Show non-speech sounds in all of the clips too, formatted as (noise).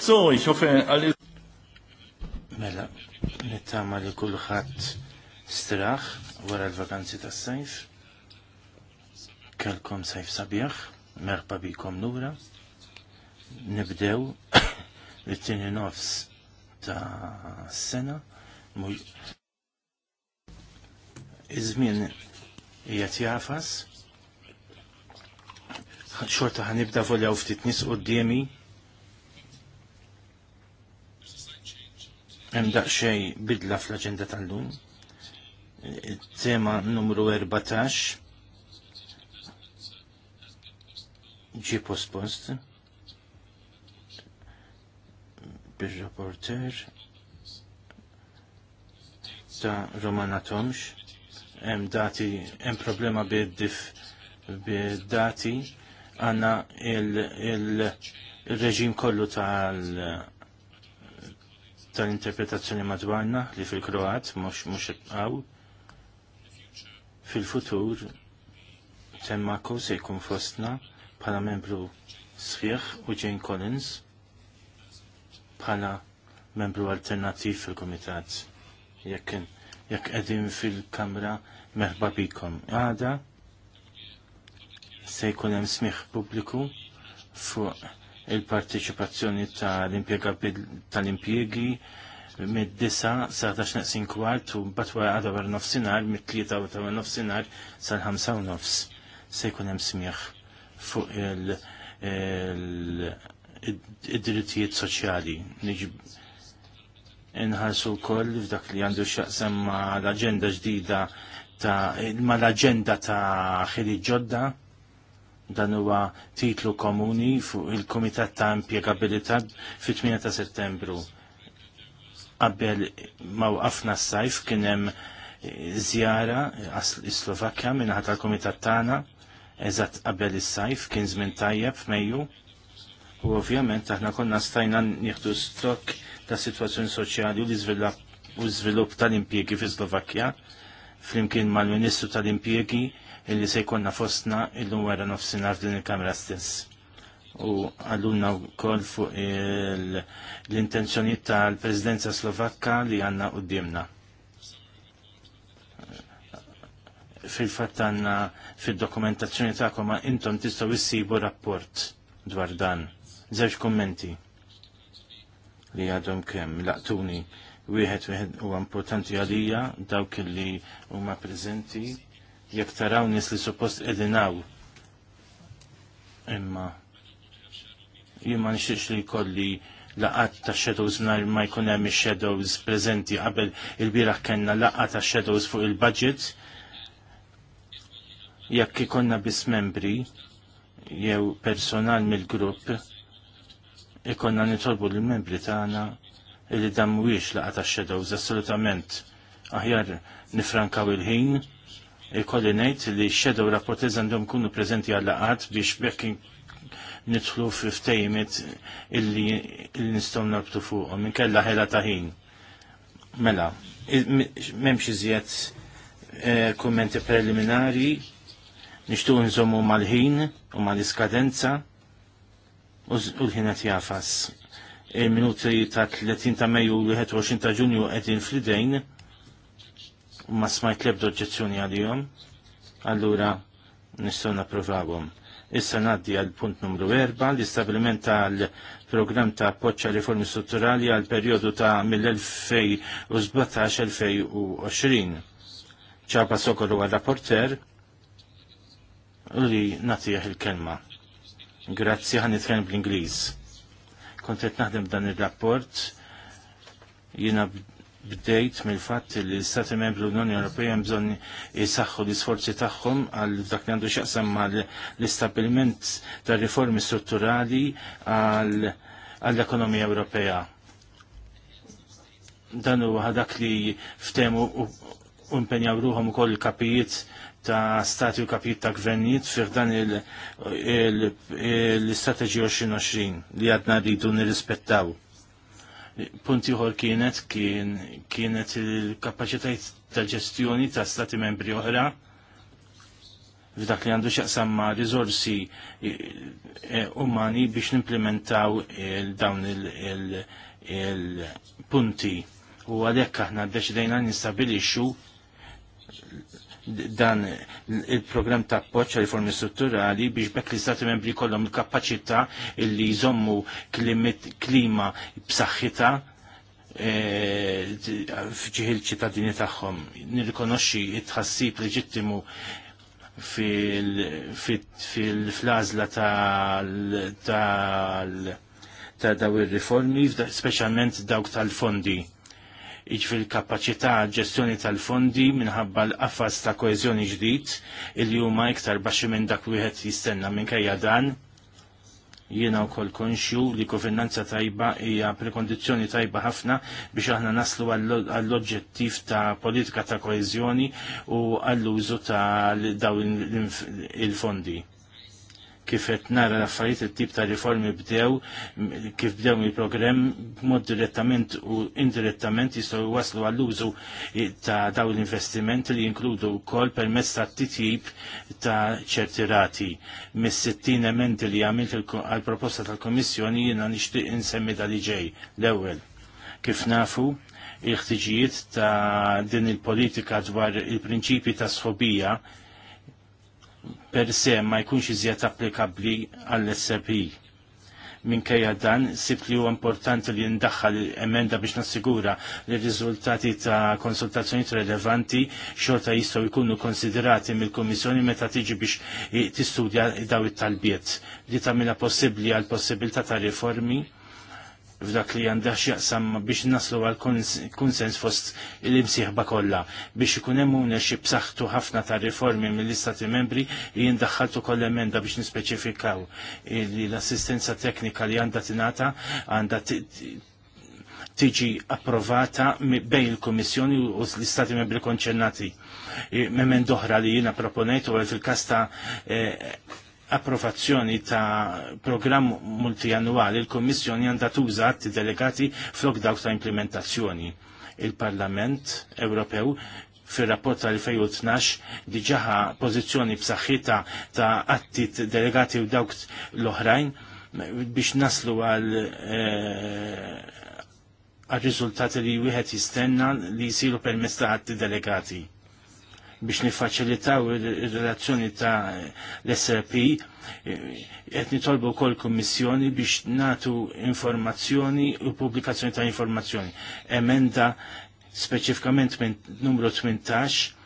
So, ich hoffe, alle. Mela, nittama li kullħat straħ wara l-vakanzi tas sajf Kelkom sajf sabiħ, merpa bikom lura. Nibdew (coughs) it-tini nofs ta' sena. Izmin jgħat jafas. Xorta ħanibda volja ftit nis u d-diemi Hemm daqsxejn bidla fl-aġenda tal-lum. Tema numru 14 ġi postpost bir-rapporter ta' Romana Tomx. Hemm dati hemm problema bid-dif bid-dati għandna il reġim kollu tal tal-interpretazzjoni madwarna li fil-Kroat mux mux għaw fil-futur Temmako se jkun fostna bħala membru sħiħ u Jane Collins bħala membru alternativ fil-komitat jekk jekk qegħdin fil-kamra meħba bikom. Għada se jkun hemm smigħ pubbliku fuq il-parteċipazzjoni tal tal tal-impiegi mid-disa sa' tax kwart u batwa għada war nofsinar, mid-tlieta u ta' nofsinhar sal-ħamsa u nofs. Se jkun hemm smieħ fuq il-drittijiet soċjali. Inħarsu wkoll f'dak li għandu x'aqsam ma' l-aġenda ġdida ta' ma' l-aġenda ta' ħili ġodda dan huwa titlu komuni fuq il-Kumitat ta' Impjegabilità fit-8 ta' Settembru. Qabel ma waqafna s-sajf kien hemm żjara eh, is-Slovakkja minħat tal-Kumitat tagħna eżatt qabel is-sajf kien żmien tajjeb f'Mejju. U ovvjament aħna konna stajna nieħdu stokk ta' situazzjoni soċjali u l-iżvilupp tal-impjegi fi Slovakkja flimkien mal-Ministru tal-Impjegi illi se jkollna fostna illum wara nofsinhar din il-kamra stess. U għallunna wkoll fuq l-intenzjonijiet tal-Presidenza Slovakka li għandna qudiemna. Fil-fatt għandna fid-dokumentazzjoni tagħkom ma intom tistgħu issibu rapport dwar dan. Żewġ kummenti li għadhom kemm laqtuni wieħed wieħed huwa importanti għalija dawk li huma preżenti jekk taraw nis li suppost edinaw. Imma jien ma li jkolli laqat ta' shadows nar ma jkun hemm shadows prezenti qabel il-bieraħ kellna laqat ta' shadows fuq il-budget jekk ikonna biss membri jew personal mill-grupp ikonna nitolbu l-membri tagħna li dan mhuwiex laqat ta' shadows assolutament aħjar nifrankaw il-ħin il ngħid li x-shadow rapportez għandhom kunu preżenti għal laqat biex bekk nidħlu ftejmet illi, illi nistgħu narbtu fuqhom kella ħela ta' ħin. Mela, m'hemmx iżjed kommenti eh, kummenti preliminari, nishtu nżommu mal-ħin u mal-iskadenza u l-ħin qed jafas. Il-minuti ta' 30 ta' Mejju u 21 ta' Ġunju qegħdin fl-idejn ma smajt lebda oġġezzjoni għal-jom, allura nistgħu napprovawhom. Issa naddi għal punt numru 4, l-istabilment tal-programm ta' appoċċa riformi strutturali għal perjodu ta' mill-2017-2020. ċaba Sokoru għal rapporter u li natijah il-kelma. Grazzi għan bl-Ingliż. Kontet naħdem dan il-rapport jina bdejt mill-fatt li l-Stati Membri l-Unjoni Ewropea bżonn jisaxħu l-isforzi tagħhom għal dak li għandu x'jaqsam mal l-istabilment ta' riformi strutturali għall-ekonomija Ewropea. Dan huwa dak li ftemu u impenjaw ruhom ukoll il-kapijiet ta' stati u kapijiet ta' gvernijiet fih dan il istrateġi 2020 li għadna rridu nirrispettaw punti uħor kienet kien kienet il-kapacitajt ta' ġestjoni ta' stati membri oħra f'dak li għandu xaqsam ma' rizorsi eh, eh, umani biex nimplementaw dawn il-punti u għalhekk aħna deċidejna nistabilixu dan il-programm ta' poċa riformi strutturali biex bekk l-Istati membri kollom il-kapaċità li jżommu klima b'saħħitha e, il ċittadini tagħhom. Nirrikonoxxi it-tħassib leġittimu fil-flazla tal ta' daw ir-riformi, speċjalment dawk tal-fondi iġfil kapacità ġestjoni tal-fondi minħabba l-qafas ta' koezjoni ġdid il huma iktar baxi minn dak wieħed jistenna minkejja dan jiena wkoll konxju li kovenanza tajba hija prekondizzjoni tajba ħafna biex aħna naslu għall-oġġettiv ta' politika ta' koezjoni u għall-użu ta' dawn il-fondi. il fondi kif qed nara l-affarijiet it-tip ta' riformi bdew kif bdew il-programm b'mod direttament u indirettament jistgħu waslu għall-użu ta' dawn l-investiment li jinkludu wkoll permezz ta' titjib ta' ċerti rati. Mis-60 emendi li għamilt għal-proposta tal-Komissjoni jiena nixtieq insemmi dal-ġej l-ewwel. Kif nafu, il-ħtiġijiet ta' din il-politika dwar il-prinċipi ta' sħobija per se ma jkunx iżjed applikabbli għall-SRP. Minkejja dan, sib li huwa importanti li ndaħħal emenda biex nassigura li r-riżultati ta' konsultazzjoni relevanti xorta jistgħu jkunu konsiderati mill-Kummissjoni meta tiġi biex tistudja daw it-talbiet li tagħmilha possibbli għal possibilità ta' riformi f'dak li għandha x'jaqsam biex naslu għal konsens fost l-imsieħba kollha biex ikun hemm ownership b'saħħtu ħafna ta' riformi mill-Istati Membri li jindaħħaltu koll emenda biex nispeċifikaw li l-assistenza teknika li għandha tingħata għandha tiġi approvata bejn il-Komissjoni u l-Istati Membri konċernati. Memen doħra li jina proponejtu għal fil-kasta eh, approvazzjoni ta' programm multijannuali il-Kommissjoni għandha tuża atti delegati flok dawk ta' implementazzjoni. Il-Parlament Ewropew fil-rapport tal-2012 diġaħa pozizjoni b'saħħita ta' atti delegati u dawk l-oħrajn biex naslu għal eh, għal riżultati li wieħed jistenna li jisiru permess ta' atti delegati biex nifaċilitaw il-relazzjoni ta' l-SRP, qed nitolbu wkoll kommissjoni biex natu informazzjoni u pubblikazzjoni ta' informazzjoni. Emenda speċifikament minn numru 18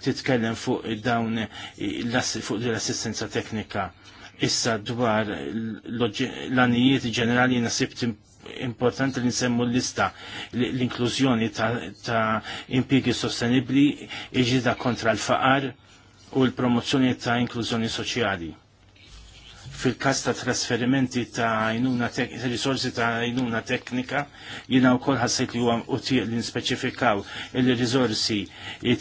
titkellem fuq dawn fuq l-assistenza teknika. Issa dwar l-anijiet ġenerali nasibt importanti li nsemmu l-lista l-inklużjoni ta' impiegi sostenibbli iġida kontra l-faqar u l-promozzjoni ta' inklużjoni soċjali. Fil-kas ta' trasferimenti ta' jnuna risorsi ta' jnuna teknika, jina u kol ħassajt li u utiq li nispeċifikaw il-risorsi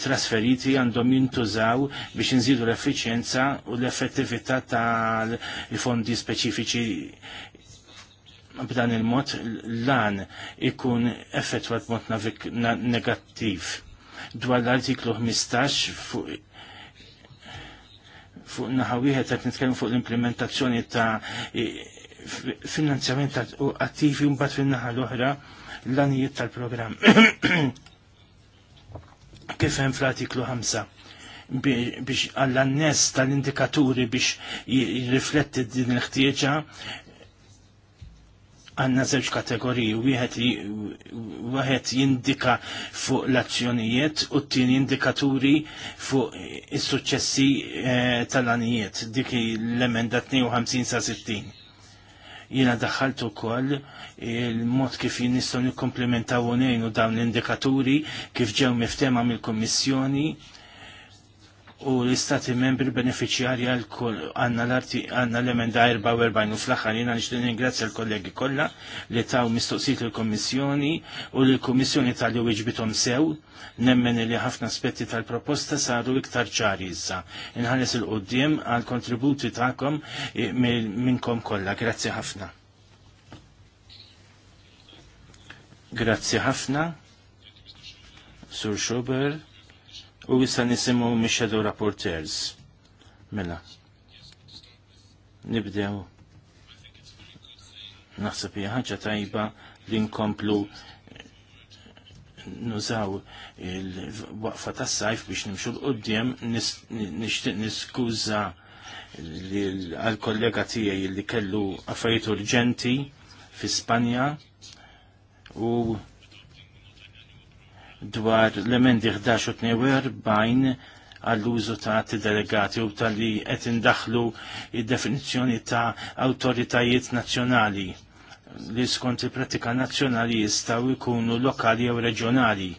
trasferiti għandhom jintużaw biex nżidu l-effiċjenza u l-effettività tal-fondi speċifiċi b'dan il-mod lan ikun effettwat mod negattiv dwar l-artiklu 15 fuq fuq naħa wieħed qed nitkellem fuq l-implementazzjoni ta' finanzjament attivi mbagħad fin-naħa l-oħra l-anijiet tal-programm. (coughs) Kif hemm fl-artiklu 5 biex għall-annes tal-indikaturi biex jirrifletti din l-ħtieġa għanna żewġ kategoriji, wieħed jindika fuq l-azzjonijiet u t-tieni indikaturi fuq is-suċċessi eh, tal-anijiet, dik l-emenda 52 sa 60. Jiena daħħaltu ukoll il-mod kif nistgħu nikkomplementaw u dawn l-indikaturi kif ġew miftema mill-Kummissjoni u l-istati membri beneficjarja l-kull għanna l-arti għanna l-emenda 44 u fl-axar jena nġdin ringrazzja l-kollegi kolla li taw mistoqsit l-Komissjoni u l-Komissjoni tal-li iġbitom sew nemmen li ħafna aspetti tal-proposta saru iktar ċari issa. Inħares il-qoddim għal kontributi ta'kom minnkom kolla. Grazzi ħafna. Grazzi ħafna. Sur Schubert u issa nisimu Mishadow rapporters. Mela. Nibdew. Naħseb hija ħaġa tajba li nkomplu nużaw il-waqfa tas sajf biex nimxu l-qoddim niskuża għal-kollega tiegħi li kellu affarijiet urġenti fi Spanja u dwar l-emendi 11 u 42 għall-użu ta' delegati u tal-li qed indaxlu il definizzjoni ta' awtoritajiet nazzjonali li skont il-pratika nazzjonali jistgħu jkunu lokali jew reġjonali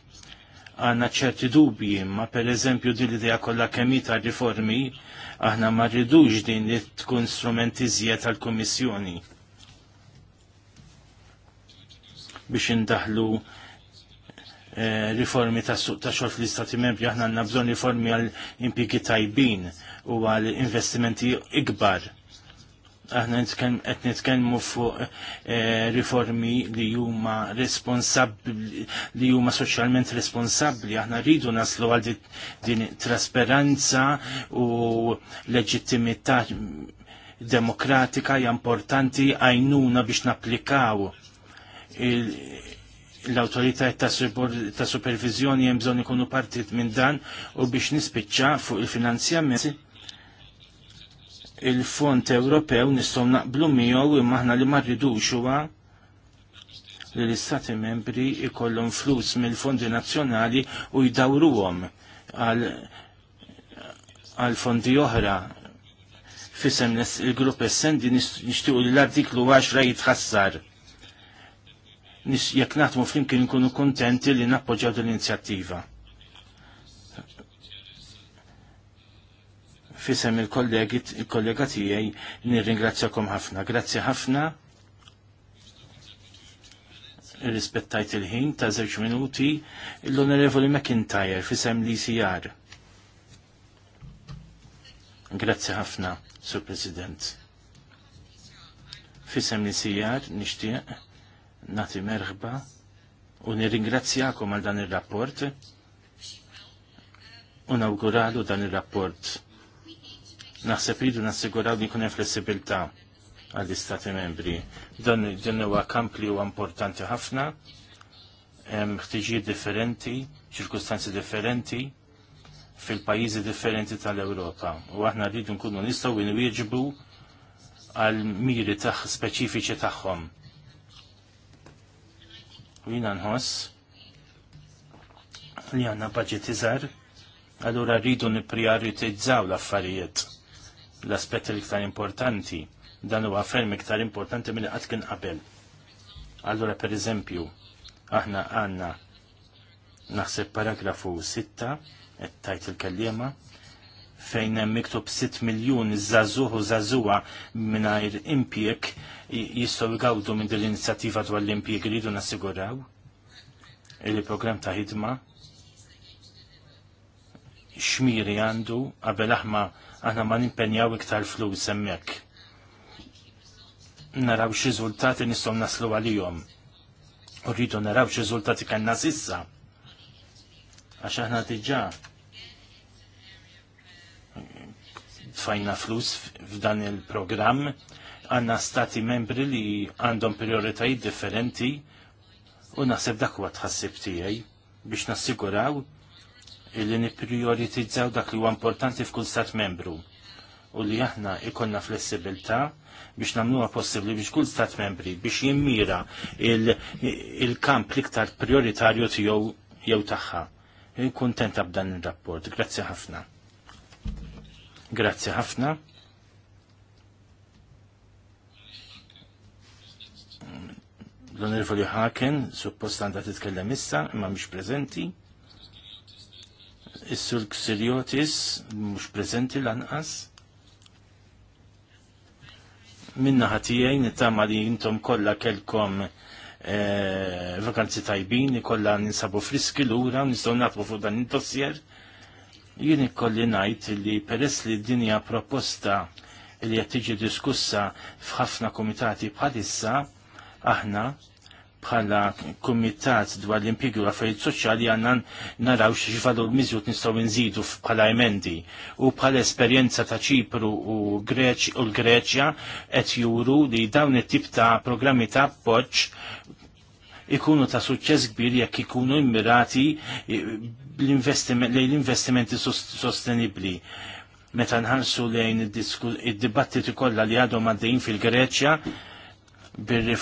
għanna ċerti dubji, ma per eżempju din l-idea kollha kemm ta' riformi, aħna ma rridux din li tkun strumentizija tal-Kummissjoni biex indaħlu Eh, riformi ta' suq ta' xorf l-istati membri, aħna għanna bżon riformi għal impiki tajbin u għal investimenti ikbar. Aħna qed nitkellmu fuq eh, riformi li huma responsabbli li huma soċjalment responsabbli, aħna rridu naslu għal din trasparenza u leġittimità demokratika hija importanti għajnuna biex napplikaw l-autoritajt ta' supervizjoni hemm bżonn ikunu partit minn dan u biex nispiċċa fuq il-finanzjament il-Fond Ewropew nistgħu naqblu miegħu imma aħna li ma rridux huwa li l-Istati membri ikollhom flus mill-fondi nazzjonali u jdawruhom għal fondi oħra fisem il-grupp essendi nixtiequ li l-artiklu 10 jitħassar jekk naħdmu flimkien nkunu kontenti li nappoġġaw din l-inizjattiva. Fisem il-kollegi il-kollega tiegħi nirringrazzjakom ħafna. Grazzi ħafna. Rispettajt il-ħin ta' żewġ minuti l-Onorevoli McIntyre fisem l-ICR. Grazzi ħafna, Sur President. Fisem l-ICR nixtieq nati merħba u nirringrazzjakom għal dan il-rapport u nawguralu dan il-rapport. Naħseb ridu nassiguraw li kunem flessibilità għall-istati membri. Dan huwa kamp li huwa importanti ħafna, ħtiġijiet differenti, ċirkustanzi differenti fil-pajjiżi differenti tal-Ewropa. U aħna rridu nkunu nistgħu nwieġbu għal miri taħ speċifiċi tagħhom jina nħoss li għanna budget għallura allura rridu niprioritizzaw l-affarijiet l-aspet l-iktar importanti, dan huwa ferm ktar importanti minn qatt kien qabel. Allura per eżempju, aħna għanna naħseb paragrafu 6 qed tajt il-kellima fejn hemm miktub 6 miljun żagħżugħ u żagħżugħa mingħajr impjek jistgħu jgawdu minn din l-inizjattiva dwar l-impjek li jridu nassiguraw il-programm ta' ħidma xmiri għandu qabel aħma aħna ma nimpenjaw iktar flus hemmhekk. Naraw x'riżultati nistgħu naslu għalihom. U rridu naraw x'riżultati kellna sissa. Għax aħna diġà tfajna flus f'dan il-programm, għanna stati membri li għandhom prioritajiet differenti u naħseb dak huwa tħassib tiegħi biex nassiguraw li nipprioritizzaw dak li huwa importanti f'kull stat membru u li aħna ikonna flessibilità biex namluha possibbli biex kull stat membri biex jimmira il-kamp il l-iktar prioritarju tiegħu jew tagħha. Kuntenta b'dan ir rapport Grazzi ħafna. Grazzi ħafna. L-Onorevoli Haken, suppost għandha titkellem issa, imma mhux prezenti. Is-Sur Xiliotis mhux prezenti lanqas. Minna ħatijaj nittama li intom kollha kelkom eh, vakanzi tajbin, kollha ninsabu friski lura, nistgħu nagħtbu fuq dan id-dossier Jien ikolli ngħid li peress li d-dinja proposta li qed tiġi diskussa f'ħafna komitati bħalissa, aħna bħala kumitat dwar l-impjegu affarijiet soċjali għandna naraw xi valur miżjud nistgħu nżidu bħala emendi u bħala esperjenza ta' Ċipru u u l-Greċja qed juru li dawn it-tip ta' programmi ta' appoġġ ikunu ta' suċċess kbir jekk ikunu immirati eh, lejn investimenti sostenibli. Meta nħarsu lejn id-dibattitu kollha li għadhom għaddejjin fil-Greċja, bil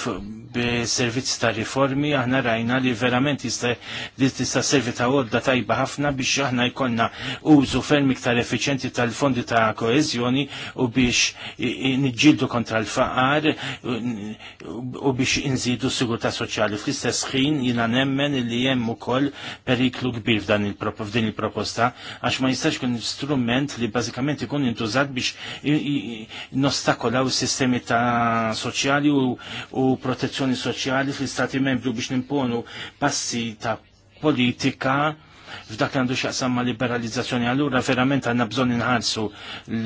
servizz ta' riformi, aħna rajna li verament jista' tista' servi ta' għodda tajba ħafna biex aħna jkollna użu ferm iktar effiċenti tal-fondi ta' koezjoni u biex nġildu kontra l-faqar u biex inżidu sigurta' soċjali. Fl-istess ħin jina nemmen li hemm ukoll periklu kbir f'dan il proposta għax ma jistax kun strument li bażikament ikun intużat biex nostakolaw sistemi ta' soċjali u u protezzjoni soċjali fl-Istati membri biex nimponu passi ta' politika f'dak għandu xaqsam ma' liberalizzazzjoni allura verament għanna bżon inħarsu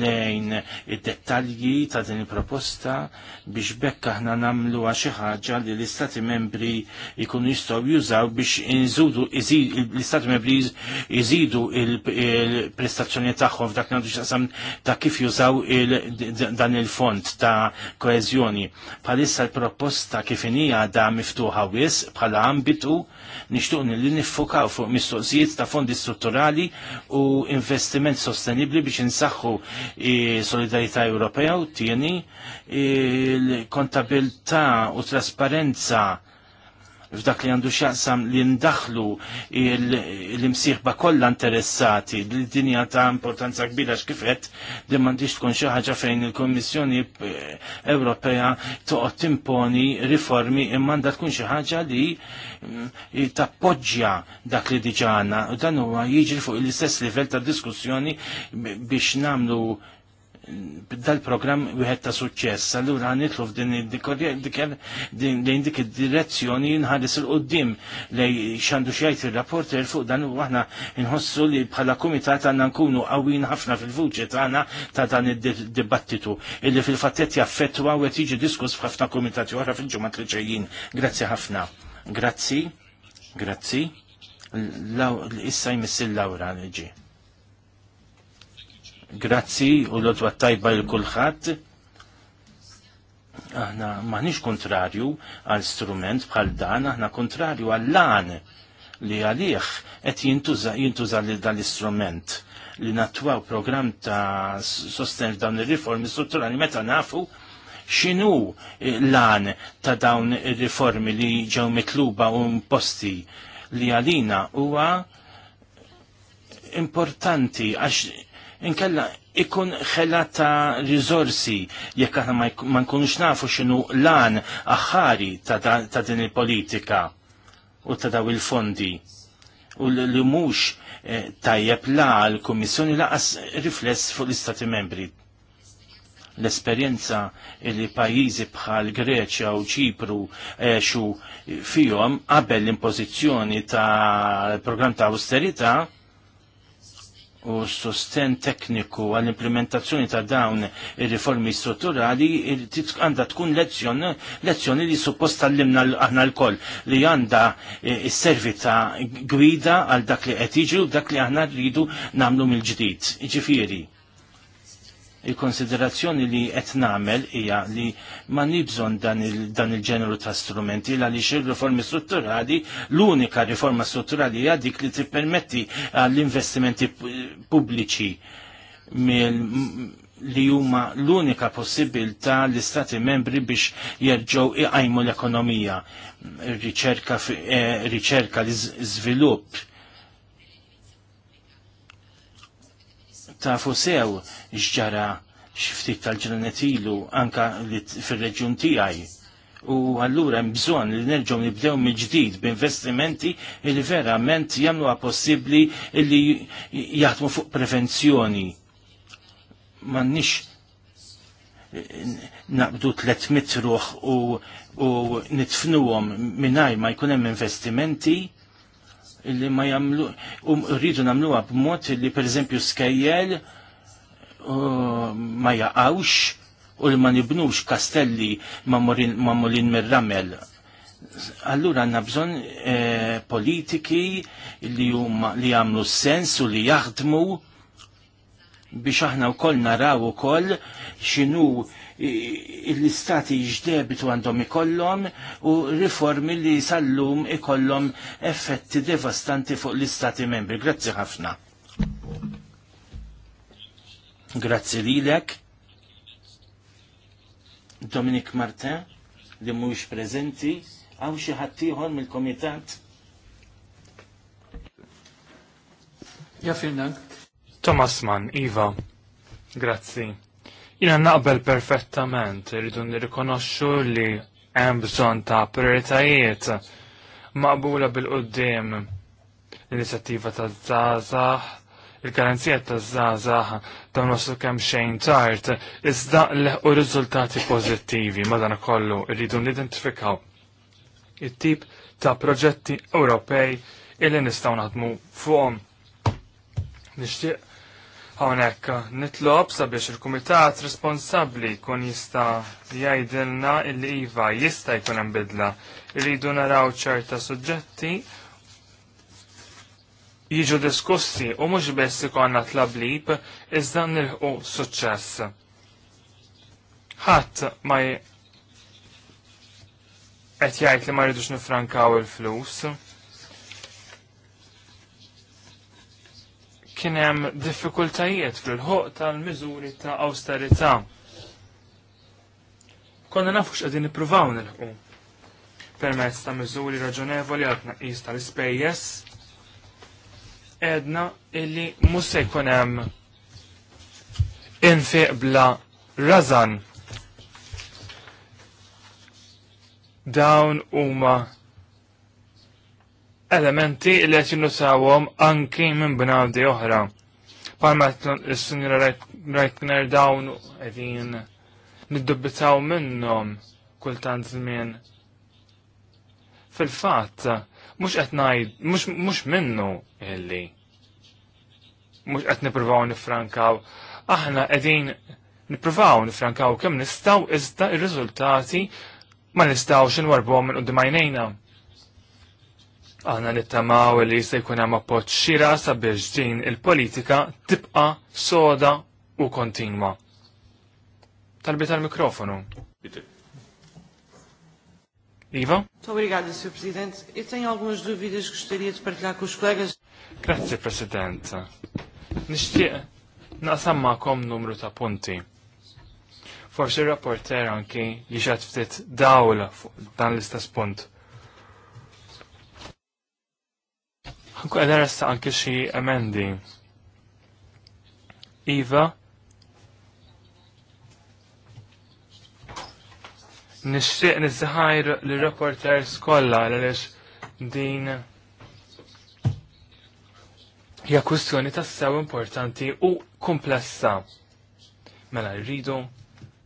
lejn id-dettalji ta' din il-proposta biex bekk aħna namlu xi ħaġa li l-Istati membri jkunu jistgħu jużaw biex l-Istati membri jżidu il-prestazzjoni tagħhom f'dak għandu xaqsam ta' kif jużaw dan il-font ta' koezjoni. Palissa l-proposta kif inija da' miftuħa wis bħala ambitu nixtuq li niffokaw fuq mistoqsijiet ta' fondi strutturali u investiment sostenibli biex insaħħu e, solidarità Ewropea u tieni il-kontabilità e, u trasparenza f'dak li għandu xaqsam li ndaħlu l-imsieħba kollha interessati li dinja ta' importanza kbira x'kifet li m'għandix tkun xi ħaġa fejn il-Kommissjoni eh, Ewropea toqgħod timponi riformi imma għandha tkun xi ħaġa li mm, tappoġġja dak li diġana u dan huwa jiġri fuq l-istess livell ta' diskussjoni biex namlu dal-program wieħed ta' suċċess. Allura nitlu f'din lejn dik id-direzzjoni nħares il-qoddim lej xandu xejt il-rapporter fuq dan u aħna nħossu li bħala kumitat għandna nkunu qawwin ħafna fil-vuċi tagħna ta' dan id-dibattitu illi fil-fattet jaffettwa u qed jiġi diskuss f'ħafna kumitati oħra fil-ġimgħat li ġejjin. Grazzi ħafna. Grazzi. Grazzi. Issa jmissil Laura li Grazzi u l-odwa tajba l-kulħadd. Aħna maħniex kontrarju għal strument bħal dan, aħna kontrarju għal lan li għalih qed jintuża li dan l-istrument li natwaw program ta' sosten dawn ir-riformi strutturali meta nafu xinu lan ta' dawn ir-riformi li ġew mitluba u imposti li għalina huwa importanti għax inkella ikun xela ta' rizorsi jekk aħna ma nkunux nafu x'inhu lan aħħari ta', din il-politika u ta' daw il-fondi u li mhux eh, tajjeb la l-Kummissjoni laqas rifless fuq l-Istati Membri. L-esperjenza li pajjiżi bħal Greċja u Ċipru xu fijom fihom qabel l-impożizzjoni ta' programm ta' austerita' u sosten tekniku għall-implementazzjoni ta' dawn ir-riformi strutturali għandha tkun lezzjoni lezzjoni li suppost tal-limna għahna l-koll li għandha e, s-servi ta' gwida għal dak li qed u dak li aħna rridu nagħmlu mill-ġdid. Ġifieri, il-konsiderazzjoni li qed nagħmel hija li ma nibżon dan il-ġeneru ta' strumenti għaliex xir riformi strutturali l-unika riforma strutturali hija dik li tippermetti għall-investimenti pubbliċi li huma l-unika possibilità l-istati membri biex jerġgħu iqajmu l-ekonomija, riċerka, eh, riċerka l-iżvilupp tafu sew xġara xiftit tal-ġranet ilu anka fil-reġjun tiegħi. U allura hemm bżonn li nerġgħu nibdew mill-ġdid b'investimenti li verament jagħmluha possibbli li jaħdmu fuq prevenzjoni. M'għandniex eh, naqbdu tlet mitruħ u, u nitfnuhom mingħajr ma jkun hemm investimenti illi ma jamlu, u um, rridu namluha b'mod li per eżempju skajjel uh, ma jaqawx u li ma nibnux kastelli ma molin mir-ramel. Allura għanna bżon e, eh, politiki li, um, li jamlu sens u li jaħdmu biex aħna u koll naraw u koll xinu l-istati ġdebitu għandhom ikollhom u riformi li sallum ikollhom effetti devastanti fuq l-istati membri. Grazzi ħafna. Grazzi lilek. Dominik Martin li mhux prezenti, għaw xi ħadd ieħor mill-komitat. Ja, Thomas Mann, Iva, Grazie. Jina naqbel perfettament, rridu nirrikonoxxu li hemm bżonn ta' prioritajiet maqbula bil qudiem l-inizjattiva ta' żgħażagħ il-garanzija ta' żgħażagħ ta' waslu kemm xejn tard, iżda leħqu riżultati pożittivi madankollu rridu nidentifikaw it-tip ta' proġetti Ewropej illi nistgħu naħdmu fuqhom. Nixtieq Hawnhekk nitlob sabiex il-kumitat responsabbli kun jista' jgħidilna li iva jista' jkun hemm bidla. Irridu naraw ċerta suġġetti jiġu diskussi u mhux biss ikonna tlablib iżda nilħu suċċess. Ħadd ma qed jgħid li ma rridux nifrankaw il-flus. kien hemm diffikultajiet fil-ħoq tal-miżuri ta' awsterità. Konna nafux qegħdin nippruvaw nilħu permezz ta' miżuri raġonevoli għal tnaqqis tal-ispejjeż. Edna illi mhux se jkun hemm infiq bla razan. Dawn huma elementi li qed jinusawhom anki minn bnadi oħra. Palma s-sinjura Reitner dawn qegħdin niddubbitaw minnhom kultant żmien. Fil-fatt, mhux qed ngħid mhux minnu illi. Mhux qed nippruvaw nifrankaw, aħna qegħdin nippruvaw nifrankaw kem nistaw iżda il riżultati ma nistgħux inwarbhom minn qudiem għajnejna. Aħna nittamaw li jista' jkun hemm appoġġ xira sabiex din il-politika tibqa' soda u kontinwa. Talbi tal-mikrofonu. Iva? Obrigado, Sr. Presidente. Eu tenho algumas dúvidas que gostaria de partilhar com os colegas. Grazie, Presidente. Nishtiq, naqsam ma'kom numru ta' punti. Forsi il-rapporter anki jixat ftit dawla dan l-istess punt Għedha resta anke xi emendi. Iva, nixtieq nizzħajr li reporters kollha għaliex din hija kwistjoni tassew importanti u komplessa. Mela rridu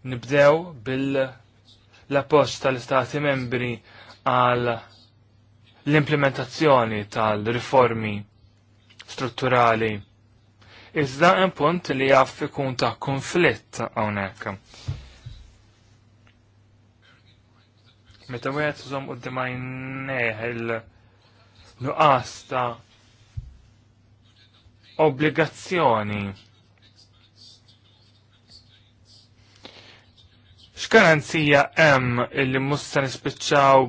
nibdew bil l-appoġġ tal-Istati membri għal l-implementazzjoni tal-riformi strutturali. Iżda hemm punt li jaf ikun ta' konflitt hawnhekk. Meta wieħed iżomm quddiem il-nuqqas ta' obbligazzjoni X'garanzija hemm illi mhux se nispiċċaw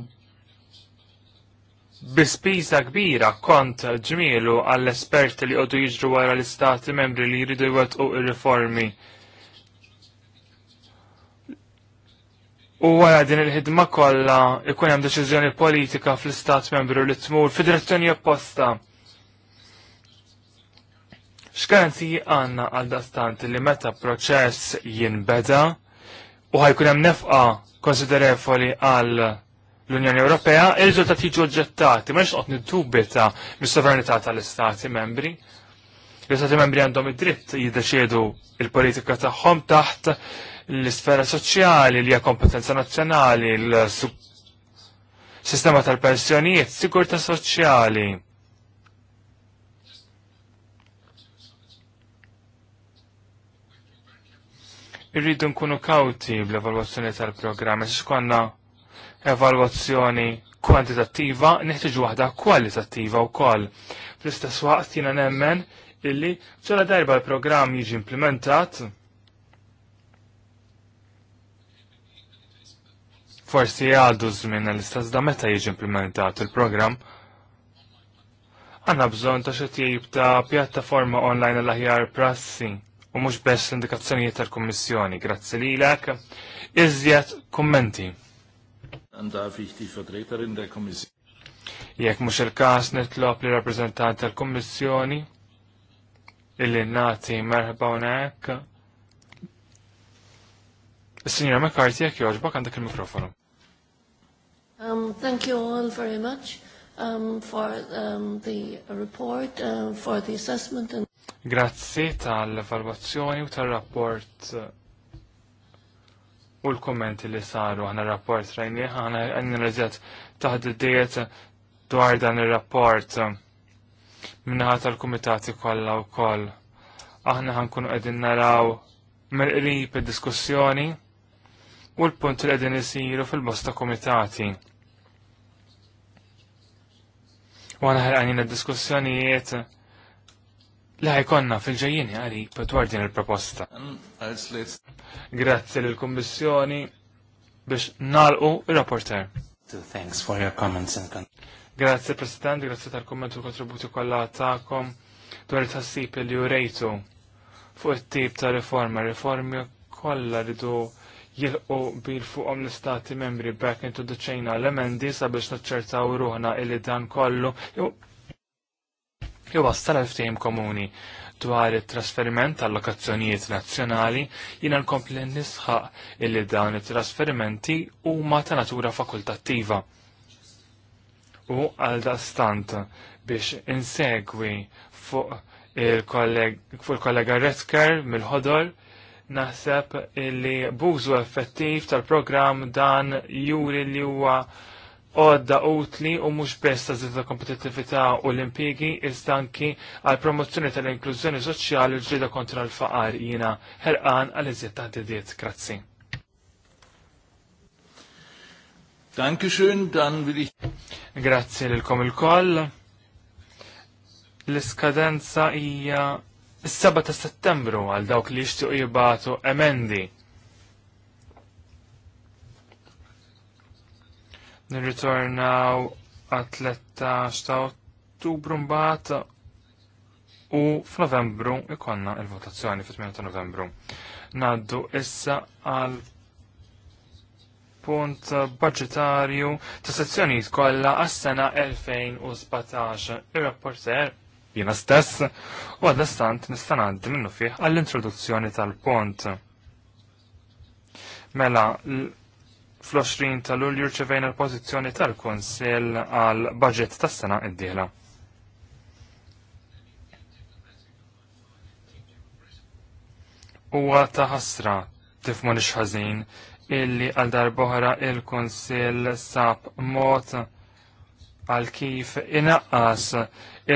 bispiża kbira kont ġmielu għall-esperti li għodu jiġru wara l-istati membri li jridu jwettqu ir-riformi. U wara din il-ħidma kollha ikun hemm deċiżjoni politika fl-istat membru li tmur fi direzzjoni opposta. X'garanziji għandna għal dastanti li meta proċess jinbeda u ħajkun hemm nefqa konsiderevoli għal l-Unjoni Ewropea, il-rizultat jiġu oġġettati, ma xqot niddubita mis-sovranità tal-Istati membri. L-Istati membri għandhom id-dritt jiddeċiedu il-politika tagħhom taħt l-isfera soċjali, li hija kompetenza nazzjonali, l-sistema tal-pensjonijiet, sigurta soċjali. Irridu nkunu kawti bl-evalwazzjoni tal-programm, Xkonna evalwazzjoni kwantitattiva, neħtieġu waħda kwalitattiva wkoll. Fl-istess waqt jiena nemmen illi ċala darba l-programm jiġi implementat, forsi għaldu zmin l-istess da meta jiġi implementat il-programm, għanna bżon ta' xetjib ta' pjattaforma online l-aħjar prassi u mux bess l-indikazzjonijiet tal-Kommissjoni. Grazzi lilek, iżjed kummenti. Dann darf ich die Vertreterin der Kommission. Jekk mhux il-każ nitlob li rappreżentant tal-Kummissjoni illi nagħti merħba hawnhekk. Is-Sinjora McCarthy jekk jogħġbok għandek il-mikrofonu. Um, thank you all very much um, for um, the report, uh, for the assessment. And... Grazzi tal-evalwazzjoni u tal-rapport u l-kommenti li saru għana rapport rajni għana għanalizjat taħd id-diet dwar dan il-rapport minnaħat tal-komitati kolla u koll. Aħna ħankunu għedin naraw mill-qrib id-diskussjoni u l-punt li għedin isiru fil-bosta komitati. U għana ħarqanina diskussjonijiet Laħi konna fil-ġejjini għari dwar din il-proposta. Grazzi lill-Kummissjoni biex nalqu il-rapporter. Thanks for your comments and Grazie President, grazie tal-komment u kontributi kollha tagħkom dwar it-tassib li u Rejtu fuq it-tip ta' riforma. Riformi kollha ridu jilqu bil fuqhom l-istati membri back into the chain l-emendi sabiex naċċertaw ruħna illi dan kollu li wassal l ftehim komuni dwar it-trasferiment tal-lokazzjonijiet nazzjonali jina nkompli nisħaq illi dawn it-trasferimenti huma ta' natura fakultattiva. U għal dastant biex insegwi fuq il-kollega Retker mill-ħodor naħseb illi bużu effettiv tal-programm dan juri li huwa għodda utli u mux besta zidda kompetitivita u l-impiegi izdanki għal promozzjoni tal-inklużjoni soċjali ġrida kontra l-faqar jina ħerqan għal iżjed taħdidiet. Grazzi. Dankeschön, dan vidi. Grazzi Grazzi lilkom il-koll. L-iskadenza hija s-7 ta' settembru għal dawk li jixtiequ jibatu emendi nirritornaw għat-13 ta' ottubru mbaħt u f'Novembru ikonna il-votazzjoni fit-8 ta' Novembru. Naddu issa għal punt budgetarju ta' sezzjonijiet kollha għas-sena 2017. Ir-rapporter jiena stess u għadastant nista' ngħaddi minnu fih għall-introduzzjoni tal-punt. Mela, fl-20 ta' Lulju rċevejna l-pożizzjoni tal-Kunsill għal budget tas-sena id dieħla Huwa ta' ħasra tifmu nix ħażin illi għal darbohra il-Kunsill sab mot għal kif inaqqas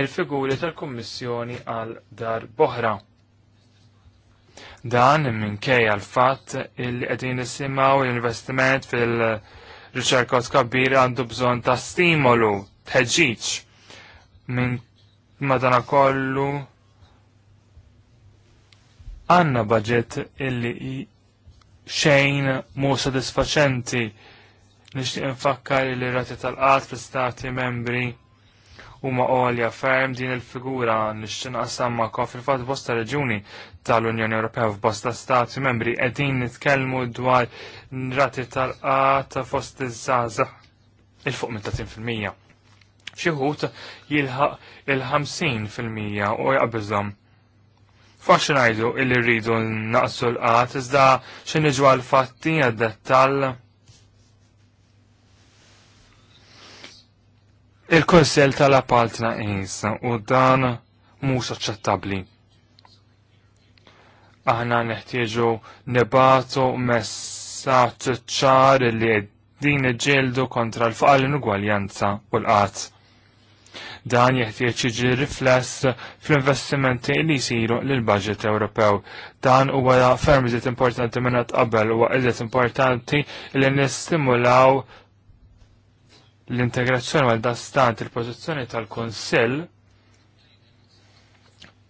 il-figuri tal-Kummissjoni għal darbohra. boħra Dan kej għal-fatt illi qegħdin nisimgħu l-investiment fil-riċerka tkabbir għandu bżonn ta' stimolu, tħeġġiġ minn madana kollu għanna budget illi xejn mu sadisfaċenti nixtieq infakkar li rati tal-qat fl-istati membri u ma' għolja ferm din il-figura nixtieq naqsam ma' kof il-fat bosta reġuni tal-Unjoni Ewropea f'bosta stati membri qegħdin nitkellmu dwar rati tal-qata fost iż-żgħażagħ il-fuq minn 30%. Xi wħud jilħaq il-50% u jaqbiżhom. Fax ngħidu illi rridu naqsu l-qat iżda xi niġu għall fatti għad-dettall il kunsell tal-appalt naqis u dan mhux aċċettabbli aħna neħtieġu nebatu messaċ ċar li din iġildu kontra l-faqal ugwaljanza u l-qat. Dan jeħtieġ jiġi rifless fl-investimenti li jsiru lill-budget Ewropew. Dan huwa ferm iżiet importanti minn qed qabel huwa iżiet importanti li nistimulaw l-integrazzjoni għal dastant il-pożizzjoni tal-Kunsill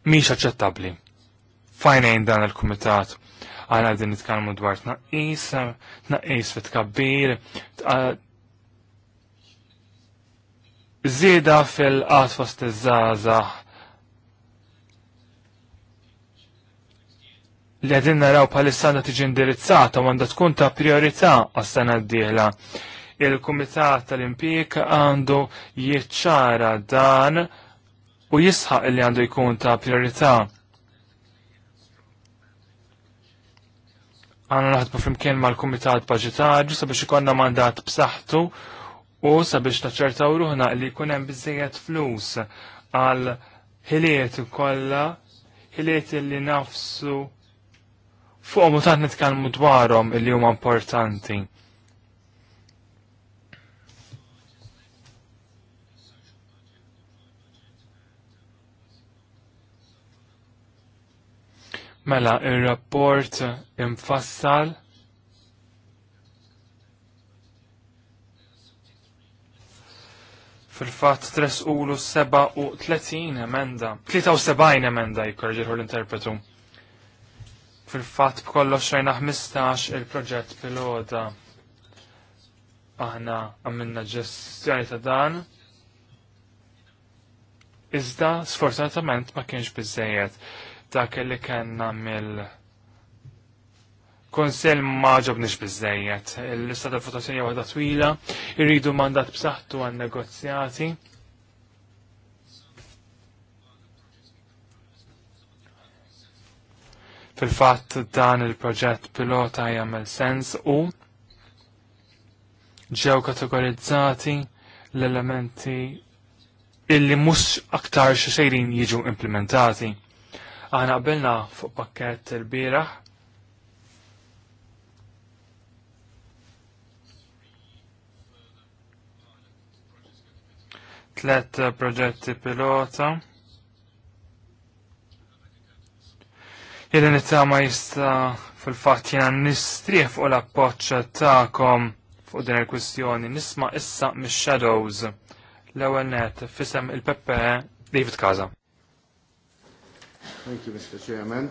mhix aċċettabbli fajnejn dan il-kumitat għana din nitkallmu dwar tnaqis, tnaqqis fit tkabbir, zieda fil-qat t iż-żgħażagħ li għedin naraw palissana tiġi indirizzata u għanda tkun ta' priorità għas-sena d-dieħla. Il-Kumitat tal-Impjek għandu jiċċara dan u jisħaq li għandu jkun ta' priorità għanna naħdmu flimkien mal-Kumitat Budgetarju sabiex ikonna mandat b'saħħtu u sabiex naċċertaw ruħna li jkun hemm biżejjed flus għal ħiliet kollha ħiliet li nafsu fuqhom u tant nitkellmu dwarhom illi huma importanti. Mela, il-rapport imfassal fil-fat tres ulu 7 u 30 emenda, 73 emenda hu l-interpretu. Fil-fat b'kollox xejna 15 il-proġett pilota. Aħna għamilna ġestjoni ta' dan. Iżda sfortunatament ma kienx bizzejiet dak li kena mill Konsel ma ġobniex bizzejiet. l lista tal votazzjoni waħda twila, irridu mandat b'saħħtu għan negozjati. Fil-fatt dan il-proġett pilota jagħmel sens u ġew kategorizzati l-elementi illi mhux aktar xi jiġu implementati. Aħna qbilna fuq pakket il biraħ tlet proġetti pilota. Jena nittama jista fil-fat jena nistrieħ fuq l-appoċ ta'kom fuq din il-kwistjoni. Nisma issa mis-shadows. L-ewel net, fisem il-Peppe David Kaza. Thank you, Mr. Chairman.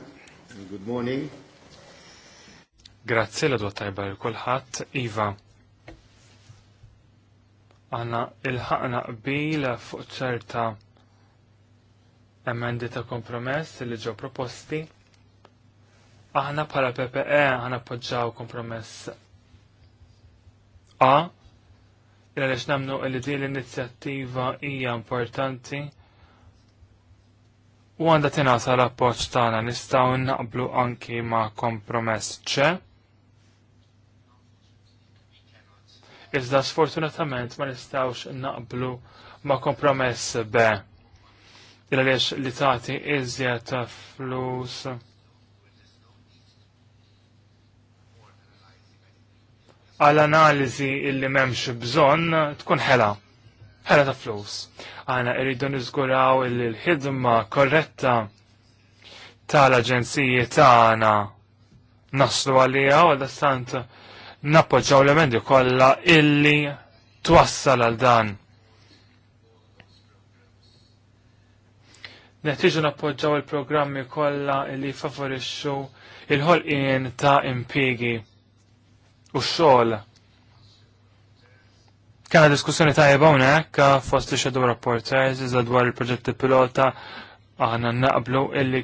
Good morning. Grazzi l dwa tajba l-kulħat. Iva, għana il-ħakna qbila fuq ċerta emendi ta' kompromess li ġew proposti. Aħna bħala PPE għana poġġaw kompromess A, il-għalix namnu li din l-inizjattiva hija importanti u għanda tinata l-appoċ tagħna nistgħu naqblu anki ma' kompromess ċe. Iżda sfortunatament ma nistgħux naqblu ma' kompromess B. Il għaliex li tagħti iżjed flus għal analizi illi m'hemmx bżonn tkun ħela ħara ta' flus. Għana irridu nizguraw il-ħidma korretta tal-aġenziji tagħna naslu għalija u għal-dastant nappoġġaw l-emendi kollha illi twassal għal dan. Neħtieġu nappoġġaw il-programmi kollha illi favorixxu il-ħolqien ta' impigi u xogħol Kena diskussjoni jibawna unek, fost li xeddu rapporter, iżda dwar il-proġetti pilota, aħna naqblu illi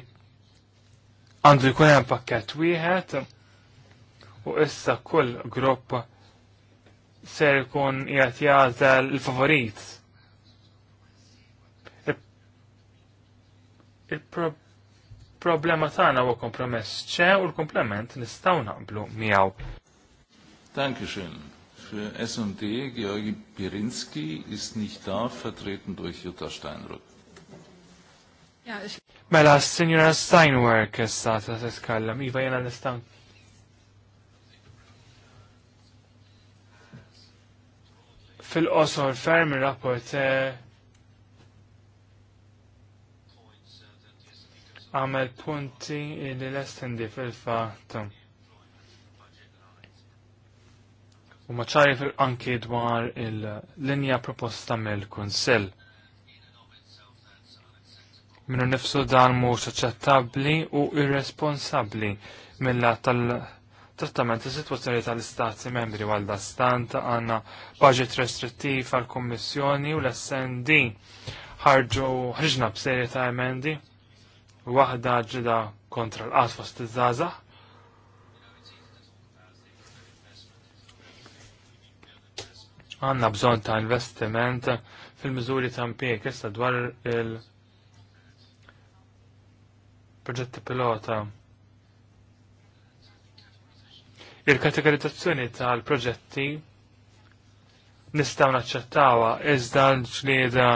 għandu jkun hemm pakkett wieħed u issa kull grupp ser jkun qiegħed jagħżel il-favorit. Il-problema tagħna huwa kompromess ċe u l-komplement nistgħu naqblu miegħu. Thank you, Shin für S&D, Georgi Pirinski, ist nicht da, vertreten durch Jutta Steinrück. Mela, Signora Steinwerk, issa ta' t-tkallem, Iva jena nistan. fil osor ferm il-rapport għamel punti il l-estendi fil fatum u maċajr anki dwar il-linja proposta mill-Kunsell. Minu nifsu dan mhux aċċettabbli u irresponsabbli mill tal-trattament ta' situazzjoni tal-Istati membri għal stant għanna budget restrittiv għal kommissjoni u l-SND ħarġu ħriġna b'serje ta' emendi waħda ġida kontra l qasfost t zazah għanna bżon ta' investiment fil-mizuri ta' Mpiek issa dwar il- proġetti pilota. Il-kategorizzazzjoni tal-proġetti nistaw naċċettawa iżda l-ġlieda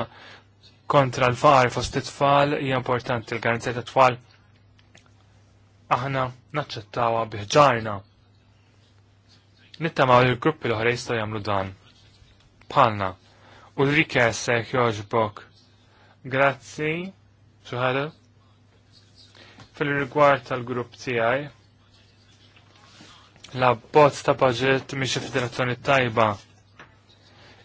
kontra l fari fost it-tfal hija importanti l-garanzija ta' tfal aħna naċċettawa biħġarna. Nittamaw il-gruppi l-oħra jistgħu jagħmlu dan l Ulrike jessek joġbok. Grazzi, suħadu, Fil-rigward tal-grupp tijaj, la bozz ta' budget miex federazzjoni tajba.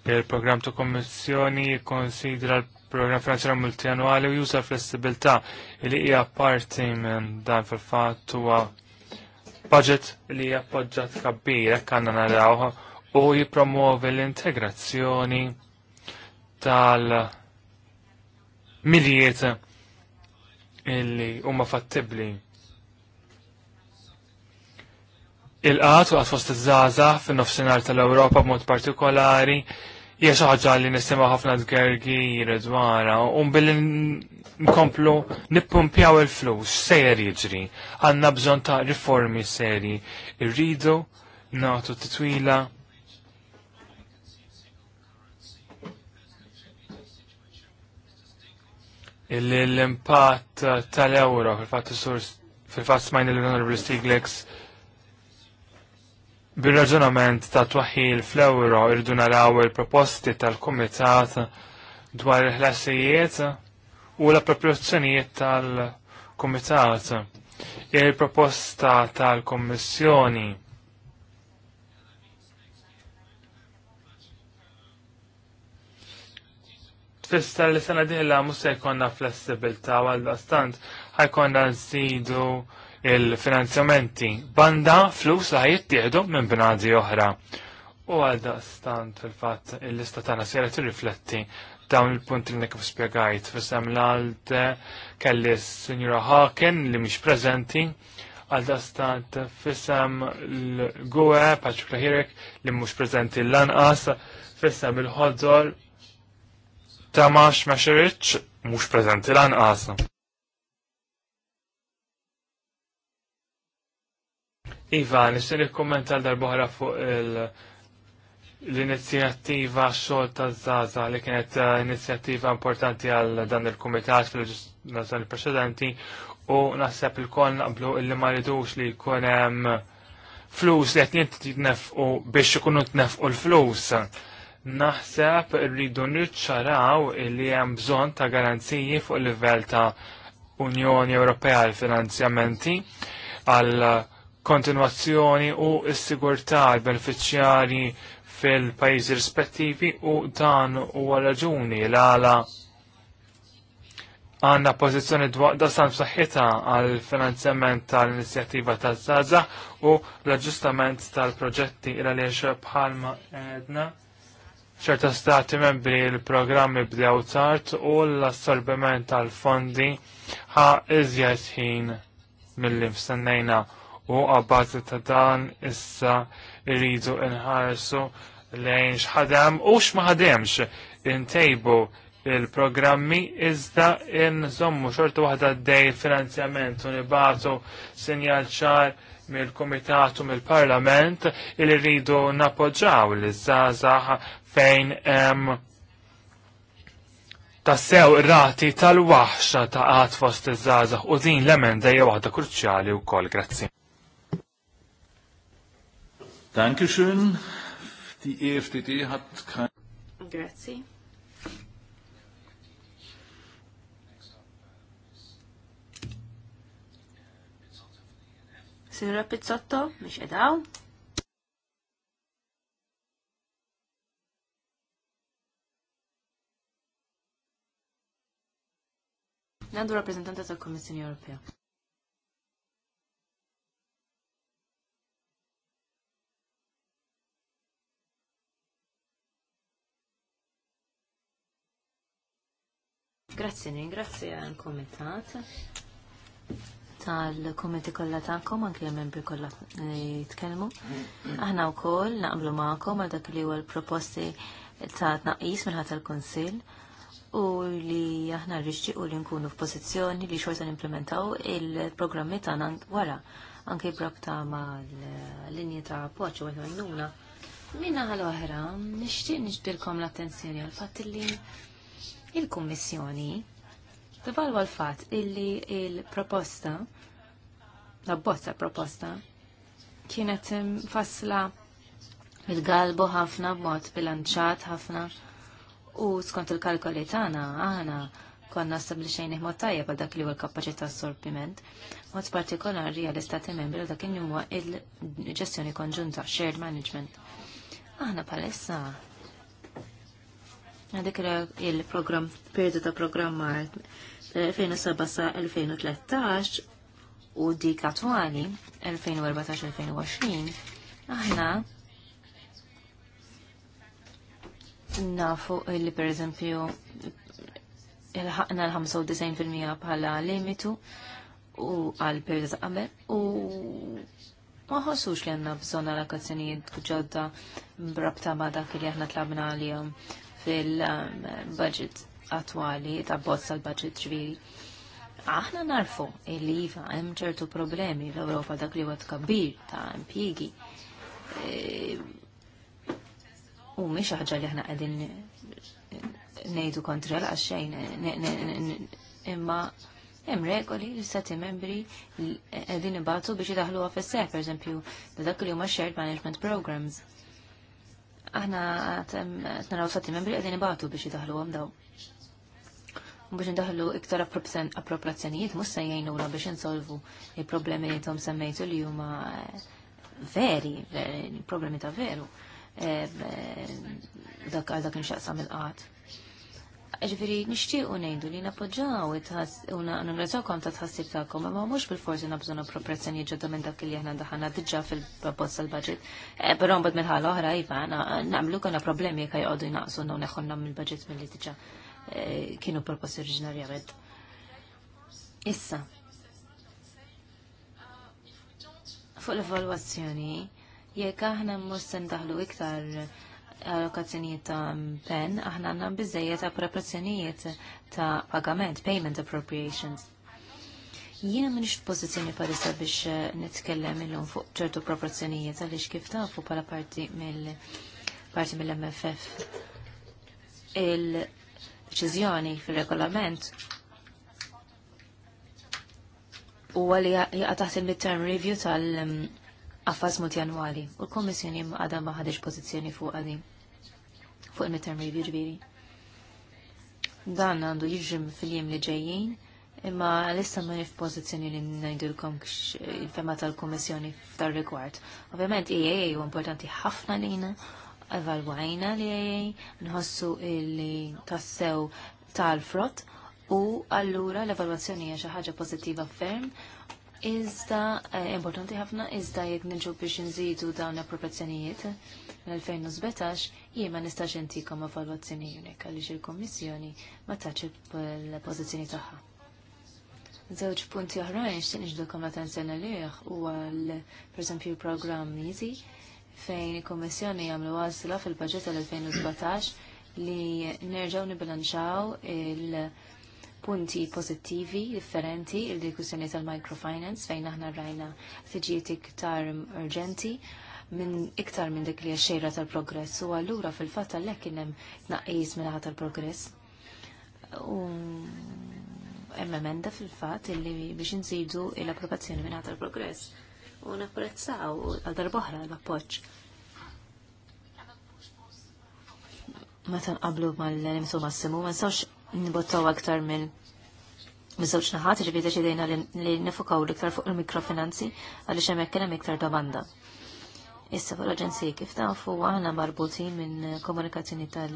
Il-programm ta' kommissjoni konsidra l-programm finanzjarju multianwali u juża flessibilità li hija parti minn dan fil-fatt huwa budget li hija appoġġjat kabbir hekk għandna narawha u jipromuovi l-integrazzjoni tal-miliet illi huma fattibli. Il-qat u għat fost iż-żaza fin-nofsinhar tal-Ewropa b'mod partikolari hija xi ħaġa li nisimgħu ħafna d-gergi dwarha u billi nkomplu nippumpjaw il-flus sejjer jiġri. Għandna bżonn ta' riformi seri. Irridu nagħtu titwila l-impatt tal-euro fil-fatt fil-fatt smajn l-Honorable Stiglitz bil-raġunament ta' twaħil fl-euro irridu naraw il-proposti tal-Kumitat dwar il-ħlasijiet u l-appropriazzjonijiet tal-Kumitat. Il-proposta tal-Kommissjoni tfisser li sena diħla mus se jkonna flessibilta għal stant ħajkonna nsidu il-finanzjamenti. Banda flus li ħajittieħdu minn binadi oħra. U għal stant fil-fat il-lista tagħna sejra tirrifletti dawn il-punti li kif spjegajt. Fisem l-għalt kelli s-Sinjura Hawken li mhix prezenti, għal stant fissam l-Gwe Patrick Lahirek li mhux preżenti l-lanqas fissam il-ħodżol Tamax Mashevich mhux preżenti lanqas. Iva, nixtieq nikkummenta l darbohra fuq l-inizjattiva xogħol ta' Zaza li kienet eh, inizjattiva importanti għal dan il-kumitat fil-ġurnata preċedenti u naħseb il kon naqblu illi ma ridux li jkun hemm flus li qed u biex ikunu tnefqu l-flus. Naħseb rridu niċċaraw li hemm bżonn ta' garanziji fuq livell ta' Unjoni Ewropea għal finanzjamenti għal kontinuazzjoni u s-sigurtà għal benefiċjari fil-pajjiżi rispettivi u dan huwa raġuni l-għala għanna pożizzjoni dwaqda san saħħita għal finanzjament tal-inizjattiva tal-Zaza u l-aġġustament tal-proġetti il għaliex bħalma edna ċerta stati membri l-programmi bdew tard u l-assorbiment tal-fondi ħa iżjed ħin mill-li mstennejna u għabbażi ta' dan issa rridu inħarsu lejn xħadem u x'maħademx intejbu il-programmi iżda inżommu xorta waħda d-dej finanzjament u nibatu sinjal ċar mill-Komitatu mill-Parlament il rridu napoġġaw l żgħażagħ fejn hemm tassew rati tal-waħxa ta' għat fost iż-żgħażagħ u din l-emenda hija waħda kruċjali wkoll grazzi. Dankeschön. Die EFDD hat kein Grazie. Sinra Pizzotto, mix edaw. Nandu rappresentanta tal Komissjoni Ewropea. Grazie, ringrazio il comitato tal komiti kollha tagħkom anke l-membri kollha jitkellmu. Aħna wkoll naqblu magħkom għal dak li huwa l-proposti ta' tnaqqis minħat tal-Kunsill u li aħna rixtiequ li nkunu f'pożizzjoni li xorta nimplementaw il-programmi tagħna wara anke brabta ma' l-linji ta' appoġġ u għajnuna. Minna għal-oħra, nixtieq niġbilkom l-attenzjoni għal fatt li il-Kummissjoni Tivalwa l-fat illi il-proposta, la bozza proposta, kienet fasla il-galbu ħafna b'mod bilanċat ħafna u skont il-kalkoli tagħna aħna konna stablixejn mod tajjeb għal dak li huwa l-kapaċità sorbiment. mod partikolari għal istati membri għal dak huwa il-ġestjoni konġunta, shared management. Aħna palissa Dik il-program, periodu ta' programmar 2007 sa' 2013 u dik attuali 2014-2020, aħna nafu li per eżempju il-ħakna l-95% bħala limitu u għal periodu ta' qabel u ma li għanna bżon għal akazzjonijiet ġodda brabta ma dak li aħna tlabna għalihom fil-budget attwali ta' bozz tal-budget ġviri. Aħna narfu il-liva hemm ċertu problemi l-Ewropa dak li huwa tkabbir ta' impjiegi. E, u mhix ħaġa li aħna qegħdin ngħidu kontra għaxejn imma hemm regoli li stati membri qegħdin ibatu biex idaħluha fis-seħ pereżempju dak li huma shared management programs aħna t-naraw sati membri għedin ibatu biex jidaħlu għam daw. Biex ndaħlu iktar appropriazzjonijiet mus se jgħinuna biex insolvu il-problemi li tom semmejtu li huma eh, veri, problemi ta' veru. Eh, eh, dak għal dak inxaqsam il-qat. Ġifiri, nishtiqu nejdu li napoġġaw u ngrazzawkom ta' tħassib ta'kom, ma' mux bil forzi nabżonu proporzjoni ġodda minn dak li jahna daħna diġa fil-bozz l budget eh, Pero mbad mill-ħal oħra, jiva, namlu konna problemi kaj għoddu jnaqsu n neħonna mill-budget minn li diġa eh, kienu oriġinarja għed. Issa, fuq l-evaluazzjoni, jekk aħna mus sendaħlu iktar allokazzjonijiet ta' pen, aħna għandna bizzejiet appropriazzjonijiet ta' pagament, payment appropriations. Jiena minix f'pożizzjoni parissa biex eh, nitkellem illum fuq ċertu proporzjonijiet għaliex kif tafu pala parti mill parti mill-MFF il-deċiżjoni fil-regolament u għalli jaqa taħt il-midterm review tal mm, affas multjanwali u l-Komissjoni għadha ma ħadix pożizzjoni fuq għadim fuq il-midterm review ġviri. Dan għandu jiġri fil-jiem li ġejjin, imma l-issa ma nif pozizjoni li najdilkom il-fema tal-Komissjoni f'dar rigward. Ovvjament, EAA u importanti ħafna lina, evalwajna li e nħossu li tassew tal-frott u allura l-evalwazzjoni hija xi ħaġa pożittiva ferm Iżda, eh, importanti ħafna, iżda jekk nġu biex nżidu dawn l approvazzjonijiet l-2017, jien ma nistax intikom evalwazzjoni unika għaliex il-Kommissjoni ma taċ il-pożizzjoni tagħha. Żewġ punti oħrajn xtieq niġdukom l-attenzjoni lih huwa l programm Easy fejn il-Kommissjoni jagħmlu għażla fil-baġġett tal-2017 li nerġgħu nibilanċaw il- punti pozittivi differenti il-diskussjoni tal-microfinance fejn aħna rajna tiġiet iktar urġenti minn iktar minn dik li xejra tal-progress u allura fil-fatt għalhekk kien hemm tnaqqis minn tal-progress. U hemm emenda fil-fatt illi biex inżidu l-approvazzjoni minn tal-progress u napprezzaw għal darbohra l-appoġġ. Meta nqablu mal-nimsu massimu ma nsawx nibottaw aktar mill Mizzawċ naħat, ġivida ċidejna li nifukaw l-iktar fuq il-mikrofinanzi għalli hemmhekk kien hemm iktar domanda. Issa fuq l-Aġenzija kif tafu aħna marbuti minn komunikazzjoni tal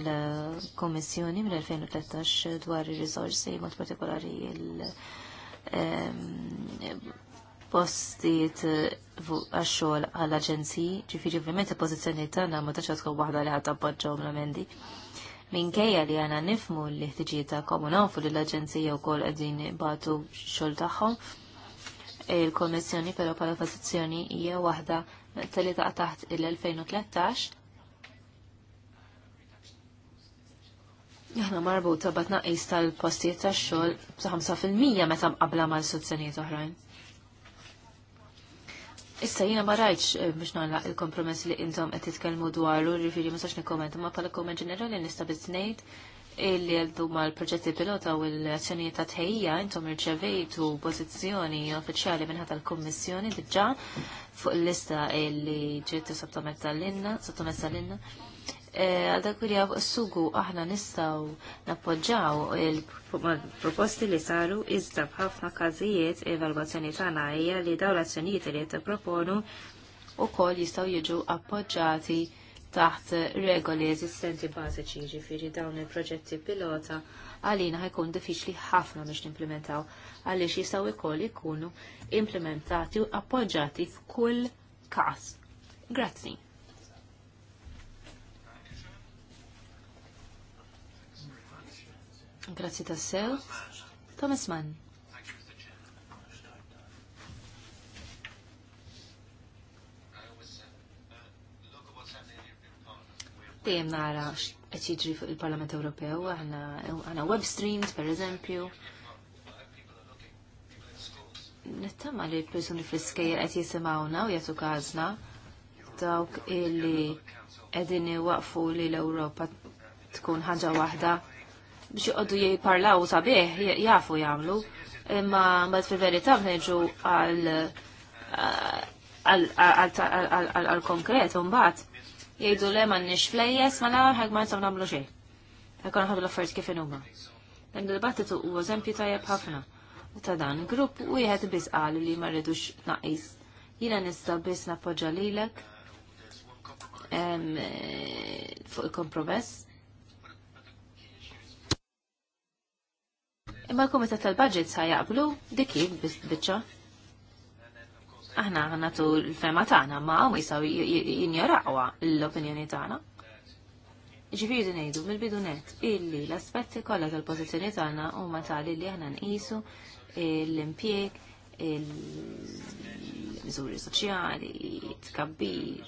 komissjoni mill-2013 dwar ir rizorsi mod partikolari il- ehm, postiet għax-xogħol għall-aġenziji, ġifieri ovvjament il-pożizzjoni tagħna ma tax tkun waħda li ħadd appoġġaw mill-mendi minkejja li għana nifmu li ħtiġijiet tagħkom li l-Aġenzija wkoll qegħdin batu xogħol tagħhom. il komissjoni però bħala pożizzjoni hija waħda tal-li taq taħt il-2013 Jahna marbuta bat tal-postijiet tax-xogħol b'5% meta mqabla mal-sezzjonijiet oħrajn. Issa jiena ma rajċ eh, biex nonlaq il-kompromess li intom qed titkellmu dwaru, jiġifieri ma sax nikkommenta, ma bħala komment ġenerali nista' biss ngħid illi għaddu ma l-proġetti pilota u l-azzjonijiet ta' tħejja intom irċevejtu pożizzjoni uffiċjali minnħata l-Kommissjoni diġà fuq l-lista illi ġiet sottomessa l-inna, sottomessa l-inna. Eh, għal dak li sugu aħna nistaw nappoġġaw il-proposti li saru iżda b'ħafna każijiet evalwazzjoni tagħna hija li dawn l-azzjonijiet li jette proponu ukoll jistgħu jiġu appoġġati taħt regoli eżistenti bażiċi jiġifieri dawn il-proġetti pilota għalina ħajkun diffiċli ħafna biex nimplementaw għaliex jistgħu jkoll ikunu implementati u appoġġati f'kull każ. Grazzi. Grazie tassew. Thomas Mann. Dejjem nara qed jiġri fuq il-Parlament Ewropew, għandna web streams pereżempju. Nittama li l-persuni fl-iskejjer qed jisimgħuna u jagħtu każna dawk illi qegħdin iwaqfu li l-Ewropa tkun ħaġa waħda biex jqoddu jiparlaw sabiħ, jafu jamlu, imma mbagħad fil-verità bneġu għal-konkret un bat jgħidu le ma nix flejjes ma nawar ħag ma nistaw namlu xej. Ekkon ħadu l-affarijiet kif inhuma. Dan il-dibattitu u eżempju tajjeb ħafna ta' dan grupp u jħed biss qalu li ma rridux naqis. Jiena nista' biss nappoġġa lilek fuq il-kompromess Imma l-Komitat tal-Budget sa jaqblu dikki biċċa. Aħna tu l-fema tagħna ma ma jisaw jinjorawha l-opinjoni tagħna. Ġifiri din ngħidu mill-bidu net illi l-aspetti kollha tal-pożizzjoni tagħna huma tali li aħna nqisu l-impjieg, il-miżuri soċjali, t-kabbir.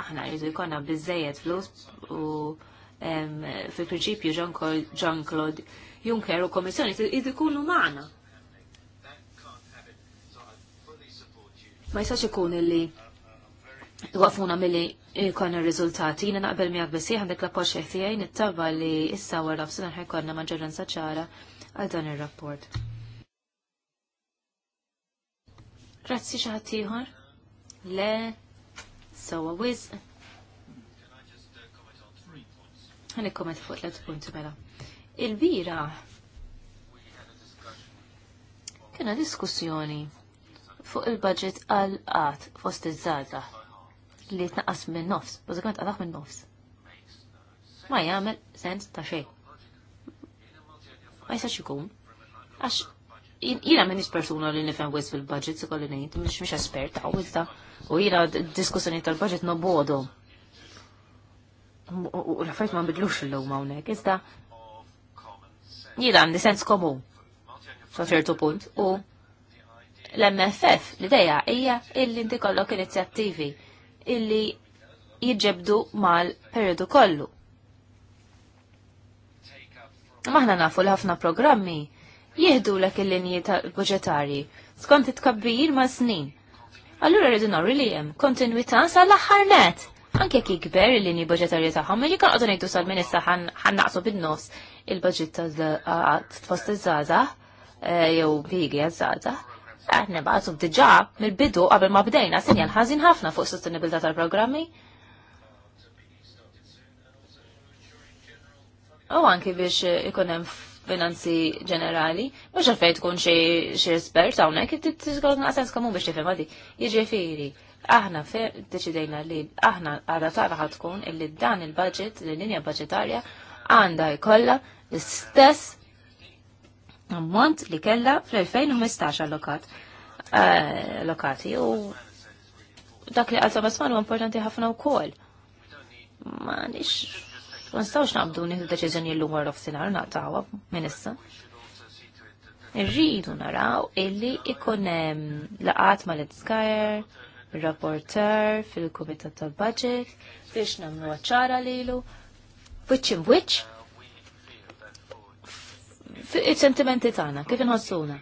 aħna rridu jkollna bizzejet flus u fil-prinċipju Jean-Claude Juncker u Komissjoni ikunu magħna. Ma jistax ikun illi waqfuna milli r riżultati, jina naqbel miegħek biss għandek la poċċeħ tiegħi nittaba li issa wara f'sinar ħajkonna maġġoranza ċara għal dan ir-rapport. Grazzi xi ħadd ieħor? Le, sewwa wisq. Ħanikkomment fuq tliet punti mela. Il-bira kena diskussjoni fuq il-budget għal għat fost il żaza li tnaqqas minn nofs, bażikament qataħ minn nofs. Ma jagħmel sens ta' xej. Ma jistax ikun. Għax jina minnis persuna li nifhem wis fil-budget se kolli ngħid, mhux mhux espert ta' u jina diskussjoni tal-budget no bodo. U l-affarijiet ma nbidlux illum hawnhekk, iżda Jina għandi sens komun sa ċertu punt u l-MFF l-ideja hija illi inti kollok inizjattivi illi jiġġebdu mal-periodu kollu. Maħna nafu li ħafna programmi jihdu l il-linji budgetari skont it-kabbir ma' snin. Allura rridu norri li jem kontinuità sa l-aħħar net. Anke kikber il-linji budġetarji tagħhom, li kan qogħdu ngħidu sal-Ministra ħannaqsu bin-nofs il-budget ta' fost iż-żaza eh, jew vigi għaż-żaza. Aħna baqgħu diġà mill-bidu qabel ma bdejna sinjal ħażin ħafna fuq sostenibilità tal-programmi. U anki biex ikun hemm finanzi ġenerali, mhux għalfejn tkun xi espert hawnhekk tiżgħod sens kemm biex tifhem għadi. Jiġifieri, aħna deċidejna li aħna għada tara ħad tkun illi dan il-budget, l-linja budgetarja għandha jkollha l-istess ammont li kella fl-2015 allokat eh, allokati u dak li għalta basman u importanti ħafna u kol. Ma nix, ma nistawx naqbdu nieħdu deċiżjoni l-lum għarrof sinar naqtawa minissa. Irridu naraw illi ikonem laqat ma l-Skajer, rapporter fil-Kumitat tal-Budget biex namlu għacċara lilu which in which il-sentimenti tagħna, kif inħossuna.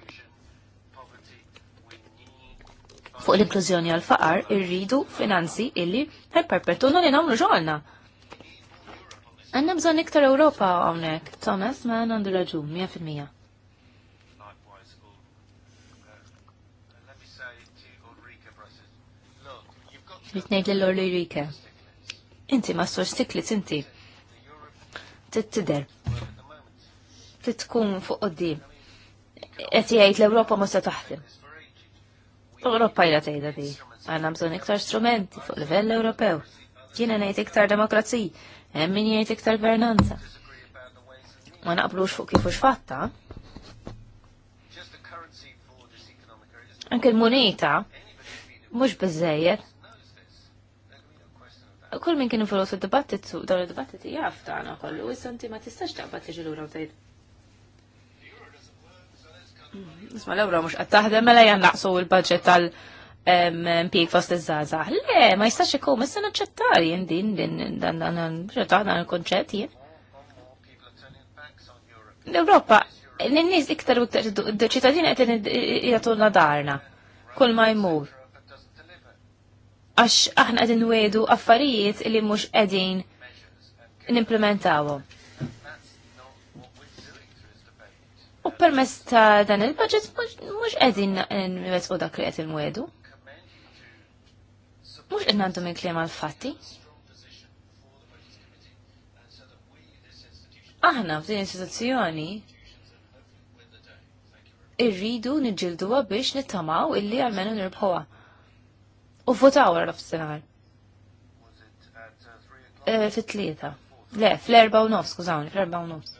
Fuq l-inklużjoni għal faqar irridu finanzi illi ħajperpetuna li nagħmlu xogħolna. Għandna bżonn iktar Ewropa hawnhekk. Thomas ma għandu raġun 100%. Ritnejt l-Lorli Rike. Inti ma s-sor stiklit inti tittider. Titkun fuq qoddim. Qed jgħid l-Ewropa ma se taħdem. Ewropa jgħid tgħidha di. Għandna bżonn iktar strumenti fuq livell Ewropew. Jiena ngħid iktar demokrazija, hemm min jgħid iktar gvernanza. Ma naqblux fuq kif hux fatta. Anke l-munita mhux biżejjed kull min kien involut fil-dibattitu, dawn il-dibattiti jaf tagħna kollu, issa ma tistax taqbad tiġi lura tajt. Mm, isma l-ewro mux qed mela jgħan naqsu il budget tal- mpik fost iż-żaza. Le, ma jistax ikun, ma jistax naċċettar jien din din dan dan dan il-konċett jien. L-Ewropa, n-nies iktar u iktar ċittadini qed jagħtulna darna kull ma jmur għax aħna qegħdin wedu affarijiet li mux mhux n nimplementawhom. U permess ta' dan il-budget mux mhux n-wedu dak li qed wedu. Mux qed nagħdu minn klima l fatti Aħna f'din istituzzjoni irridu nġildu biex nittamaw illi għalmenu nirbħuwa. U votaw għara f-senar. Eh, fit-tlieta. Le, fl-erba u nofs, skużawni, fl-erba u nofs.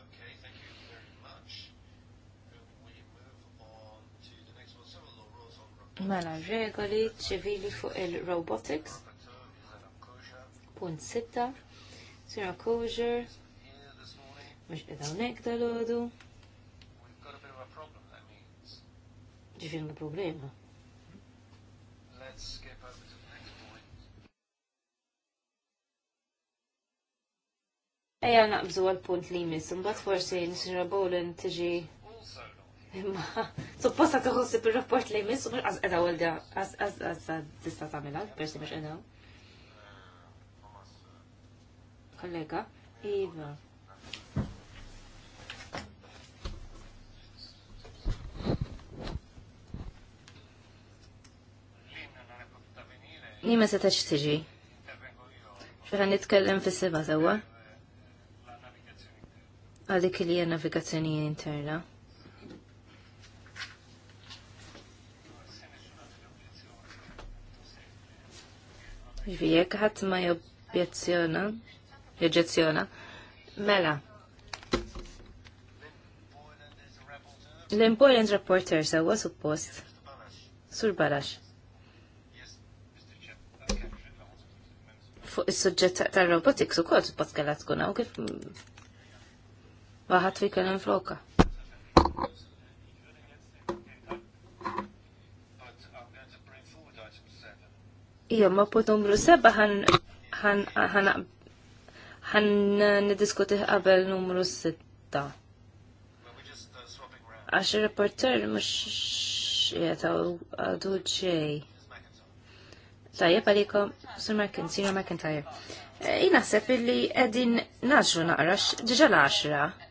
Mela, regoli ċivili fuq il-robotics. Punt sitta. Sira kosher. Mux edha unek dal-ħodu. ġifin problema. Let's get Eja naqbżu għal-punt li jmiss, mbagħad forsi Nisra Bowlin tiġi Imma, supposta tħossi il-rapport li jmiss, għaz għaz għaz għaz għaz għaz għaz persi għaz għaz Kollega, Iva. Nima se taċ tiġi. Xaħan nitkellem fis sewa għal li hija navigazzjoni interna. Ġvijek, ħadd ma jobjezzjona, joġezzjona, mela. L-Important Reporter sa għu suppost, sur Balax. Fuq il-sujġet suġġett robotik su kod, suppost kellha tkun hawn kif waħat fikun infloka. Ija, ma pot numru seba ħan ħan ħan ħan nidiskuti qabel numru sitta. Għax il-reporter mux jgħataw għadu ġej. Tajjeb għalikom, Sir McIntyre, Sir McIntyre. Jina sepp illi edin naġru naqrax ġiġa l-10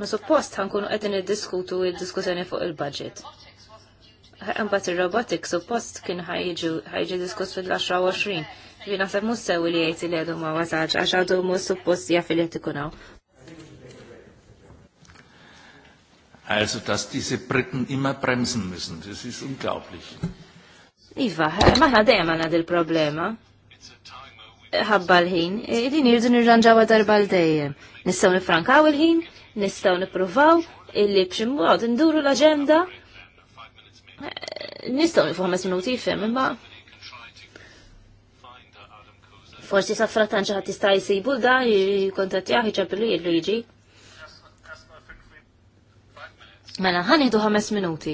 Ma suppost ħankunu qegħdin iddiskutu id-diskussjoni fuq il-budget. Imbagħad il-robotik suppost kien ħajġi diskuss fil-10 Ġi naħseb mhux sewi li għajti li għadu ma wasaġ għax għadu mus suppost jaf li qed ikun Also, dass diese Briten immer bremsen müssen, das ist unglaublich. Iva, maħna dejjem għandna dil-problema Għabbal l id e, din irridu nirranġawa darbal l-dejjem. Nistaw nifrankaw il-ħin, nistaw nipruvaw illi b'ximmod nduru l-agenda eh, nistaw nifu ħames minuti jifem imma forsi safra tanċa ħat jista' jisibu da jkontattjaħ ċabillu jirriġi jiġi. Mela ħanidu ħames minuti.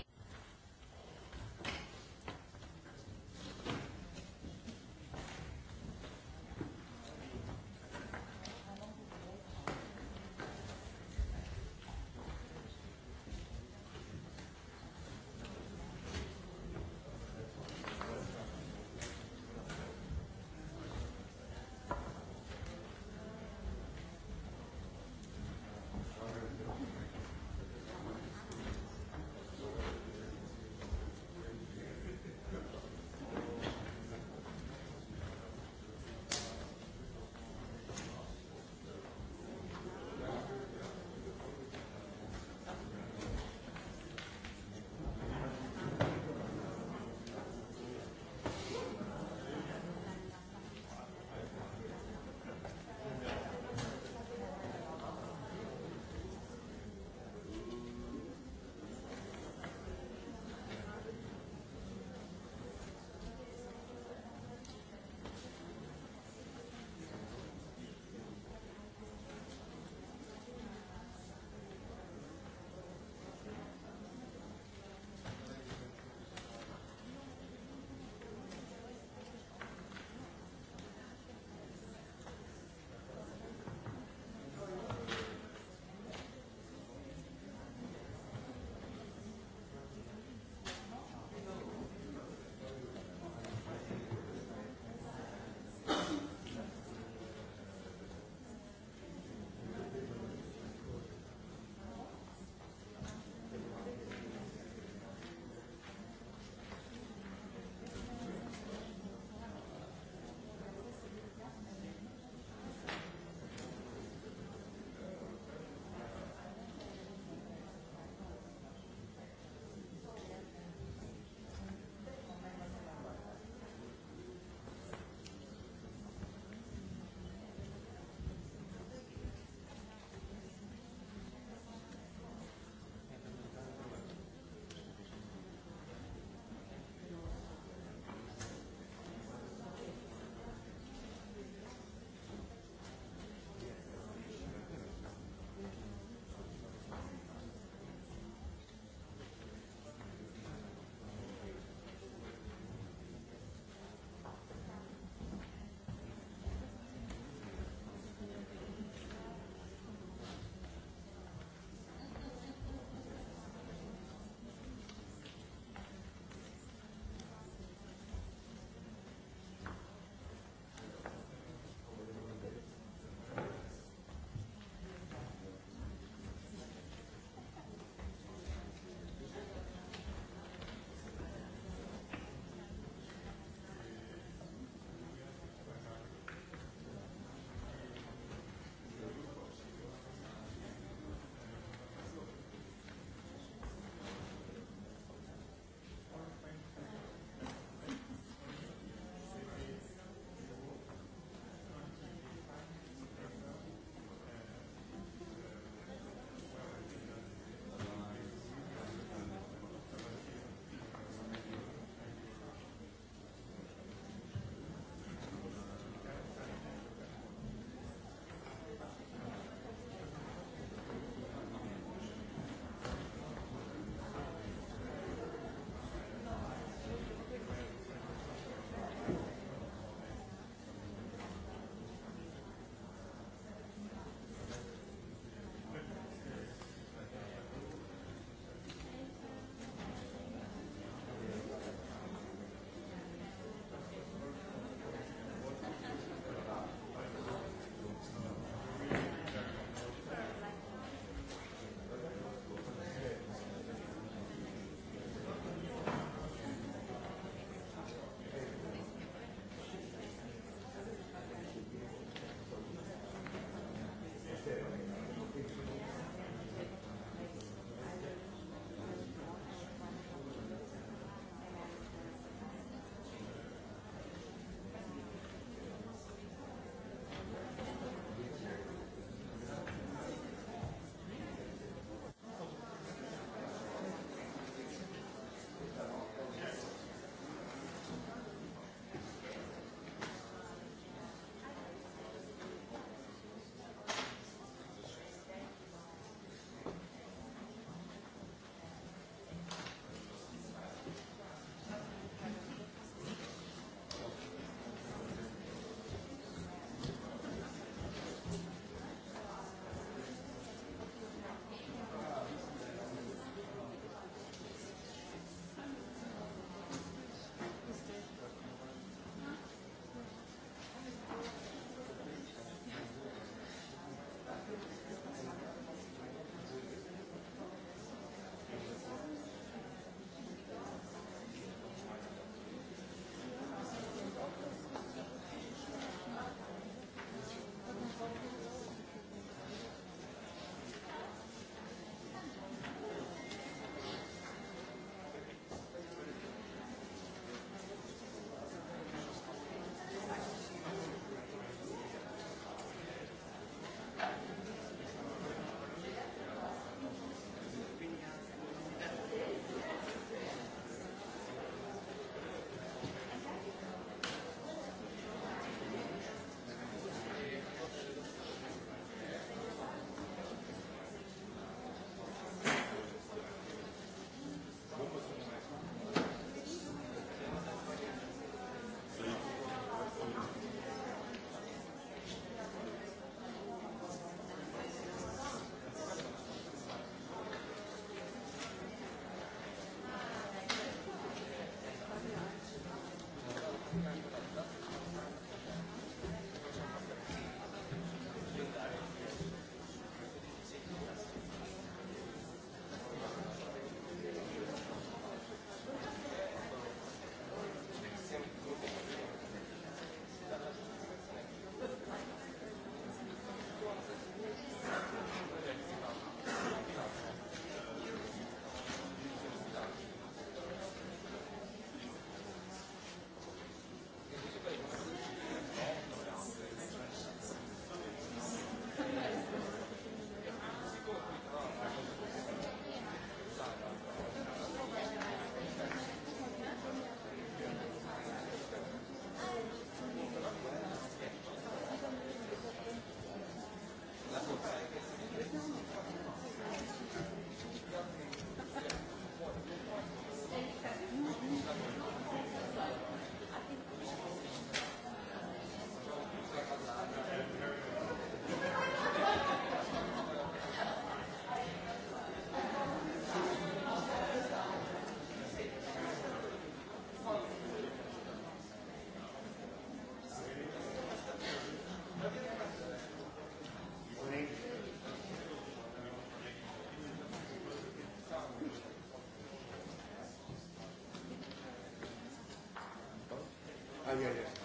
yeah, yeah.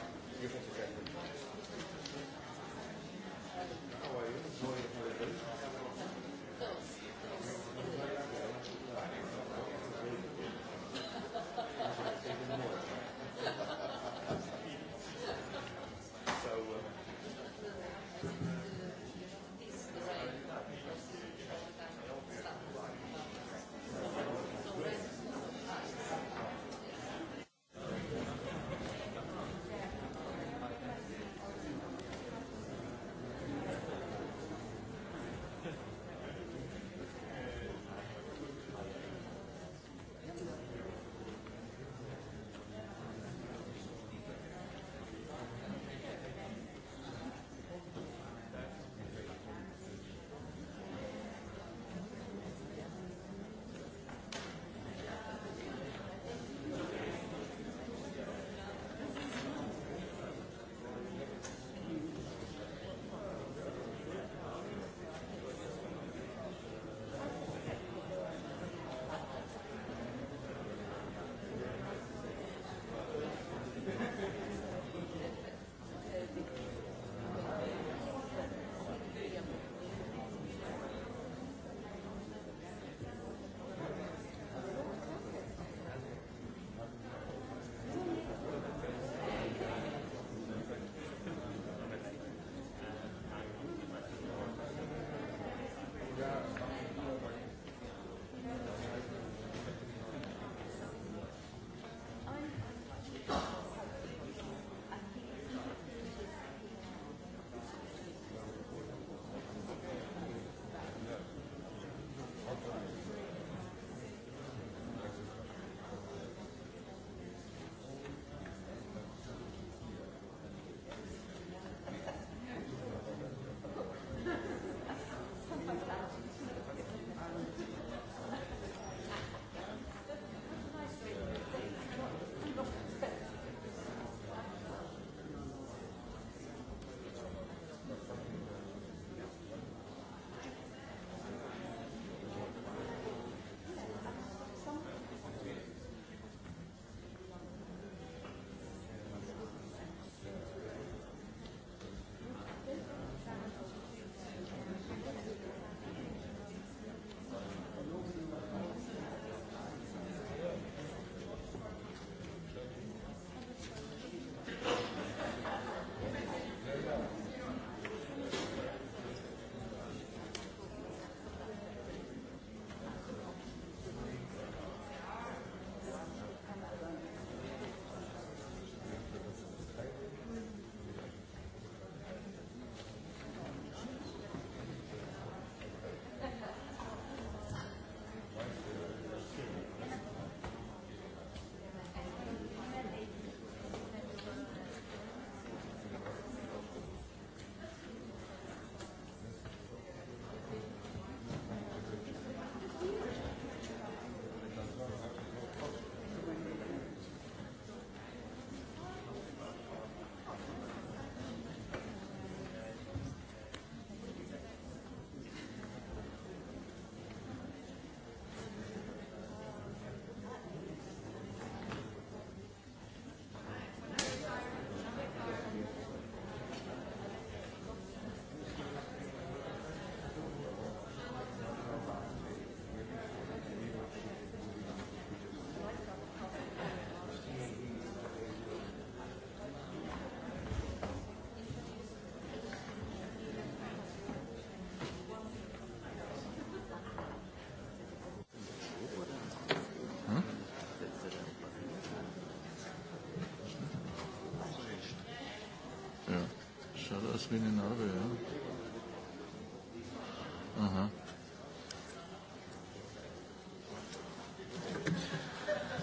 Uh-huh.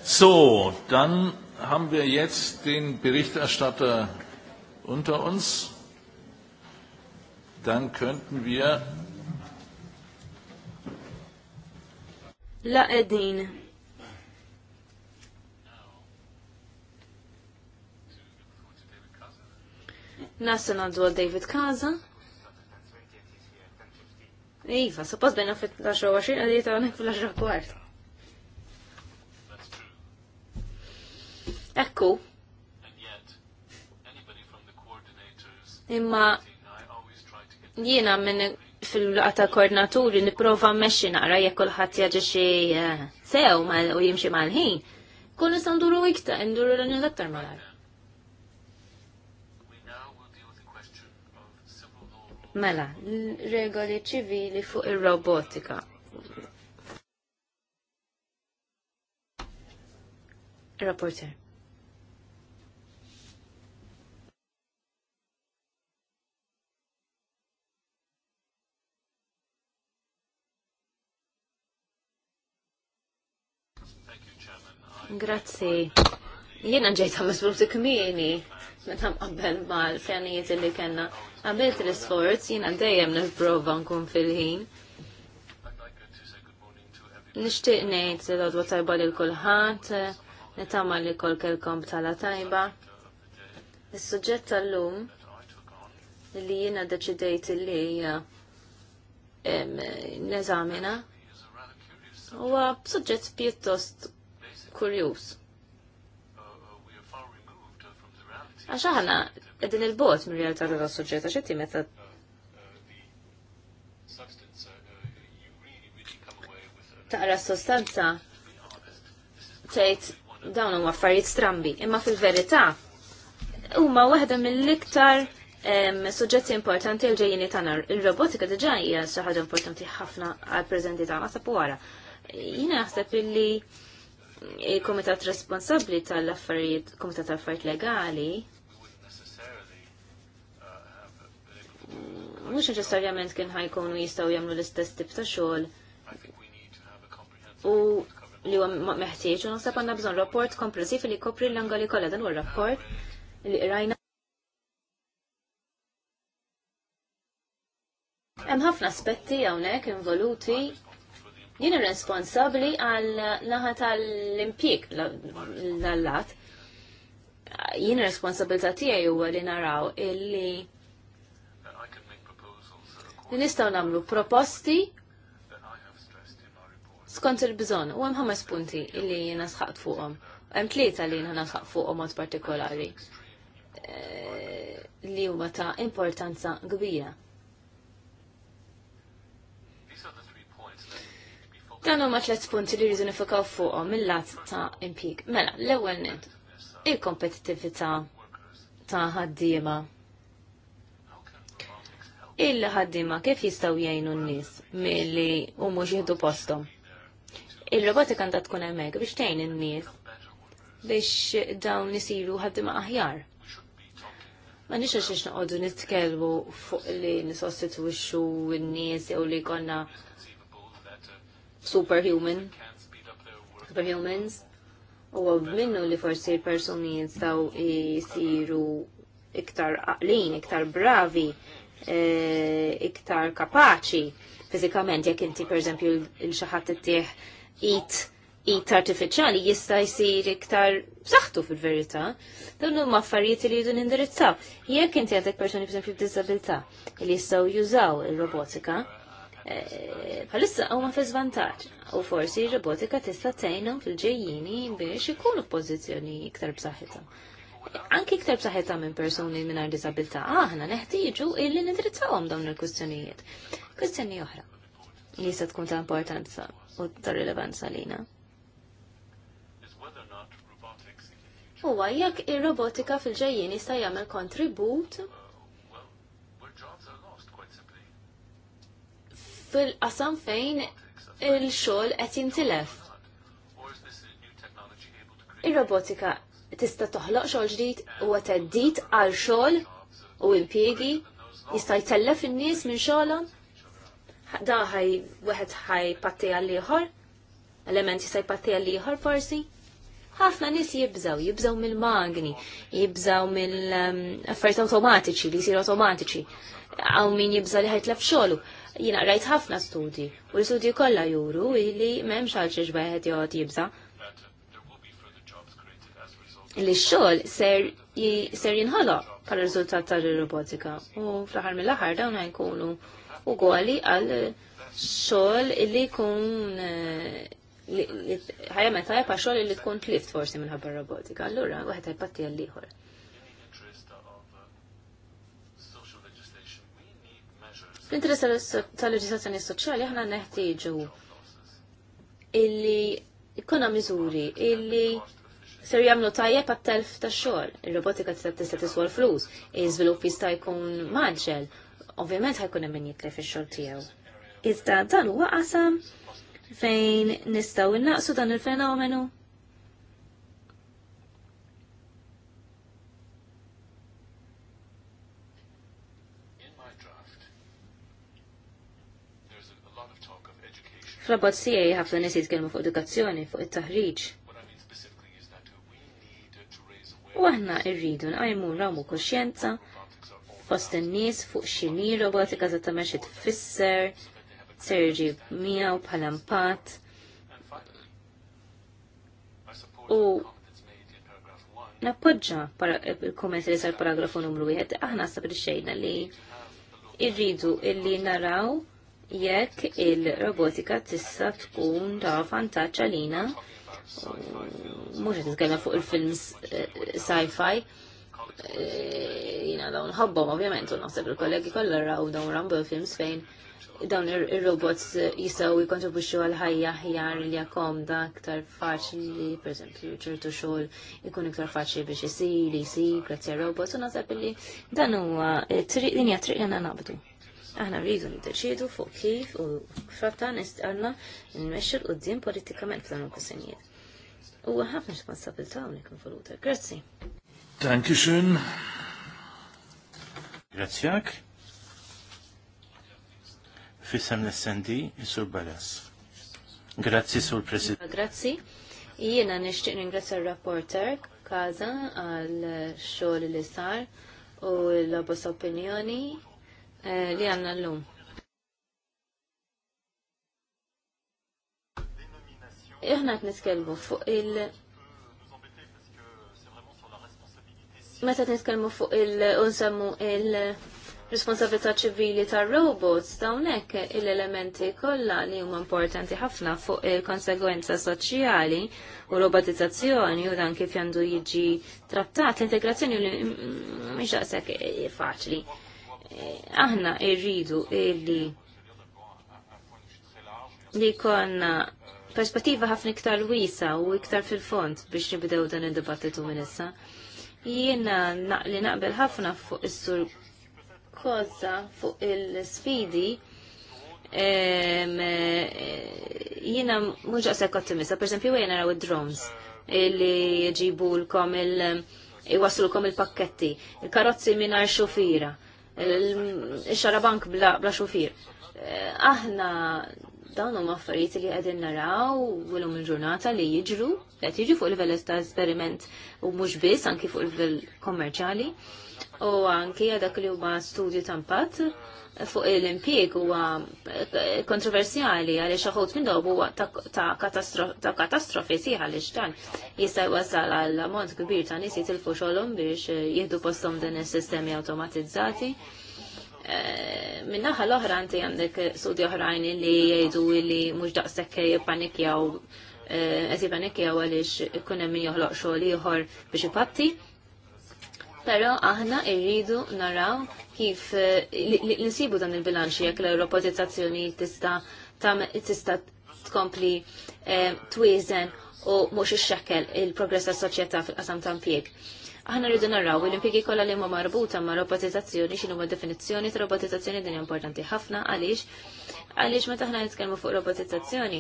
So, dann haben wir jetzt den Berichterstatter unter uns. Dann könnten wir La Edine. Nasa għandu għal David Kaza. Iva, suppost bejna fit-10 għadiet għonek fil-10 kwart. Ekku. Imma jiena minn fil-laqta koordinaturi niprofa meċi naqra jekk kulħadd jaġixi eh, sew u jimxi mal-ħin. Kun nistgħu nduru iktar, nduru l-għanju aktar malar. Mela, regoli ċivili fuq ir-robotika. Rapporter. Grazie jiena ġejt ħames kmini, kmieni meta mqabbel mal fjanijiet li kellna. Għamilt l-isforz jiena dejjem nipprova nkun fil-ħin. Nixtieq ngħid l-għodwa tajba lil kulħadd, nitama li kol kelkom tala tajba. Is-suġġett tal-lum li jiena deċidejt li neżamina huwa suġġett pjuttost kurjuż. Għax aħna qegħdin il-bot mir-realtà tas-suġġett għax inti meta taqra s-sostanza tgħid dawn huma affarijiet strambi, imma fil-verità huma waħda mill-iktar suġġetti importanti l ġejjini tana, Ir-robotika diġà hija xi importanti ħafna għal prezenti tagħna sa wara. Jiena naħseb illi il-Kumitat Responsabbli tal-affarijiet, Kumitat responsabbli tal affarijiet komitat tal affarijiet Legali, mhux neċessarjament kien ħajkunu jistgħu jagħmlu l-istess tip ta' xogħol. U li huwa meħtieġ u naħseb għandna bżonn rapport komprensiv li jkopri l-angoli kollha dan huwa rapport li rajna. Hemm ħafna aspetti hawnhekk involuti jien responsabbli għal naħa tal-impjieg l-allat. Jien responsabilità tiegħi huwa li naraw illi li nistgħu nagħmlu proposti skont il-bżonn u hemm ħames punti li jena sħat fuqhom. Hemm tlieta li jena sħat fuqhom mod partikolari eh, li huma ta' importanza kbira. Dan huma tliet punti li jridu nifikaw fuqhom mill-lat ta' impik. Mela, l-ewwel nint il-kompetittività ta' ħaddiema il-ħaddima kif jistaw jgħinu n-nis mill-li u muġiħdu postom. Il-robotika għandha tkun hemmhekk biex tgħin in-nies biex dawn isiru ħaddima aħjar. Ma nix għax noqogħdu nitkellmu fuq li nisostituixxu n-nies jew li konna superhuman, superhumans. U minnu li forsi l jistaw jisiru iktar aqlin, iktar bravi, E, iktar kapaċi fizikament jekk inti pereżempju il xaħat ittieħ it it artificiali jista' jsir iktar saħtu fil-verità, dawn huma affarijiet li jridu nindirizzaw. Jekk inti għandek persuni b'eżempju b'diżabilità li jistgħu jużaw ir-robotika, e, bħalissa huma fi żvantaġġ u forsi r-robotika tista' tgħinhom fil-ġejjini biex ikunu f'pożizzjoni iktar b'saħħithom anki ktar b'saħħetha minn persuni minn għar disabilta, aħna neħtieġu illi nindirizzawhom dawn il-kwistjonijiet. Kwistjoni oħra li se tkun ta' importanza u ta' rilevanza lina. Huwa jekk ir-robotika fil-ġejjin jista' jagħmel kontribut fil-qasam fejn il-xogħol qed jintilef. Ir-robotika tista' toħloq xogħol ġdid u għateddit għal xogħol u impiegi jista' jtellef in-nies minn xogħolhom. Da ħaj wieħed ħaj patti għal ieħor, element jista' jpatti għal ieħor forsi. Ħafna nies jibżaw, jibżaw mill-magni, jibżaw mill-affarijiet awtomatiċi li jsiru awtomatiċi. Għaw min jibżaw li ħajtlef xogħlu jina rajt ħafna studji u l studi kollha juru li m'hemmx għal xi xbeħed joqgħod jibża' li xogħol ser ser jinħolo pal riżultat tal-robotika. U fl-aħħar mill-aħħar dawn u għali għal xogħol eh, li jkun ħajja meta jpa xogħol li tkun tlift forsi minħabba robotika. Allura waħed jpatti għal ieħor. L-interess tal-leġislazzjoni soċjali aħna neħtieġu illi ikonna miżuri illi ser jagħmlu tajjeb għat-telf tax-xogħol. Ir-robotika tista' tiswa l-flus, iż jista' jkun maġġel, ovvjament ħajkun hemm min jitlef ix-xogħol tiegħu. Iżda dan huwa qasam fejn nistgħu innaqsu dan il-fenomenu Fl-abbozz tiegħi ħafna nisit jitkellmu fuq edukazzjoni, fuq it-taħriġ, u aħna rridu nqajmu rawmu kuxjenza fost in-nies fuq xini robotika ta' xi tfisser, serġi miegħu palampat. impatt. U nappoġġa il-komment li sar paragrafu numru wieħed, aħna sab xejna li irridu illi naraw jekk il-robotika tista' tkun ta' vantaġġ għalina mux nitkellem fuq il-films eh, sci-fi, eh, jina dawn ħobbom ovvjament, u naħseb il-kollegi kollha raw dawn rambo films fejn dawn ir-robots eh, jisaw jikontribuxxu għal ħajja ħjar li jakom da aktar faċli, per eżempju, ċertu xogħol ikun iktar faċli biex isir, isir, grazzi robots u naħseb li dan huwa triq linja hija triq jana naqbdu. Aħna rridu niddeċiedu fuq kif u frattan istqarna nmexxu l-qudiem politikament f'dan il-kwistjonijiet. U ħafna responsabilta unik involuta. Grazzi. Grazzi għak. Fissam l-essendi, Sur Balas. Grazzi, Sur President. Grazzi. Jiena nishtiq ringrazzja l rapporter Kaza għal xogħol li sar u l-labos opinjoni eh, li għanna l-lum. Iħna qed nitkellmu fuq il- Meta nitkellmu fuq il unsemmu il-responsabilità ċivili tar-robots ta' hekk il-elementi kollha li huma importanti ħafna fuq il-konsegwenza soċjali u robotizzazzjoni u dan kif jandu jiġi trattat l-integrazzjoni li mhix daqshekk faċli. Aħna irridu illi li konna perspettiva ħafna iktar wisa u iktar fil fond biex nibdew dan id-dibattitu minn issa. Jiena naqli naqbel ħafna fuq is-sur kozza fuq il-sfidi e, jiena mhux qasek ottimista, pereżempju jiena naraw id-drones li jġibu lkom il- iwaslulkom il-pakketti, il-karozzi minar xufira, il-xarabank bla xufir. E, aħna dawn huma affarijiet li qegħdin naraw willum il-ġurnata li jiġru, qed jiġu fuq il-livell ta' esperiment u mhux biss anki fuq il-livell kommerċjali u anki dak li huma studju ta' impatt fuq l-impjeg huwa eh, kontroversjali għaliex xaħut minn huwa ta' katastrofi siħa għaliex xtan jista' jwassal għal ammont kbir ta' nies jitilfu xogħolhom biex jieħdu posthom din is-sistemi awtomatizzati Eh, minnaħa l-oħra għandi għandek studi oħrajn li jgħidu li mhux daqshekk jippanikjaw eh, qed jippanikjaw għaliex ikun hemm min joħloq xogħol ieħor biex ipatti. Però aħna rridu naraw kif eh, l-insibu dan il-bilanċ jekk l-Europotizzazzjoni tista' tista' tkompli twizen u mhux ix-xekkel il-progress tas-soċjetà fil-qasam ta' impjieg aħna rridu naraw l-impjegi kollha li huma marbuta ma' robotizzazzjoni xinu ma' definizzjoni ta' robotizzazzjoni din importanti ħafna għaliex għaliex meta aħna nitkellmu fuq robotizzazzjoni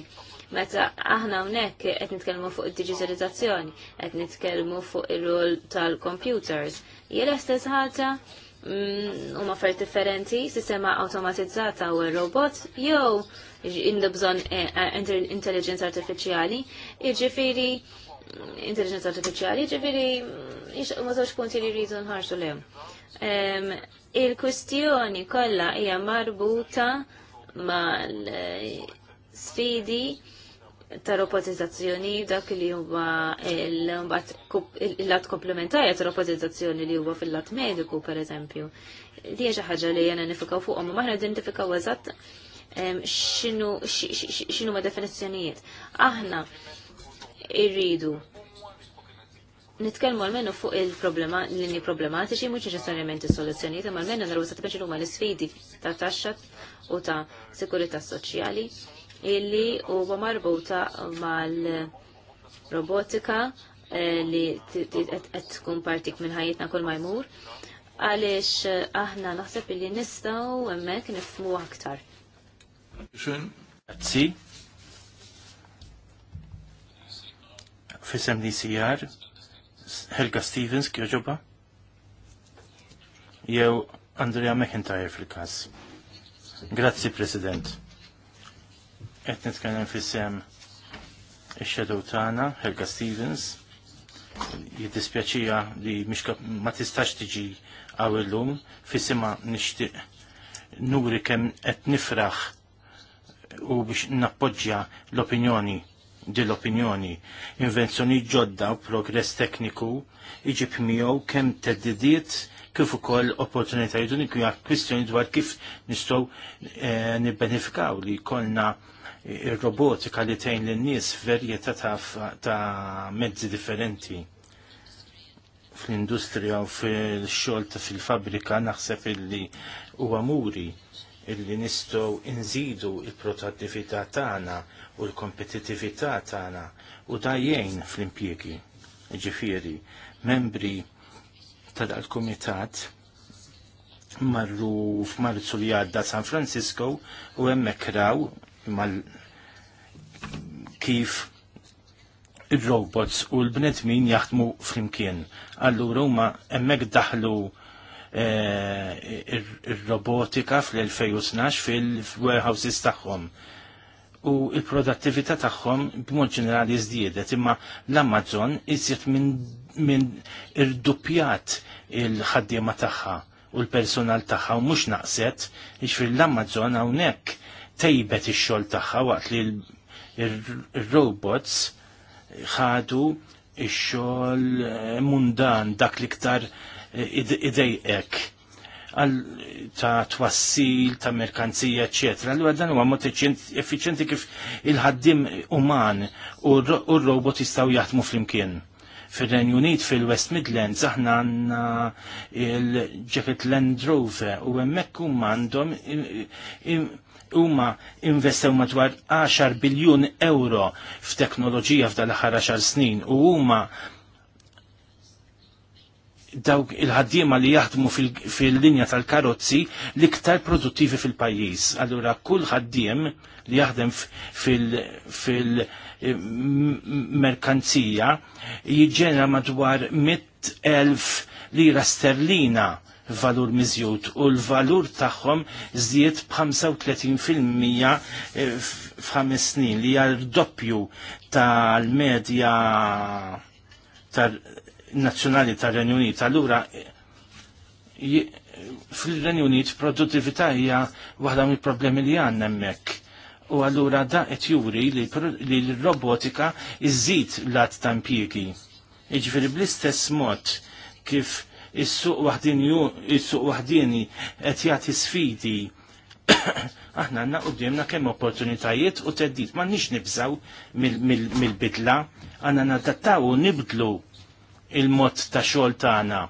meta aħna hawnhekk qed nitkellmu fuq id-diġitalizzazzjoni, qed nitkellmu fuq ir-rol tal-computers. Hija l-istess ħaġa mm, u differenti, sistema automatizzata u robot, jew indu bżonn eh, eh, intelligenza artificiali, iġifiri intelligenza artificiali, ġifiri, ma zawx punti li rridu nħarsu li. Il-kwistjoni kolla hija marbuta ma eh, sfidi ta' robotizzazzjoni dak li huwa il-lat komplementarja ta' robotizzazzjoni li huwa fil-lat mediku, per eżempju. Di xi ħaġa li jena nifikaw fuqhom, ma aħna identifikaw eżatt xinu ma definizzjonijiet. Aħna irridu nitkellmu għalmenu fuq il-problema l-inni problematiċi mhux neċessarjament is-soluzzjonijiet, imma għalmenu naraw sa tpeċi huma l-isfidi ta' taxxa u ta' sikurità soċjali illi huwa marbuta mal-robotika eh, li qed tkun partik minn ħajjitna kull majmur, għalix għaliex eh, aħna naħseb illi nistgħu hemmhekk nifhmu aktar. fissem DCR Helga Stevens kjoġoba, jew Andrea McIntyre fil-kas. Grazzi, President. Etnet nitkellem fissem il-shadow tana, Helga Stevens, jiddispjaċija li ma tistax tiġi għawellum, fissima nishti nuri kem etnifraħ u biex nappoġġja l-opinjoni dil-opinjoni. Invenzjoni ġodda u progress tekniku iġib miegħu kemm teddidiet kif ukoll opportunitajiet uniku hija kwistjoni dwar kif nistgħu e, nibbenefikaw li jkollna eh, ir-robotika li tgħin lin-nies f'verjetà ta', ta mezzi differenti fl-industrija u fil-xogħol ta' fil-fabrika naħseb illi huwa amuri illi nistgħu nżidu il-protattività tagħna u l-kompetitività tagħna u tajjejn fl-impjiegi. Ġifieri, membri tal kumitat marru f'Marzu li għadda San Francisco u hemmhekk raw mal kif il-robots u l-bnedmin jaħdmu flimkien. Allura huma hemmhekk daħlu eh, ir-robotika fl-2012 fil-warehouses tagħhom u il-produttività tagħhom b'mod ġenerali żdiedet, imma l-Amazon iżjed minn min irduppjat il-ħaddiema tagħha u l-personal tagħha u mhux naqset, jiġri l-Amazon hawnhekk tejbet ix-xogħol tagħha waqt li l robots ħadu ix-xogħol mundan dak li iktar idejqek ta' twassil, ta' merkanzija, ecc. Allura dan huwa mod effiċjenti kif il-ħaddim uman u r-robot jistgħu jaħdmu flimkien. Fir-Renju Unit fil-West Midlands aħna għandna il-Jacket Land Rover u hemmhekk huma għandhom huma investew madwar 10 biljun euro f'teknoloġija f'dal aħħar 10 snin u huma dawk il-ħaddiema li jaħdmu fil-linja tal-karozzi l-iktar produttivi fil-pajjiż. Allura kull ħaddiem li jaħdem fil-merkanzija eh, jiġġenera madwar 100.000 lira sterlina valur miżjut u l-valur tagħhom żdied b'35% eh, f'ħames snin li hija doppju tal-medja tal nazzjonali tal-Renju Unit. Allura fil-Renju Unit produttività hija waħda mill-problemi li għandna hemmhekk. U allura da qed juri li l-robotika iżid lat ta' impjiegi. Iġifieri bl-istess mod kif is-suq waħdin waħdini qed jagħti sfidi (coughs) aħna għanna u kemm opportunitajiet u teddit ma nix nibżaw mill-bidla, mil, għanna nadattaw u nibdlu il-mod ta' xogħol tagħna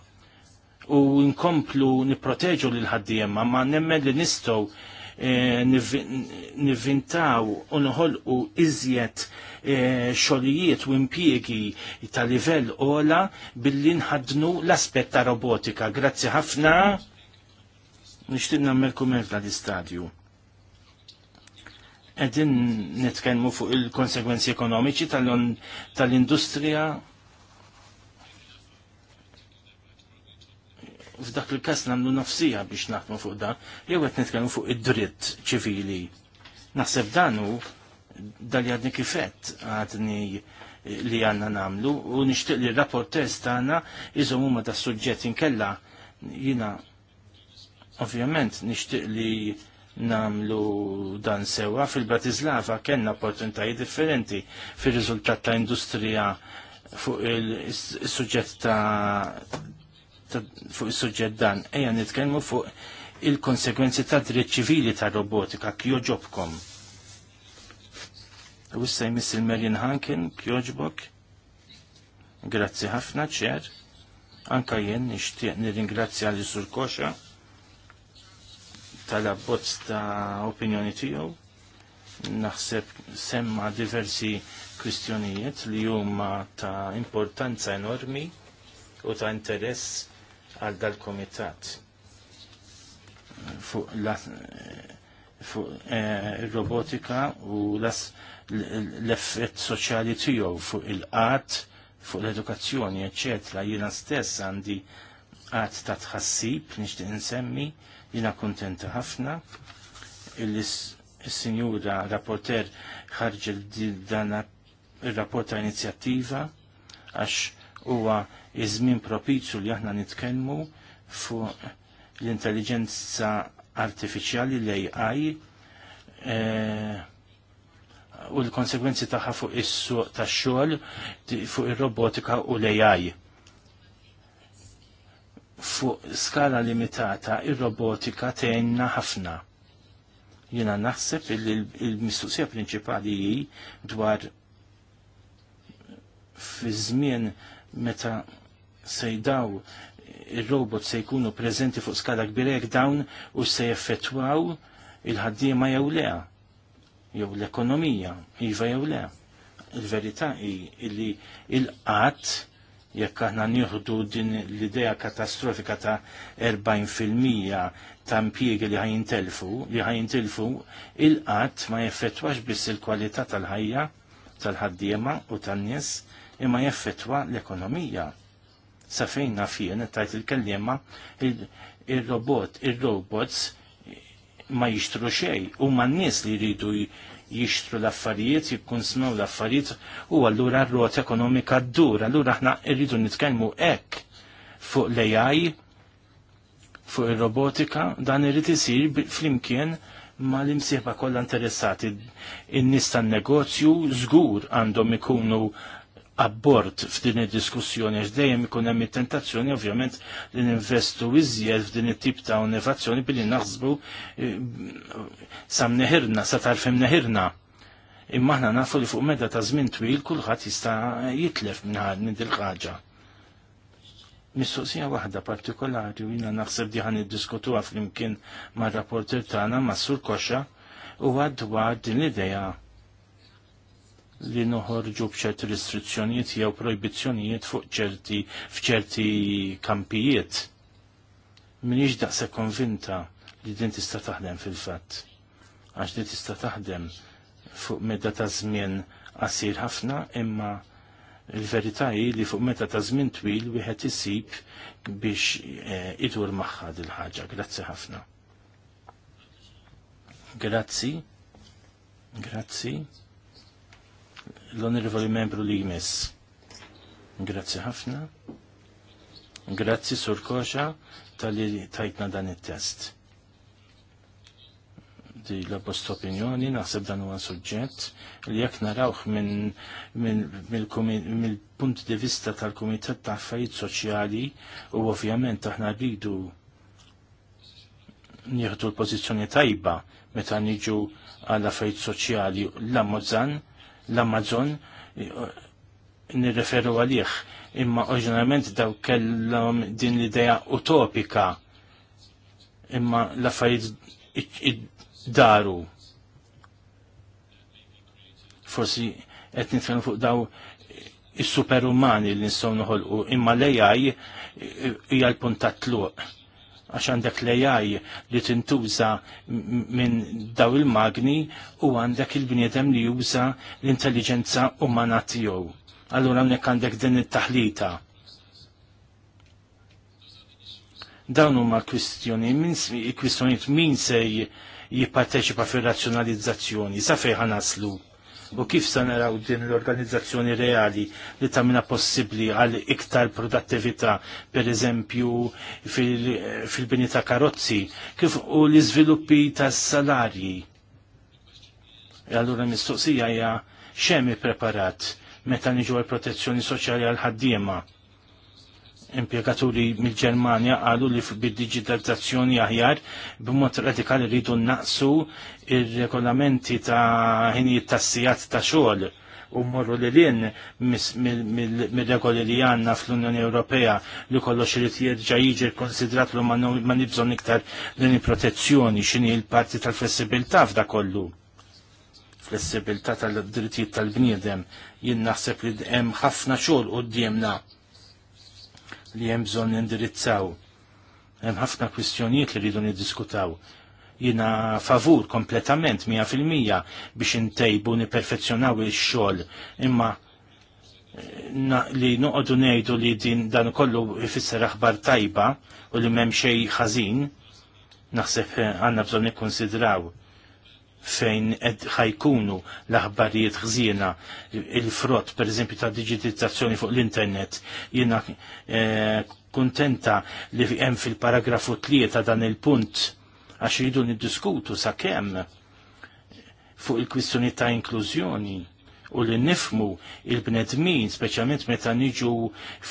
u nkomplu nipproteġu lil ħaddiema ma nemmen li nistgħu eh, nivvintaw u nħolqu iżjed eh, xogħlijiet u impjiegi ta' livell ola billi nħadnu l-aspett ta' robotika. Grazzi ħafna. Nixtieq nagħmel kumment l-istadju edin netkenmu fuq il konsegwenzi ekonomiċi tal-industrija f'dak il-każ nagħmlu nafsija biex naħdmu fuq dan, jew qed nitkellmu fuq id-dritt ċivili. Naħseb dan hu dal jadni kifett għadni li għanna namlu u nishtiq li rapportez test għanna jizom huma ta' suġġett inkella jina ovvjament nishtiq li namlu dan sewa fil-Bratislava kellna opportunitajiet differenti fil-riżultat ta' industrija fuq il-suġġett ta' fuq is-suġġett dan, ejja nitkellmu fuq il-konsekwenzi ta' dritt ċivili ta' robotika kjoġobkom. U issa jmiss il-Merlin Hankin kjoġbok. Grazzi ħafna ċer. Anka jien nixtieq nirringrazzja li sur koxa tal-abbozz ta' opinjoni tiegħu. Naħseb semma diversi kwistjonijiet li huma ta' importanza enormi u ta' interess għal dal-komitat fuq fuq eh, robotika u l-effett soċjali tiegħu fuq il-qatt, fuq l-edukazzjoni, eċċetra, jiena stess għandi qatt ta' tħassib nixtieq insemmi, jiena kuntenta ħafna il-sinjura rapporter ħarġel dan il-rapport ta' inizjattiva għax huwa iż-żmien propizju li aħna nitkellmu fuq l-intelligenza artifiċjali l-AI e, u l-konsekwenzi tagħha fuq is-suq tax-xogħol fuq ir-robotika u l-AI. Fuq skala limitata ir-robotika tgħinna ħafna. Jiena naħseb il-mistoqsija prinċipali hi dwar fi żmien meta sejdaw il-robot se jkunu prezenti fuq skala kbirek dawn u se jeffettwaw il-ħaddiema jew le, jew l-ekonomija, iva jew le. Il-verità hi li il-qatt jekk aħna nieħdu din l-idea katastrofika ta' 40% ta' impjiegi li ħajintelfu, li ħajintelfu, il-qatt ma jeffettwax biss il-kwalità tal-ħajja tal-ħaddiema u tan-nies imma jeffettwa l-ekonomija sa fejn naf tajt il-kellima il-robot, il-robots ma jixtru xej u ma n-nies li jridu jixtru l-affarijiet, jikkunsmaw l-affarijiet u allura r-rot ekonomika d-dur, allura ħna rridu nitkellmu ek fuq l-AI, fuq il-robotika, dan irrid isir flimkien ma l-imsieħba kollha interessati. In-nies tan-negozju żgur għandhom ikunu abbord f'din id-diskussjoni għax dejjem ikun hemm it tentazzjoni ovvjament li ninvestu iżjed f'din it-tip ta' innovazzjoni billi naħsbu eh, sam neħirna, sa tarfem neħirna. Imma aħna nafu li fuq meda ta' żmien twil kulħadd jista' jitlef minn din ħaġa. Mistoqsija waħda partikolari u jina naħseb diħan id-diskutuha fl-imkien ma' rapporter tagħna ma' Sur Koxa u għadwa din l-idea li noħorġu bċerti restrizzjonijiet jew projbizzjonijiet fuq ċerti f'ċerti kampijiet. Minix daqse konvinta li din tista' taħdem fil-fatt. Għax din tista' taħdem fuq medda ta' żmien qasir ħafna imma il-verità hi li fuq meta ta' żmien twil wieħed isib biex e, idur magħha il ħaġa Grazzi ħafna. Grazzi. Grazzi l-onorevoli membru li jmiss. Grazzi ħafna. Grazzi sur koxa tal-li tajtna dan il-test. Di la post opinjoni naħseb dan huwa suġġett li jekk narawh minn min, mill-punt di vista tal-Kumitat ta' Affarijiet Soċjali u ovvjament aħna rridu nieħdu l-pożizzjoni tajba meta niġu għal affarijiet soċjali l-Ammozzan l-Amazon nirreferu għalih imma oġġenament daw kellhom din l-idea utopika imma l-affarijiet daru forsi qed nitkellmu fuq daw is-superumani li nistgħu noħolqu imma l-AI hija l-punt tat-tluq għax għandek l-AI li tintuża minn daw il-magni u għandek il-bniedem li juża l-intelligenza umana tiegħu. Allura hawnhekk għandek din it-taħlita. Dawn huma kwistjoni min kwistjonijiet min se jipparteċipa fir-razzjonalizzazzjoni, sa fejn naslu u kif sa naraw din l-organizzazzjoni reali li tamina possibli għal iktar produttività, per eżempju fil-bini fil ta' karozzi, kif u l-izviluppi ta' salarji. E allura mistoqsija hija xemi preparat meta niġu għal protezzjoni soċjali għal ħaddiema impjegaturi mill-Ġermanja għalu li bid-digitalizzazzjoni aħjar b'mod radikali rridu naqsu ir-regolamenti ta' ħinijiet tas-sijat ta' xogħol u morru li in mir regoli li għanna fl-Unjoni Ewropea li kollox li jirġa jiġi konsidrat lu ma nibżon iktar din il-protezzjoni xini il-parti tal-flessibilità f'da kollu flessibilità tal-drittijiet tal-bniedem jien naħseb li hemm ħafna xogħol d-diemna li hemm bżonn nindirizzaw. Hemm ħafna kwistjonijiet li rridu niddiskutaw. Jina favur kompletament fil-mija, biex intejbu niperfezzjonaw ix-xogħol imma eh, Na, li noqodu nejdu li din dan kollu jfisser aħbar tajba u li m'hemm xej ħażin naħseb eh, għandna bżonn nikkonsidraw fejn ħajkunu l-aħbarijiet ħżiena il-frott per eżempju ta' digitizzazzjoni fuq l-internet jiena eh, kontenta li hemm fil-paragrafu tlieta dan il-punt għax iridu niddiskutu sa' kemm fuq il-kwistjoni ta' inklużjoni u li nifmu il-bnedmin, speċjalment meta niġu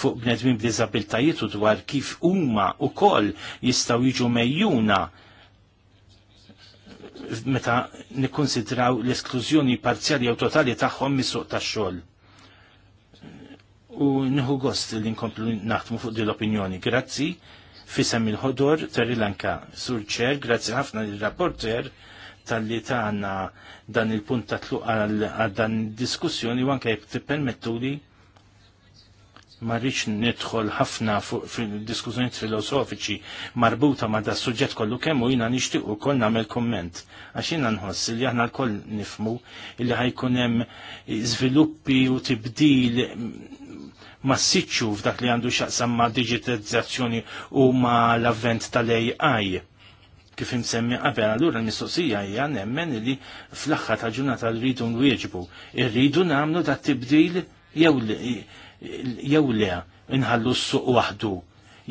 fuq bnedmin b'dizabiltajiet u dwar kif huma u koll jistaw jiġu mejjuna meta nikkonsidraw l-esklużjoni parzjali jew totali tagħhom mis-suq tax-xogħol. U nieħu gost li nkomplu naħdmu fuq din l-opinjoni. Grazzi fisem il-ħodor Terri Lanka. Sur ċer, grazzi ħafna lill rapporter tal-li ta' dan il-punt ta' tluq għal dan diskussjoni u anke jibti permettu marriċ nidħol ħafna fil-diskussjoni filosofiċi marbuta ma' da' suġġett kollu kemmu jina nixtieq ukoll nagħmel komment. Għax jina nħoss li aħna lkoll nifmu li ħajkun hemm żviluppi u tibdil massiċċu f'dak li għandu xaqsam ma' digitalizzazzjoni u ma' l-avvent tal-AI kif imsemmi qabel, allura l-mistoqsija hija nemmen li fl-aħħar ta' ġurnata rridu nwieġbu, irridu nagħmlu dat tibdil jew jew le inħallu s-suq waħdu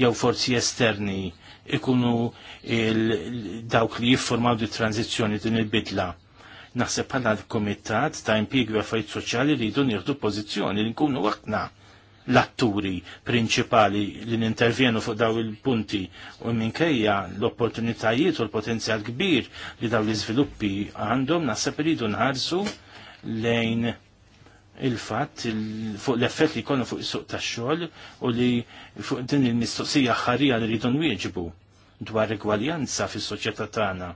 jew forzi esterni ikunu dawk li jiffurmaw di tranzizjoni din il-bidla. Naħseb bħala l-Komitat ta' impiegu għaffajt soċjali li jidun nieħdu pożizzjoni li nkunu waqtna l-atturi prinċipali li nintervjenu fuq daw il-punti u minkejja l-opportunitajiet u l-potenzjal kbir li daw l-iżviluppi għandhom naħseb jidun nħarsu lejn il-fatt fuq l-effett li jkollna fuq is-suq tax-xogħol u li fuq din il-mistoqsija ħarija li rridu nwieġbu dwar igwaljanza fis-soċjetà tagħna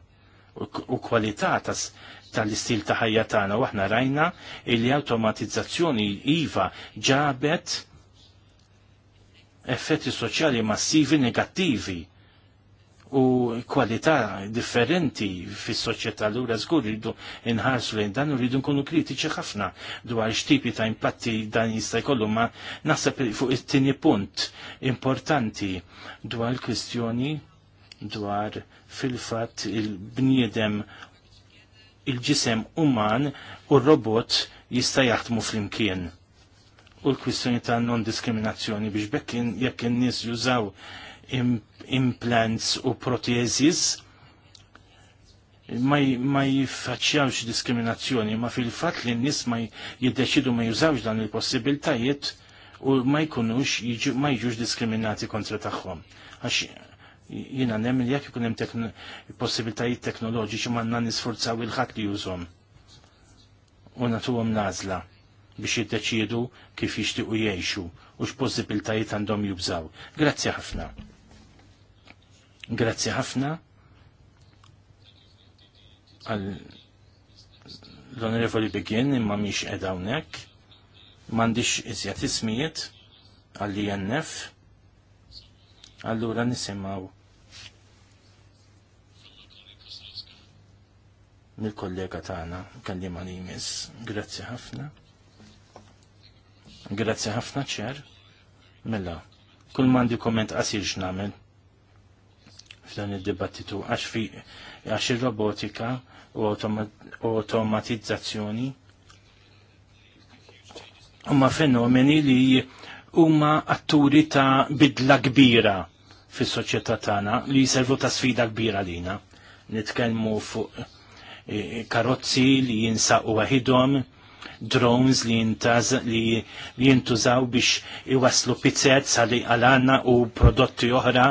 u kwalità tal-istil ta' ħajja tagħna u aħna rajna li automatizzazzjoni iva ġabet effetti soċjali massivi negattivi u kwalità differenti fis soċjetà l żgur rridu inħarsu lejn dan u rridu nkunu kritiċi ħafna dwar x'tipi ta' impatti dan jista' jkollu ma naħseb fuq it-tieni punt importanti dwar kwistjoni dwar fil-fatt il-bniedem il-ġisem uman u r-robot jista' jaħdmu flimkien. U l-kwistjoni ta' non-diskriminazzjoni biex bekkin jekk in-nies jużaw implants u protezis ma, ma diskriminazzjoni, ma fil-fat li n-nis ma jiddeċidu ma jużawx dan il-possibiltajiet u ma jkunux ma jiġux diskriminati kontra tagħhom. Għax jina nem jekk ikun hemm tekn possibiltajiet teknoloġiċi ma nisforzaw il-ħadd li jużhom. U għom nazla biex jiddeċidu kif jixtiequ jgħixu u x-possibiltajiet għandhom jubżaw. Grazzi ħafna. Grazzi ħafna għal l-onorevoli Begin imma miex edha hawnhekk. M'għandix iżjed ismijiet għall INF. Allura nisimgħu mill-kollega tagħna kallima ma nimis. Grazzi ħafna. Grazzi ħafna ċer. Mela, kull mandi komment qasir x'namel f'dan id-dibattitu għax fi għax ir-robotika u automatizzazzjoni huma fenomeni li huma atturi ta' bidla kbira fis-soċjetà tagħna li jservu ta' sfida kbira lina. Nitkellmu fuq e, karozzi li jinsaqu waħidhom, drones li jintaz li jintużaw biex iwaslu pizzet sali għalanna u prodotti oħra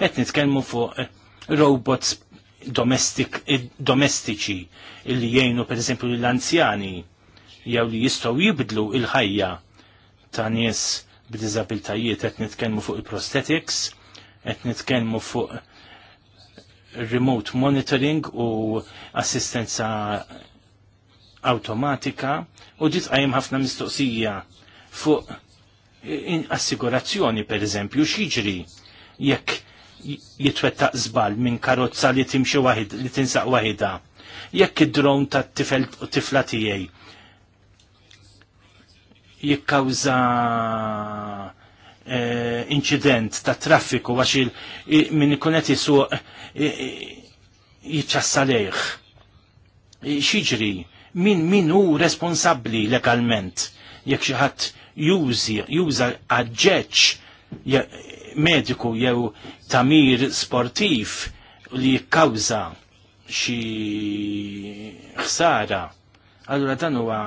qed nitkellmu fuq eh, robots eh, domestiċi illi jgħinu pereżempju l-anzjani jew li jistgħu jibdlu il-ħajja ta' nies b'diżabiltajiet qed nitkellmu fuq il-prosthetics, qed nitkellmu fuq remote monitoring u assistenza automatika u dit għajem ħafna mistoqsija fuq eh, assigurazzjoni per eżempju jekk jitwettaq żball minn karozza li timxi waħid li tinsaq waħida. Jekk id-dron tat-tifel u tifla tiegħi jikkawża eh, incident ta' traffiku għax minn ikun qed jisuq Xieġri, Xiġri, min min hu responsabbli legalment jekk xi ħadd juża għadġeċ mediku jew tamir sportiv li jikkawża xi ħsara, allura dan huwa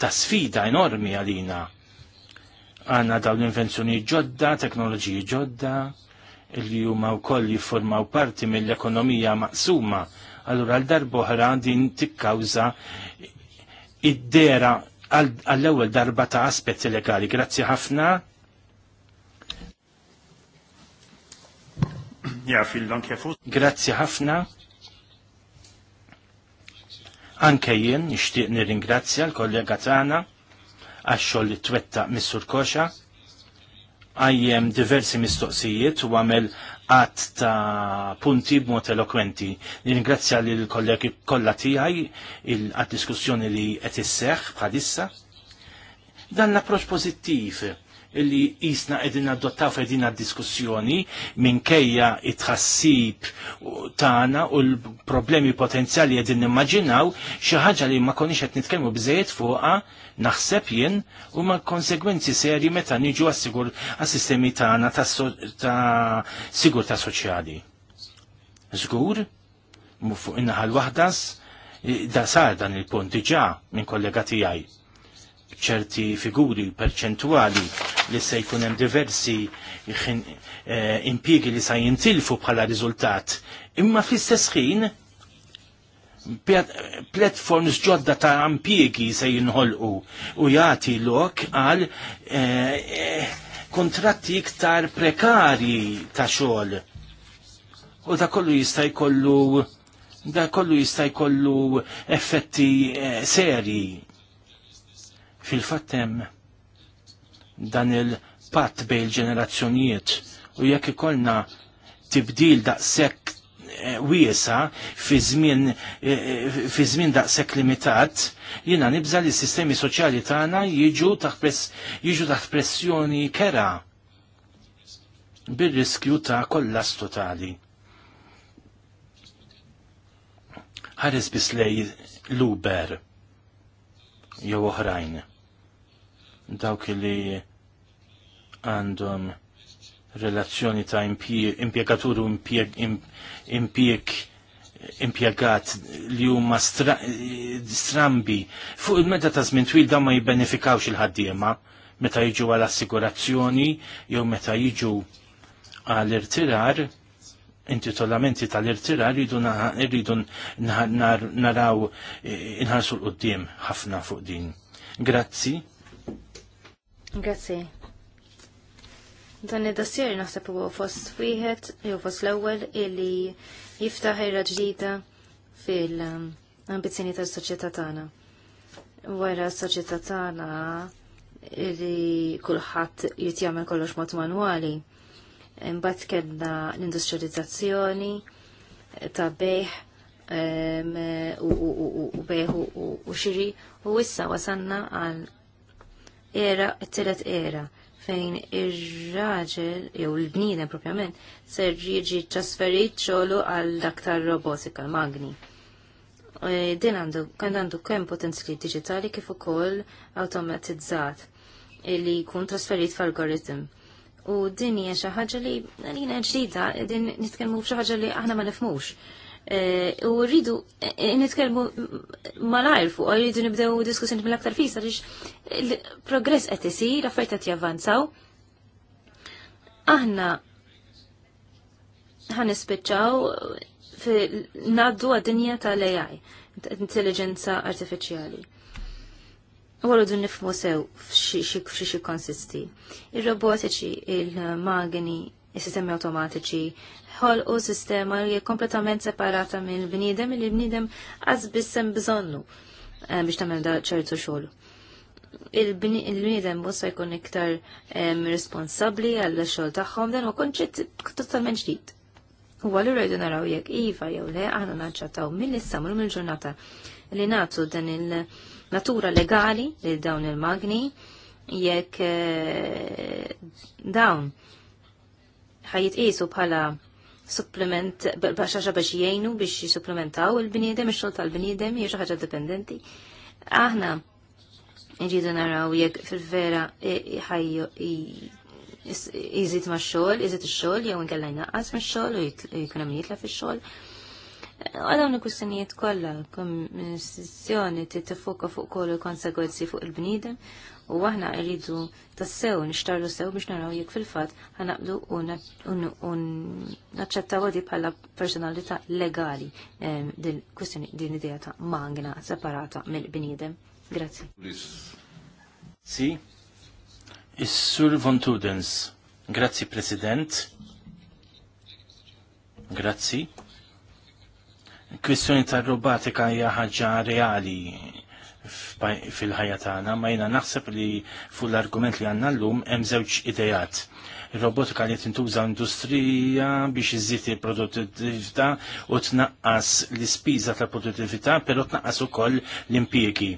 ta' sfida enormi għalina. Għanna daw l-invenzjoni ġodda, teknoloġiji ġodda, li huma wkoll jiffurmaw parti mill-ekonomija maqsuma, allura l darboħra din tikkawża id-dera għall-ewwel darba ta' aspetti legali. Grazzi ħafna Ja, fil Grazzi ħafna. Anke jien nixtieq nirringrazzja l-kollega tagħna għax-xogħol li twettaq Missur Koxa għajjem diversi mistoqsijiet u għamel għat ta' punti b'mod elokwenti. Nirringrazzja l kollegi kollha tiegħi għad diskussjoni li qed isseħħ bħalissa. Dan l-approċċ pożittiv illi jisna edin adottaw f'edin diskussjoni minkejja it-ħassib tagħna u l-problemi potenzjali qegħdin nimmaġinaw xi ħaġa li ma konix qed nitkelmu biżejjed fuqha naħseb jien u ma konsegwenzi serji meta niġu għas-sigur għas-sistemi tagħna ta', sigur ta sigurtà soċjali. Żgur, fuq in-naħa l-waħdas da sar dan il-punt ġa minn kollega tiegħi ċerti figuri perċentuali li se jkun hemm diversi eh, impjiegi li sa jintilfu bħala riżultat. Imma fl-istess ħin platforms ġodda ta' impjiegi se jinħolqu u jagħti lok għal eh, kontratti iktar prekari ta' xogħol. U da kollu jista' jkollu da kollu jista' jkollu effetti eh, seri Fil-fattem dan il-pat bej ġenerazzjonijiet u jekk ikollna tibdil daqshekk eh, wiesa fi żmien da eh, eh, daqshekk limitat, jiena nibża li s-sistemi soċjali tagħna jiġu taħt jiġu taħt pressjoni kera bir-riskju ta' kollas totali. Ħares bislej l-Uber jew oħrajn dawk li għandhom relazzjoni ta' impiegatur u impieg impiegat li huma strambi fuq il-meta ta' żmien twil dawn ma jibbenefikawx il-ħaddiema meta jiġu għal assigurazzjoni jew meta jiġu għal irtirar intitolamenti tal-irtirar rridu naraw inħarsu l-qoddim ħafna fuq din. Grazzi. Grazzi. Dan id-dossier naħseb huwa fost wieħed jew fost l-ewwel illi jiftaħ ira ġdida fil-ambizzjoni tas-soċjetà tagħna. Wara s-soċjetà tagħna li kulħadd jrid jagħmel kollox mod manwali. Imbagħad kellna l-industrializzazzjoni ta' bejħ u bejħ u xiri u issa wasanna għal era, t-telet era fejn ir-raġel jew l-bniedem propjament ser jiġi ċasferit ċolu għal dak tar-robotika magni e, Din għandu kan għandu kemm potenzjali digitali kif ukoll awtomatizzat li jkun trasferit f'algoritm. U din hija xi ħaġa li għalina ġdida, din nitkellmu f'xi ħaġa li aħna ma nifhmux Eh, u rridu eh, eh, nitkellmu malajr fuq, u rridu nibdew diskussjoni mill-aktar fisa, għaliex il-progress qed isir, affarijiet qed javvanzaw. Aħna nispiċċaw ngħaddu għad-dinja tal-AI, intelligenza artificiali. Għallu dun nifmu sew xi konsisti. Il-robotiċi, il-magni, il-sistemi automatiċi, ħolqu sistema li kompletament separata minn bniedem li bniedem għaz bissem bżonnu eh, biex tamel da ċertu xogħol. Il-bniedem musa jkun iktar responsabli għall xogħol tagħhom dan u konċett totalment ġdid. U għallu rajdu naraw jekk iva jew le aħna naċċataw mill issamlu mill-ġurnata li nagħtu dan il-natura legali li dawn il-magni jekk eh, dawn ħajjitqisu bħala supplement xaġa biex jgħinu biex supplementaw il-bniedem, ix-xogħol tal-bniedem jiexu xi ħaġa dipendenti. Aħna nġidu naraw jekk fil-vera ħajju jizit ma' xogħol, jizit ix-xogħol jew nkella jnaqqas mix-xogħol u jkun hemm jitla fix-xogħol. Għadawni kustanijiet kolla, kommissjoni t-tifoka fuq kollu konsegwenzi fuq il bniedem u aħna rridu tassew nixtarlu sew biex naraw jekk fil-fatt ħanaqdu u naċċettaw di bħala personalità legali din kwistjoni din idea ta' mangna separata mill-bniedem. Grazzi. Si, Is-Sur von Tudens. Grazzi President. Grazzi. Kwistjoni tar-robotika hija ħaġa reali fil-ħajja tagħna, ma jiena naħseb li fuq l-argument li għandna llum hemm żewġ idejat. Ir-robotika li tintuża industrija biex iżid il-produttività u tnaqqas l-ispiża tal-produttività, però tnaqqas ukoll l-impjiegi.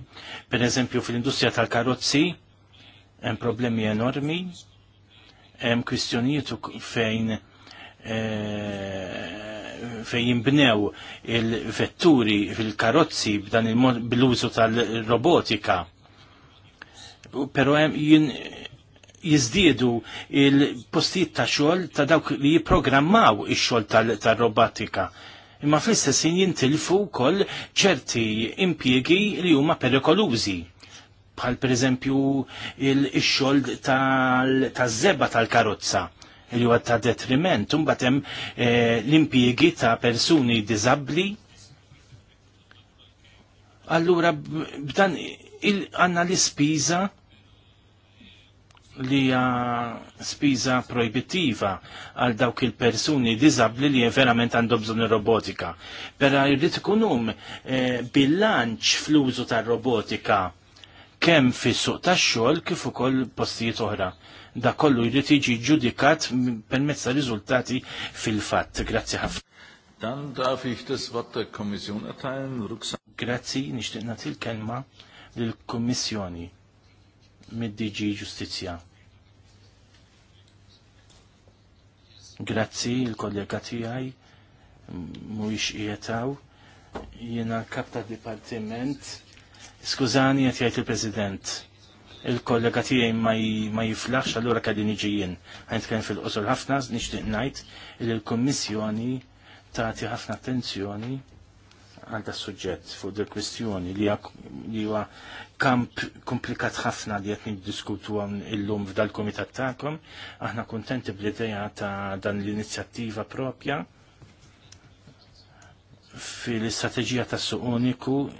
Pereżempju fil-industrija tal-karozzi hemm problemi enormi, hemm kwistjonijiet fejn Eh, fejn jimbnew il-vetturi fil-karozzi b'dan il-mod bil-użu tal-robotika. Pero jien jizdiedu il-postijiet ta' xogħol ta' dawk li jipprogrammaw ix-xogħol tal-robotika. Imma fl-istessin jintilfu wkoll ċerti impjiegi li huma perikolużi bħal per eżempju il-xol tal-zebba tal-karozza li huwa ta' detriment, imbagħad hemm eh, l-impjiegi ta' persuni diżabbli. Allura b'dan għandna l-ispiża li hija spiża projbittiva għal dawk il-persuni diżabbli li verament għandhom bżonn ir-robotika. Però jrid ikun hum eh, bilanċ fl-użu tar-robotika kemm fis-suq tax-xogħol kif ukoll postijiet oħra da kollu jrid jiġi ġudikat permezz ta' riżultati fil-fatt. Grazzi ħafna. Dan darf ich das Wort der Kommission erteilen, Grazzi, nixtieq nagħti l-kelma lill-Kummissjoni mid-DG Ġustizzja. Grazzi il-kollega tiegħi mhuwiex qiegħu jiena kap ta' dipartiment. Skużani qed jgħid il-President il-kollega tiegħi ma jiflaħx allura kelli niġi jien. kien fil qosur ħafna nishtiq ngħid li l-Kummissjoni tagħti ħafna attenzjoni għal da suġġett fuq il kwistjoni li huwa kamp komplikat ħafna li qed niddiskutu il illum fdal komitat ta'kom. Aħna kuntenti bl-idea ta' dan l-inizjattiva propja fil-istrateġija ta' suqoniku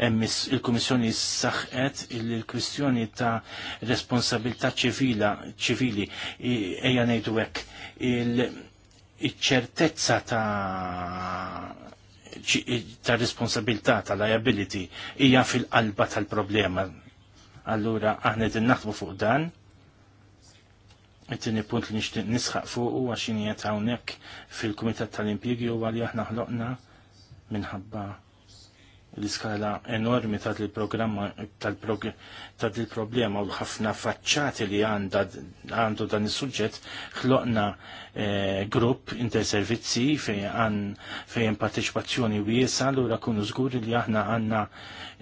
il-Komissjoni saħqet il-kwistjoni ta' responsabilità ċivili eja ngħidu hekk il-ċertezza ta' ta' responsabilità ta' liability hija fil-qalba tal-problema. Allura aħna din naħdmu fuq dan. It-tieni punt li nixtieq nisħaq fuq huwa x'inhiet hawnhekk fil-Kumitat tal-Impjegi huwa li aħna ħloqna minħabba l-iskala enormi ta' il-programma ta' il-problema u ħafna faċċati li għandu dan is-suġġett ħloqna eh, grupp interservizzi fejn parteċipazzjoni wiesa l kunu żguri li aħna għandna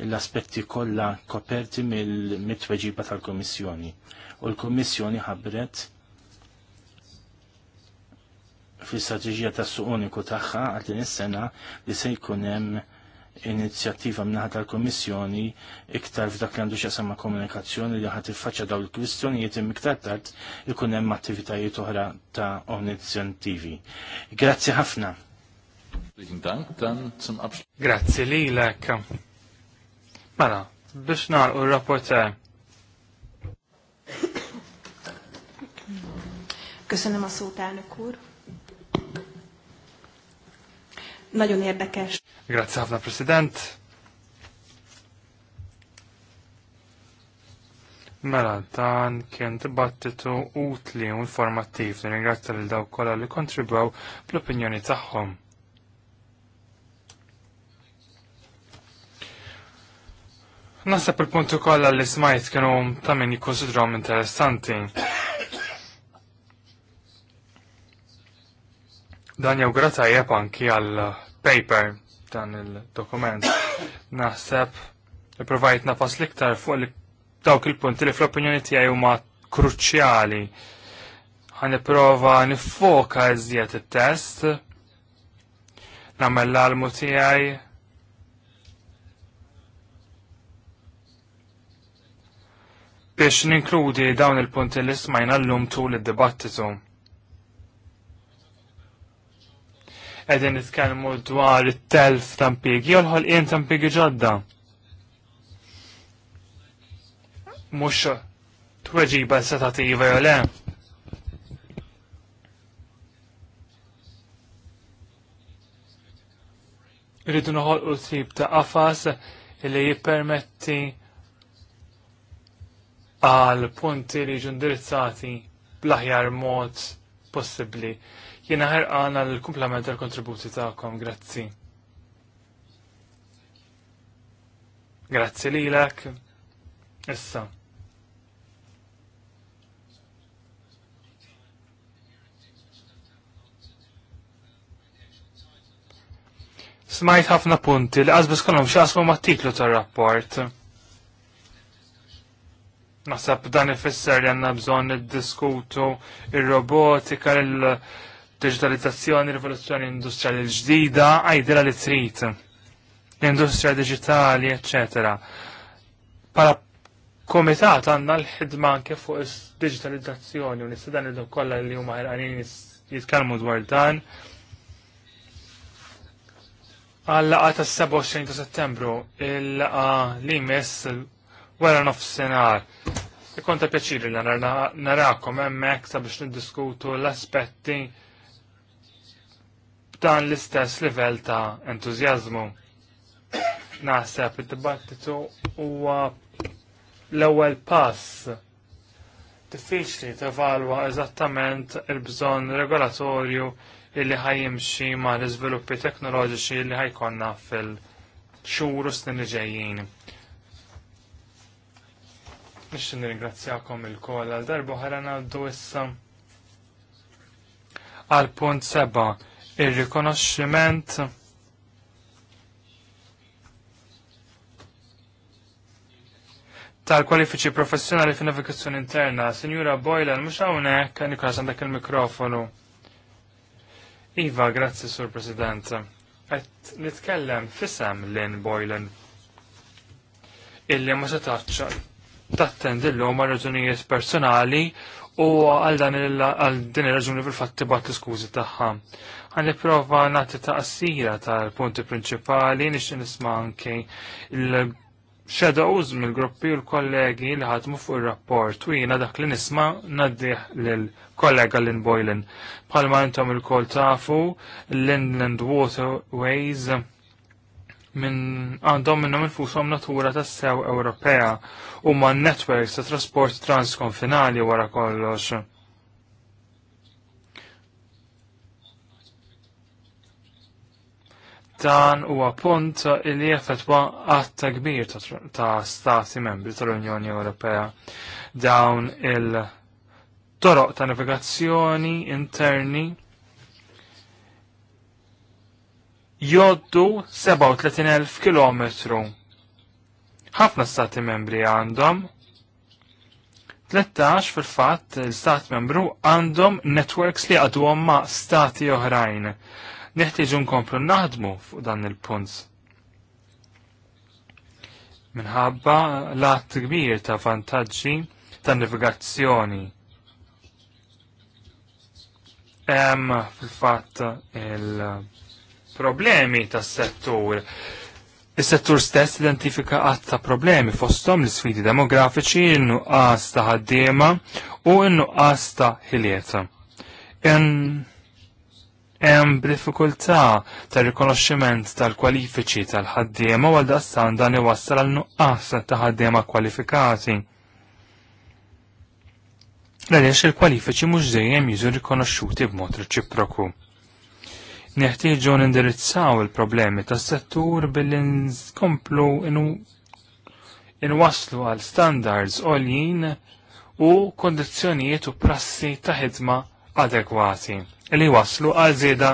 l-aspetti kollha koperti mill-mitweġiba tal-Komissjoni. U l-Komissjoni ħabbret fil-strategija tas suq uniku tagħha għal din is-sena li se jkun hemm inizjattiva minnaħa tal-Komissjoni iktar f'dak li għandu x'jasam ma' komunikazzjoni li ħadd iffaċċja dawn il-kwistjonijiet imm iktar tard ikun hemm attivitajiet oħra ta' inizjattivi. Grazzi ħafna. Grazzi lilek. Mela, biex nar r rapporta Köszönöm a szót, elnök úr. Nagyon érdekes. Grazie ħafna, President. Mela, dan kien dibattitu utli u informattiv li ringrazzja lil dawk kollha li kontribwew bl-opinjoni tagħhom. Nasab il-punti kollha li smajt kienu ta' min jikkonsidrawhom interessanti. Dan jew gratajjeb anki għal paper dan il-dokument. Naħseb provajt nafas liktar fuq li dawk il-punti li fl-opinjoni tiegħi huma kruċjali. Għan nipprova nifoka iżjed it-test, nagħmel l-almu tiegħi. biex ninkludi dawn il-punti li smajna l-lum tul id-dibattitu. qegħdin nitkellmu dwar it-telf ta' impjiegi u l-ħolqien ta' ġodda. Mhux tweġiba setativa jew le. Rridu noħolqu tip ta' qafas li jippermetti għal punti li ġundirizzati bl-aħjar mod possibbli. Jiena ħerqana l-kumplament tal-kontributi ta'kom, grazzi. Grazzi lilek. Issa. smajt ħafna punti li għazbis konom xasmu mat titlu tal-rapport. Nasab dan ifisser li għanna bżon id-diskutu il-robotika, il-robotika, digitalizzazzjoni, rivoluzzjoni industriali ġdida, għajdira li trid. L-industrija digitali, eccetera. Pala komitat għanna l-ħidma anke fuq is-digitalizzazzjoni u nistidan id kollha li huma għanin jitkellmu dwar dan. Għalla ta' 27 ta' settembru, il-laqa li jmiss wara nofsinhar. Ikon ta' pjaċiri li narakom hemmhekk sabiex niddiskutu l-aspetti b'dan l-istess livell ta' entużjażmu. Naħseb id-dibattitu huwa l-ewwel pass diffiċli tevalwa eżattament il-bżonn regolatorju illi ħajjimxi ma' l-iżviluppi teknoloġiċi li ħajkonna fil-xhur u snin li ġejjin. Nixxi nirringrazzjakom il-kol għal darbu, ħarana ngħaddu issa għal punt seba' ir-rikonoxximent tal-kwalifiċi professjonali fin navigazzjoni interna. Sinjura Boylan, mux hawnhekk, Nikolas għandek il-mikrofonu. Iva, grazzi, Sur President. Qed nitkellem fisem Lynn Boylan. Illi ma taċċa tattendi l-lum raġunijiet personali u għal dan għal din ir-raġuni fil-fatt tibgħat l skużi tagħha. Għan nipprova nagħti taqsira tal-punti prinċipali nixtieq nisma' anke il-shadows mill-gruppi u l-kollegi li ħatmu fuq ir-rapport u jiena dak li nisma' naddiħ l kollega Lynn Boylan. Bħalma intom il-kol tafu l-Inland Waterways minn għandhom minnhom infushom natura tas-sew Ewropea u ma' networks ta' trasport transkonfinali wara kollox. Dan huwa punt li jeffettwa għatta kbir ta' stati membri tal-Unjoni Ewropea dawn il- toroq ta' navigazzjoni interni joddu 37.000 km. Ħafna stati membri għandhom. 13 fil-fatt l-stat membru għandhom networks li għadu ma' stati oħrajn. Neħtieġu nkomplu naħdmu fuq dan il-punt. Minħabba lat kbir ta' vantaġġi ta' navigazzjoni. Hemm fil-fatt il- problemi tas-settur. Is-settur stess identifika qatt ta' problemi fosthom l-sfidi demografiċi, il-nuqqas ta' ħaddiema u n-nuqqas ta' ħiliet. Hemm diffikultà ta' rikonoxximent tal-kwalifiċi tal-ħaddiema għal daqstan dan iwassal għal nuqqas ta' ħaddiema kwalifikati. Għaliex il-kwalifiċi mhux dejjem jiġu rikonoxxuti b'mod reċiproku. Neħtieġu nindirizzaw il-problemi tas-settur billi nkomplu inwaslu għal standards oljin u kondizjonijiet u prassi ta' ħidma adekwati li waslu għal zeda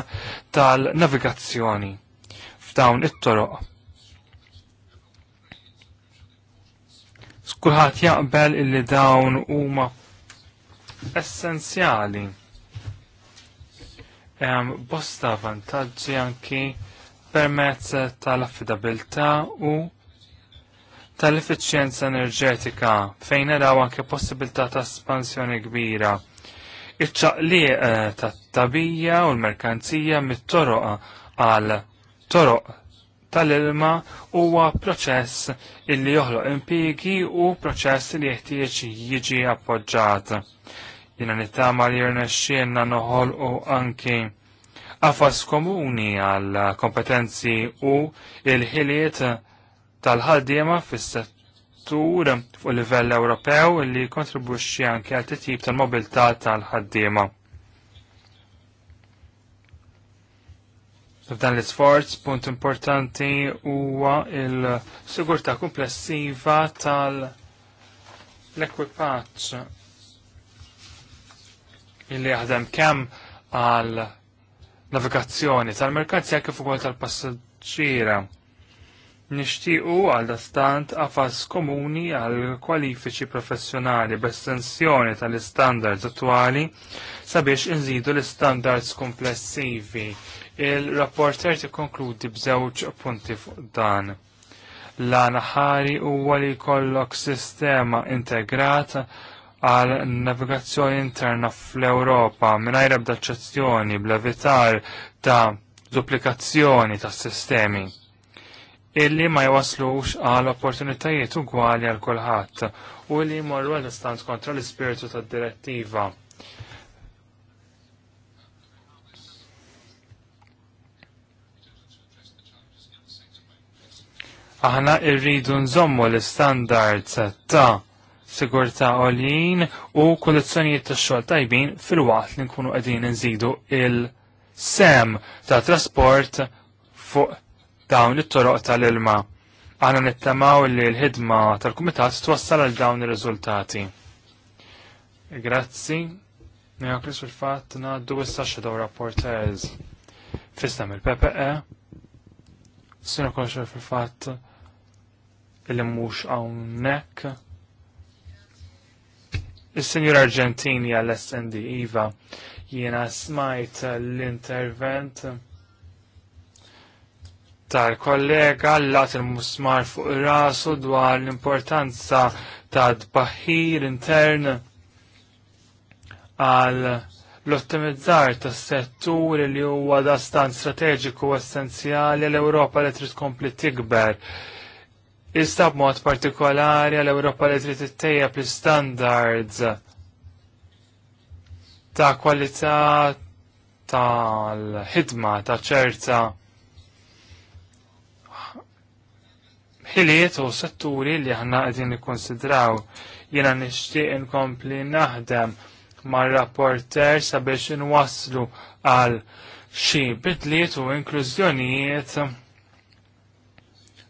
tal-navigazzjoni f'dawn it-toroq. Skulħat jaqbel illi dawn huma essenzjali hemm bosta vantaġġi anki permezz tal-affidabilta u tal-effiċjenza enerġetika fejn naraw anke possibilità ta' espansjoni kbira. Iċ-ċaqliq eh, tat-tabija u l-merkanzija mit-toroq għal toroq tal-ilma huwa proċess illi joħloq impjiegi u proċess li jeħtieġ jiġi appoġġat jina nittama li xienna noħol u anki għafas komuni għal kompetenzi u il-ħiliet tal-ħaddiema fis-settur fuq livell Ewropew li kontribwixxi anke għal titjib tal-mobilità tal-ħaddiema. F'dan l-isforz, punt importanti huwa il-sigurtà komplessiva tal-ekwipaġġ illi jaħdem kemm għal navigazzjoni tal-merkanzja kif ukoll tal-passaġġiera. Nixtiequ għal dastant qafas komuni għal kwalifiċi professjonali b'estensjoni tal-istandards attwali sabiex inżidu l-istandards komplessivi. Il-rapporter tikkonkludi b'żewġ punti fuq dan l-għana u huwa li jkollok sistema integrata għal navigazzjoni interna fl-Europa mingħajr ebda ċezzjoni bl-evitar ta' duplikazzjoni ta' sistemi illi ma jwaslux għal opportunitajiet ugwali għal kulħadd u li jmorru għal istanz kontra l-ispirtu tad-direttiva. aħna irridu nżommu l-standards ta' sigurta għolin u kollezzjonijiet ta' xogħol tajbin fil-waqt li nkunu qegħdin nżidu il-sem ta' trasport fuq dawn it-toroq tal-ilma. Għana nittamaw li l-ħidma tal-Kumitat twassal għal dawn ir-riżultati. Grazzi. Neoklis fil-fatt naddu issa xedaw rapportez. Fistam il-PPE. Sinu kolxer fil-fatt il-mux għawnek Is-Senjur Argentini għall-SND Iva jiena smajt l-intervent tal-kollega l-lat il-musmar fuq rasu dwar l-importanza ta' dbaħir intern għal l-ottimizzar ta' settur li huwa da' stan strateġiku essenzjali l-Europa li trid tkompli tikber Iżda b'mod partikolari għal Ewropa li trid ittejjeb l-standards ta' kwalità tal-ħidma ta' ċerta ħiliet u setturi li ħanna qegħdin nikkonsidraw jiena nixtieq inkompli naħdem mar-rapporter sabiex inwasslu għal xi bidliet u inklużjonijiet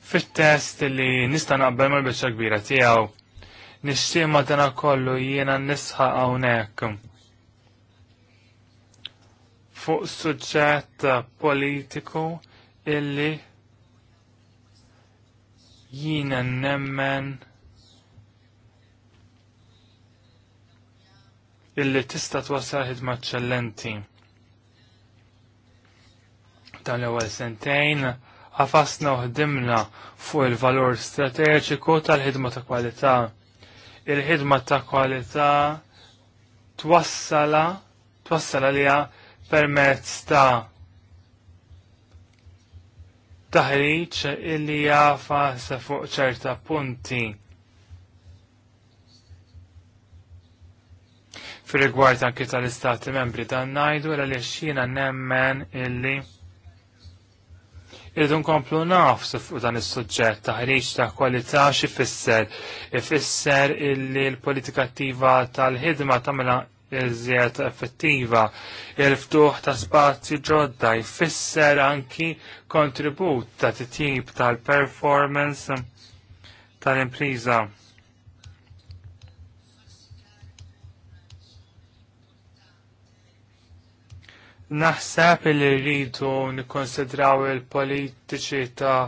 fit-test li nista' naqbel mal-biċċa kbira tiegħu. Nixtieq ma dana kollu jiena nisħa hawnhekk. Fuq suġġett politiku illi jiena nemmen illi tista' twassal ħidma eċċellenti. Tal-ewwel sentejn ħafasna uħdimna fuq il-valur strateġiku tal-ħidma ta' kwalità. Il-ħidma ta' kwalità twassala, twassala liha permezz ta' taħriġ illi jafa sa fuq ċerta punti. Fir rigward anki tal-istati membri dan najdu għal li xina nemmen illi Irridu nkomplu naf fuq dan is-suġġett ta' ħriġ ta' kwalità x'ifisser. Ifisser illi l-politika attiva tal-ħidma tagħmilha iżjed effettiva. Il-ftuħ ta' spazju ġodda jfisser anki kontribut ta' titjib tal-performance tal-impriża. Naħseb li rridu nikkonsidraw il-politiċi ta'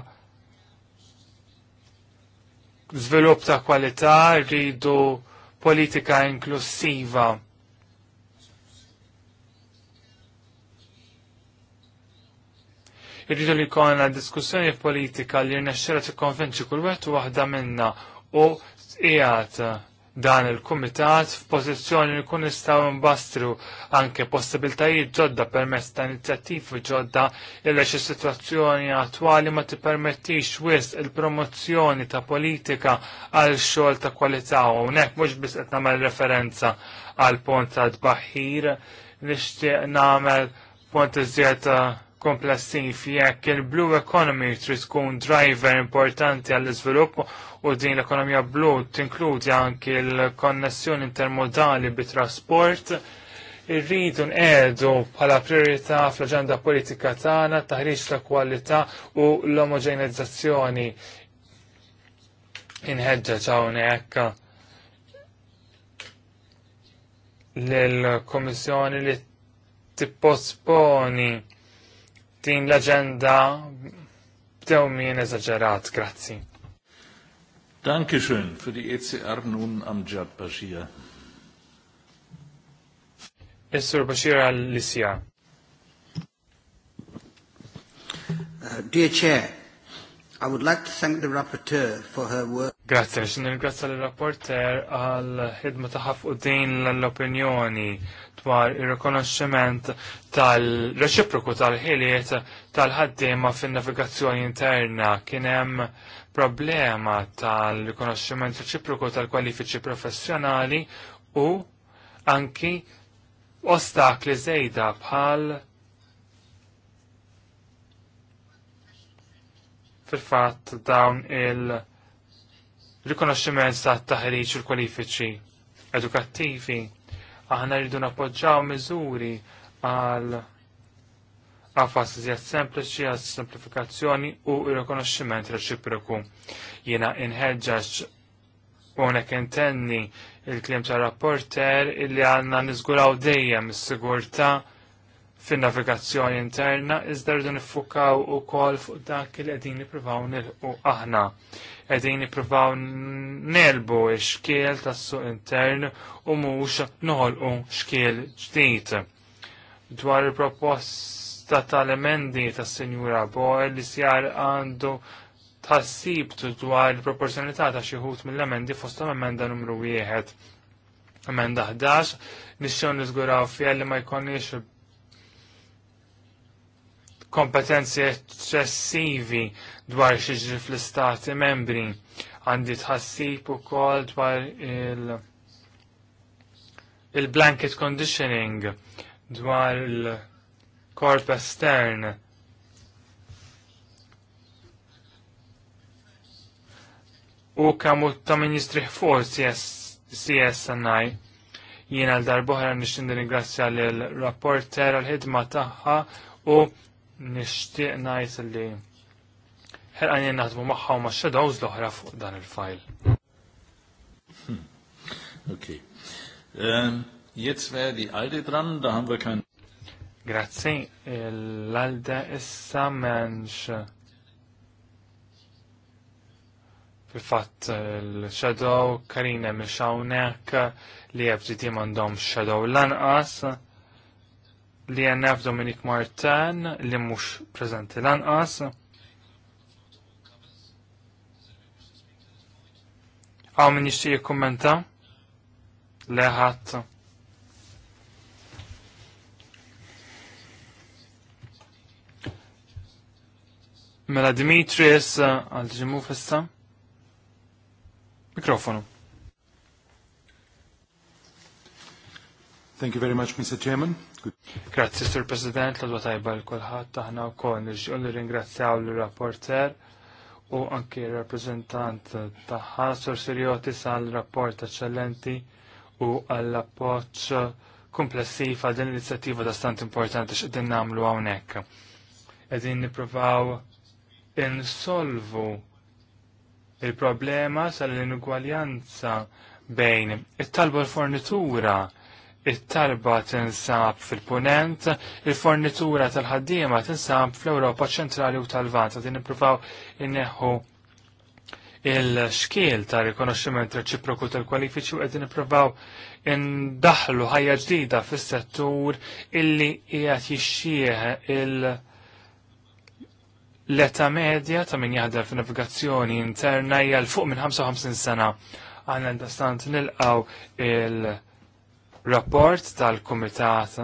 żvilupp ta' kwalità, rridu politika inklusiva. Irridu li konna diskussjoni politika li rnexxera tikkonvinċi kull wieħed waħda minna u qiegħed dan il-Kumitat f'pożizzjoni li kun nistgħu nbastru anke possibiltajiet ġodda permezz ta' inizjattivi ġodda illa xi sitwazzjoni attwali ma tippermettix wisq il-promozzjoni ta' politika għal xogħol ta' kwalità hawnhekk mhux biss qed nagħmel referenza għal pont ta' tbaħħir nixtieq nagħmel pont ta' komplessiv jekk il-blue economy trid tkun driver importanti għall iżvilupp u din l-ekonomija blu tinkludi anki l-konnessjoni intermodali bi trasport irridu nqedu bħala priorità fl-aġenda politika tagħna taħriġ ta' kwalità u l-omogenizzazzjoni inħeġġeġ hawnhekk l komissjoni li tipposponi din l-agenda bdew min eżagġerat, grazzi. Danke schön für die ECR nun am Jad Bashir. is Bashir al lisja uh, dear Chair, I would like to thank the rapporteur for her work. Grazie, xin ringrazza l rapporteur għal ħidma taħaf u din l-opinjoni dwar ir-rikonoxximent tal-reċiproku tal-ħiliet tal-ħaddiema fin-navigazzjoni interna kien hemm problema tal-rikonoxximent reċiproku tal-kwalifiċi professjonali u anki ostakli żejda bħal fil-fatt dawn il-rikonoxximent tat taħriġ u l-kwalifiċi edukattivi Aħna rridu nappoġġaw miżuri għal għafas iżjed sempliċi għal simplifikazzjoni u rikonoxximent reċiproku. Jiena inħeġġaġ unek intenni il-klim ta' rapporter illi għanna nizguraw dejjem is-sigurta' fin-navigazzjoni interna iżda rridu nifukaw ukoll fuq dak li qegħdin nippruvaw nilqu aħna. Qegħdin nippruvaw nelbu x-xkiel tas-suq intern u mhux noħolqu xkiel ġdid. Dwar il-proposta tal-emendi tas-Sinjura Boy li sjar għandu tħassib dwar il-proporzjonalità ta' xi mill-emendi fostom emenda numru wieħed. Emenda 11 nixxew niżguraw fiha li ma jkollniex kompetenzi eccessivi dwar xieġri fl-istati membri. Għandi tħassib u kol dwar il- il-blanket conditioning dwar il-korp estern. U kamu ta' ministri fuq CSNI jiena l-darbohra nixtindi ringrazzja l-rapporter għal-ħidma taħħa u nishtiq najt li għanjen naħdmu maħħa u maċċa shadows loħra fuq dan il-fajl. Hmm. Ok. Um, jetzt għaldi dran, da haben wir kein... Grazzi, l għalda issa menx. fil fat l-shadow, Karina mxawnek, li jabġiti mandom shadow lanqas li jennaf Dominik Martin li mux prezenti lanqas. Għaw minn ixti jikkommenta leħat. Mela Dimitris għal ġimu fissa. Mikrofonu. Thank you very much, Mr. Chairman. Grazzi, Sur President, l tajba l-kolħat taħna u kon l-ringrazzjaw l-rapporter u anki rappresentant taħħa Sur Siriotis għal rapport eccellenti u għall-appoċ komplessiv għal din l inizjativa da stant importanti x'qegħdin nagħmlu hawnhekk. Qegħdin nippruvaw insolvu il-problema sal-inugwaljanza bejn it-talba l-fornitura it tarba tinsab fil-punent, il-fornitura tal-ħaddiema tinsab fl-Ewropa ċentrali u tal-Vant, għadin nipruvaw inneħħu il-xkiel ta' rikonoxximent reċiproku tal-kwalifiċi u qegħdin nipruvaw indaħlu ħajja ġdida fis-settur illi jgħat jixxieħ il- l medja ta' min jaħdem f'navigazzjoni interna hija l fuq minn 55 sena għanna ndastant nilqaw il- rapport tal-Kumitat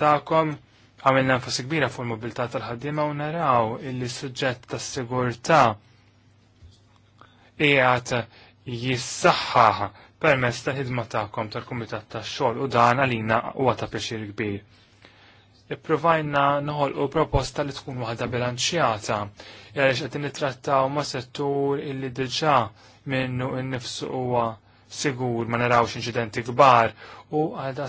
ta'kom għamilna enfasi kbira fuq il-mobilità tal-ħaddiema u naraw illi suġġett tas-sigurtà qiegħed jissaħħaħ permezz ta' ħidma tagħkom tal-Kumitat tax-xogħol u dan għalina huwa ta' pjaċir kbir. Ipprovajna noħolqu proposta li tkun waħda bilanċjata għaliex qed nittrattaw ma' settur illi diġà minnu nnifsu huwa sigur ma narawx inċidenti kbar u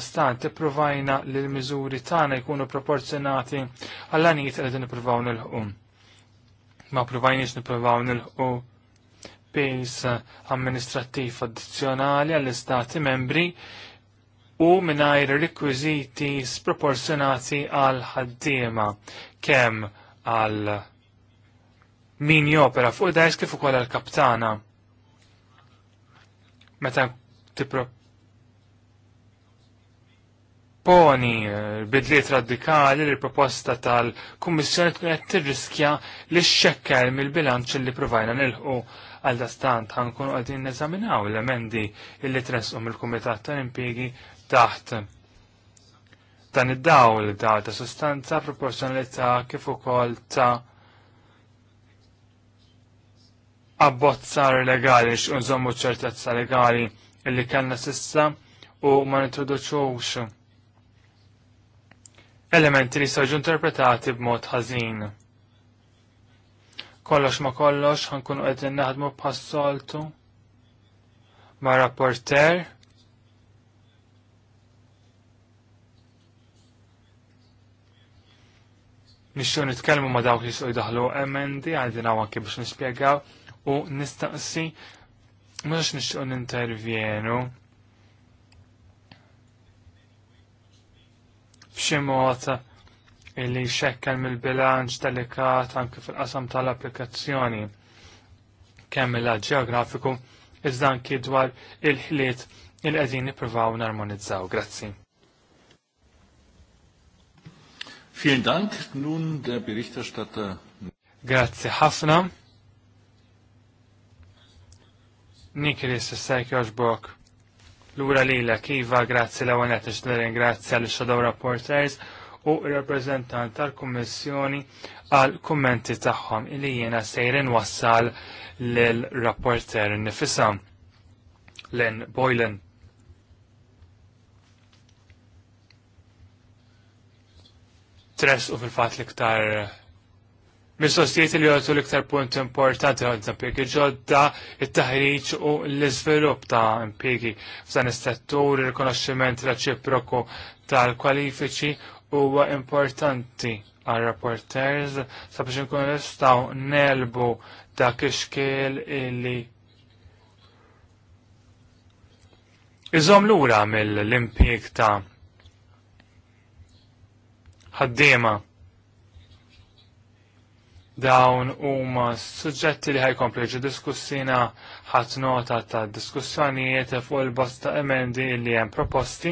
stan tipprovajna li l-miżuri tagħna jkunu proporzjonati għall-għaniet li din nippruvaw nilħu. Ma provajniex nippruvaw ħu pejs amministrattiv addizzjonali għall-istati membri u mingħajr rekwiziti sproporzjonati għal ħaddiema kemm għal min jopera fuq dajs kif ukoll għal kaptana meta poni eh, bidliet radikali li proposta tal-Kummissjoni tkun qed tirriskja li xekkel mill-bilanċ li provajna nilħu għal dastant ħankun qegħdin neżaminaw l-emendi li tresqu mill-Kumitat tal-Impjegi taħt dan id-dawl ta' ta' sostanza proporzjonalità kif ukoll ta' abbozzar legali x'unżommu ċertezza legali illi kellna sissa u ma nintroduċux elementi li soġu interpretati b'mod ħażin. Kollox ma kollox ħankunu qegħdin naħdmu b'assoltu ma' rapporter Nixxu nitkellmu ma' dawk li suq daħlu emendi għandina għanki biex nispjegaw u nistaqsi mhux nixtiequ nintervjenu b'xi mod illi xekkel mill-bilanċ delikat anke fil-qasam tal-applikazzjoni kemm il ġeografiku iżda anki dwar il-ħliet il-qegħdin nippruvaw narmonizzaw. Grazzi. Vielen Dank. Nun der Berichterstatter. Grazzi ħafna. Nikilis, s-sajk joġbok. Lura lila, kiva, grazzi l-għonet, grazzi għal shadow rapporters u reprezentant tal-Kommissjoni għal kummenti tagħhom illi jiena sejrin wassal l-rapporter nifisam Len Boylan. Tres u fil-fat liktar mis-sostijiet li għatu l-iktar punt importanti għad impiegi ġodda il taħriġ u l-izvilup ta' impiegi f'dan is-settur il rikonoxximent reċiproku tal-kwalifiċi huwa importanti għal rapporters sabiex nkun nistgħu nelbu dak ix-xkiel illi Iżom lura mill-impjeg ta' ħaddiema Dawn huma suġġetti li ħajkomplu ġi diskussina ħadd nota ta' diskussjonijiet fuq il-bosta emendi li hemm proposti.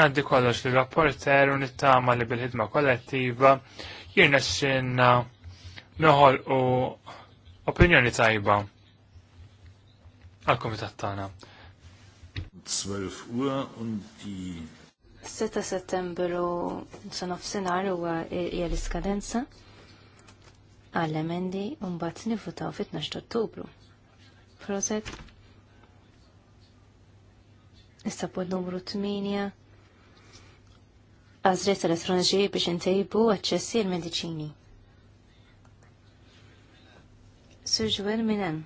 Naddi kollox li rapporter u nittama li bil-ħidma kollettiva jirna xinna noħol u opinjoni tajba għal-komitat tagħna. 12 ura und 6 settembru sanofsinar huwa hija l-iskadenza għall-emendi u mbagħad nifutaw fit-12 Ottubru. Proset. Issa pod numru 8 Għazret elettroniċi biex intejbu aċċessi l-mediċini. Sur minan.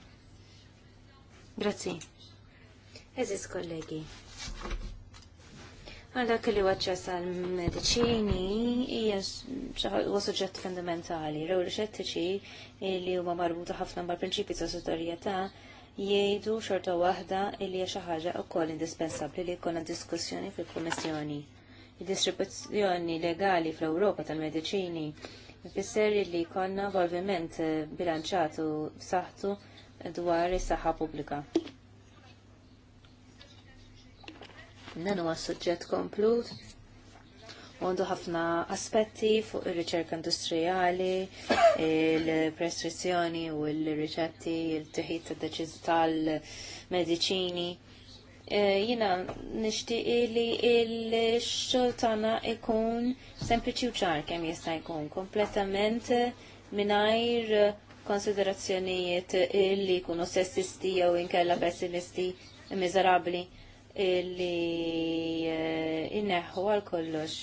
Grazzi. Eżis kollegi għal dak li għacċess għal mediċini hija huwa suġġett fundamentali. Rew xettiċi li huma marbuta ħafna mal-prinċipji ta' sotorjetà jgħidu xorta waħda li hija xi ħaġa wkoll indispensabbli li jkollna diskussjoni fil-Kummissjoni. Id-distribuzzjoni legali fl-Ewropa tal-mediċini Fisser li jkollna volviment bilanċatu b'saħħtu dwar is-saħħa pubblika. Dan huwa suġġett komplut għandu ħafna aspetti fuq ir-riċerka industrijali, il-preskrizzjoni u l-riċetti, il deċiz tal-medicini. E, jina nishtiq li il xoltana ikun sempliċi u ċar kemm jista' jkun kompletament mingħajr konsiderazzjonijiet li jkunu sessisti jew inkella pessimisti miserabli Illi eh, inneħħu għal kollox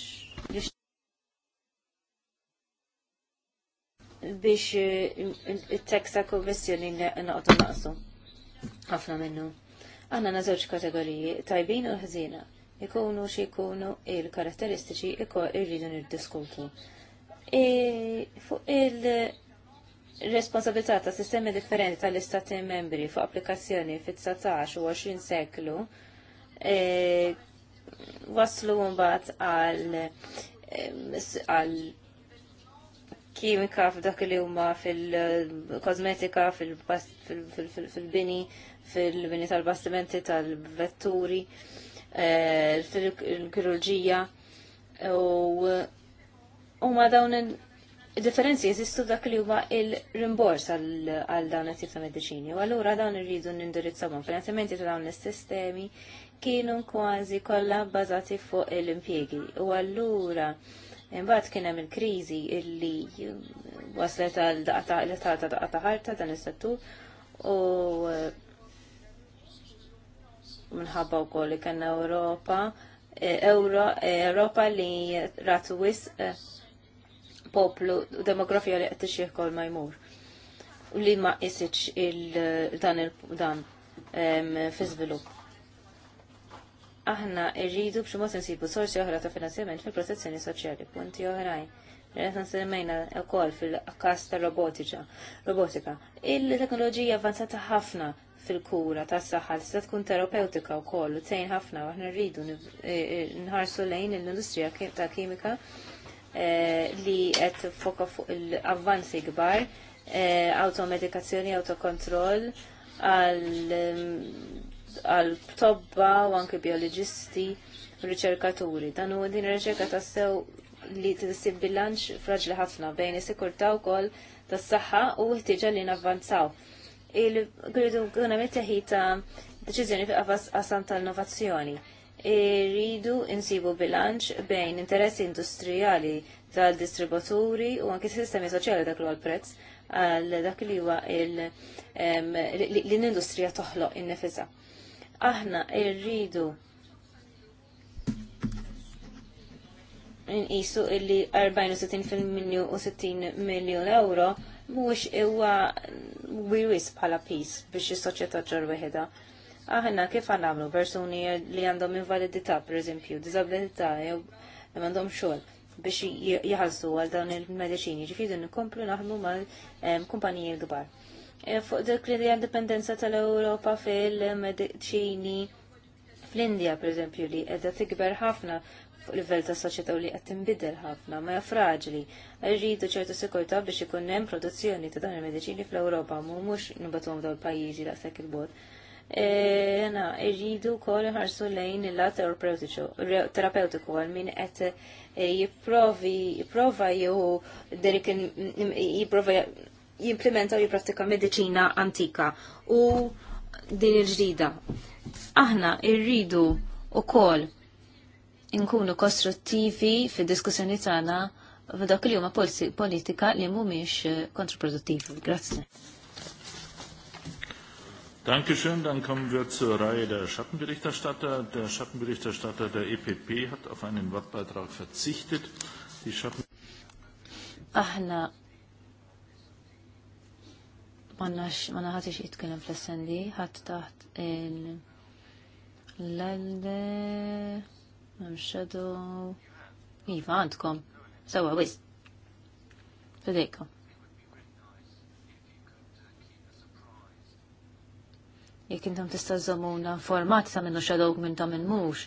biex eh, il-teksta konvessjoni naqtu naqsu. ħafna minnu. Għanna nażewġ kategoriji, tajbin u ħżina. Ikunu xie ikunu il-karatteristiċi ikko irridu niddiskutu. E, fuq il-responsabilità ta' sistemi differenti tal-istati membri fuq applikazzjoni fit-19 u 20 seklu, E, waslu mbagħad għal għal kimika f'dak li huma fil-kosmetika, fil-bini, fil-bini tal-bastimenti tal-vetturi, e, fil-kirurġija u huma dawn differenzi jeżistu dak li huwa il-rimbors għal dawn it-tip ta' mediċini. U allura dawn irridu nindirizzawhom finanzjamenti ta' dawn is-sistemi kienu kważi kollha bbażati fuq l impjiegi U allura imbagħad kien hemm il-kriżi illi waslet għal daqata ta' daqata ħarta dan is-settur u uh, minħabba wkoll li kellna Ewropa eh, eh, Ewropa li ratu wisq eh, poplu u demografija li qed tixjih kol ma jmur. U li ma qisitx il-dan il-dan fi żvilupp. Aħna rridu b'xi mod insibu sorsi oħra ta' finanzjament fil-protezzjoni soċjali, punti oħrajn. Għetna semmejna wkoll fil każ ta' robotika. Robotika. Il-teknoloġija avvanzata ħafna fil-kura tas saħħa se tkun terapeutika wkoll u tgħin ħafna u aħna rridu eh, eh, nħarsu lejn l-industrija ta' kimika Eh, li qed foka fuq l avvanzi kbar, eh, automedikazzjoni, autokontroll, mm, għal tobba u anke biologisti, riċerkaturi. Dan u din riċerka tassew li tisib bilanċ fraġli ħafna bejn is kol wkoll tas-saħħa u ħtieġa li navvanzaw. Il-gridu kuna ta' deċiżjoni fi qafas qasam tal-innovazzjoni Iridu insibu bilanċ bejn interessi industrijali tal-distributuri u anke sistemi soċjali dak l prezz għal dak li huwa l-industrija toħloq in-nifisa. Aħna irridu nqisu illi 64 u 60 miljon euro mhuwiex huwa wirwis bħala pis biex is-soċjetà ġar aħna kif għanamlu persuni li għandhom invalidità, per eżempju, disabilità, jew għandhom xogħol biex jħassu għal dawn il-medicini, ġifidu nikomplu naħmu mal kumpaniji l-kbar. E, fuq dik li dipendenza tal-Ewropa fil-medicini fl-Indja, per eżempju, li edha tikber ħafna fuq livell ta' soċjetà li qed tinbidel ħafna ma fraġli. Rridu ċertu sikurtà biex ikun hemm produzzjoni ta' dan il-mediċini fl-Ewropa mhumux nibatuhom dawn il-pajjiżi daqshekk il-bot. Jena, irridu kol ħarsu lejn il-lat terapeutiku għal min qed e, jipprovi, jipprova jew derik jipprova jimplementa u jippratika medicina antika u din il-ġdida. Aħna irridu u kol inkunu kostruttivi fi diskussjoni tagħna f'dak li huma politika li mhumiex kontraproduttivi. Grazzi. Dankeschön. Dann kommen wir zur Reihe der Schattenberichterstatter. Der Schattenberichterstatter der EPP hat auf einen Wortbeitrag verzichtet. Die Schatten Aħna ma naħatix jitkellem fl-SND, ħadd taħt il l-alde, mxadu, iva għandkom, sewa wis, fidejkom. jek intom tista' żommuna format ta' minnu xadok minn ta' minn mhux,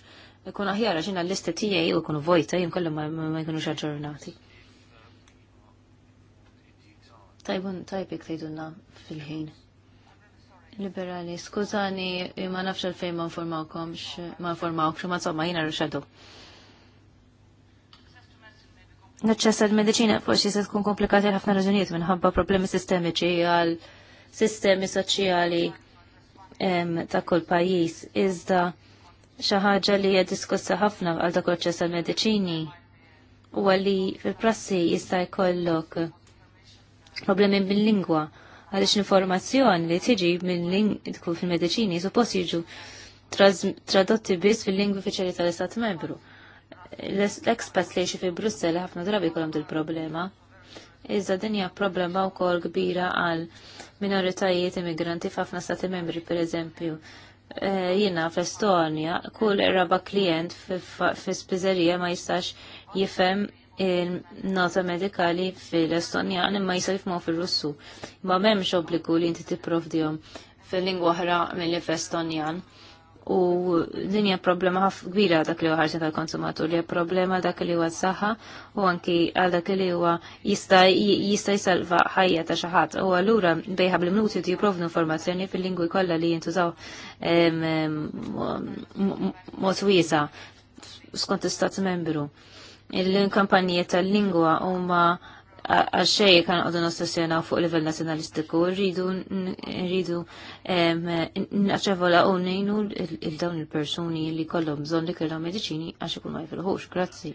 ikun aħjar għax l-lista tiegħi u jkunu vojta jien kollu ma jkunux aġġornati. Tajbun tajb jekk tgħidulna fil-ħin. Liberali, skużani, ma nafx għalfejn ma informawkomx, ma informawkx, ma insomma jiena rixadu. Naċċess għal-medicina forsi se tkun komplikati ħafna raġunijiet minħabba problemi sistemiċi għal sistemi soċjali ta' kull pajjiż iżda xi ħaġa li hija diskussa ħafna għal dak proċess tal-mediċini huwa li fil-prassi jista' jkollok problemi bil-lingwa għaliex l-informazzjoni li tiġi mill-lingwa fil-mediċini suppost jiġu tradotti biss fil-lingwi uffiċjali tal-Istat Membru. L-expats li fi Brussel ħafna drabi kolom dil-problema iżda din hija problema wkoll kbira għal minoritajiet immigranti f'ħafna stati membri pereżempju. Eh, jiena fl-Estonja kull raba klient fi spiżerija ma jistax jifhem il-nota medikali fil-Estonjan imma jisa jifmu fil-Russu. Ma memx obbligu li inti tipprovdihom fil-lingwa oħra mill-Estonjan u dinja problema ħaf kbira dak li huwa ħarġa tal-konsumatur li problema dak li huwa s-saħħa u anki għal dak li huwa jista' jsalva ħajja ta' xi ħadd. U allura bejħab l-minuti jipprovdu informazzjoni fil-lingwi kollha li jintużaw mod wiesa skont istat membru. Il-kampanji tal-lingwa huma għaxej kan għadu nostassjona fuq livell nazjonalistiku, rridu rridu naċavola u nejnu il-dawn il-personi li kollom bżon li kellhom medicini għax ikun ma jifilħux. Grazzi.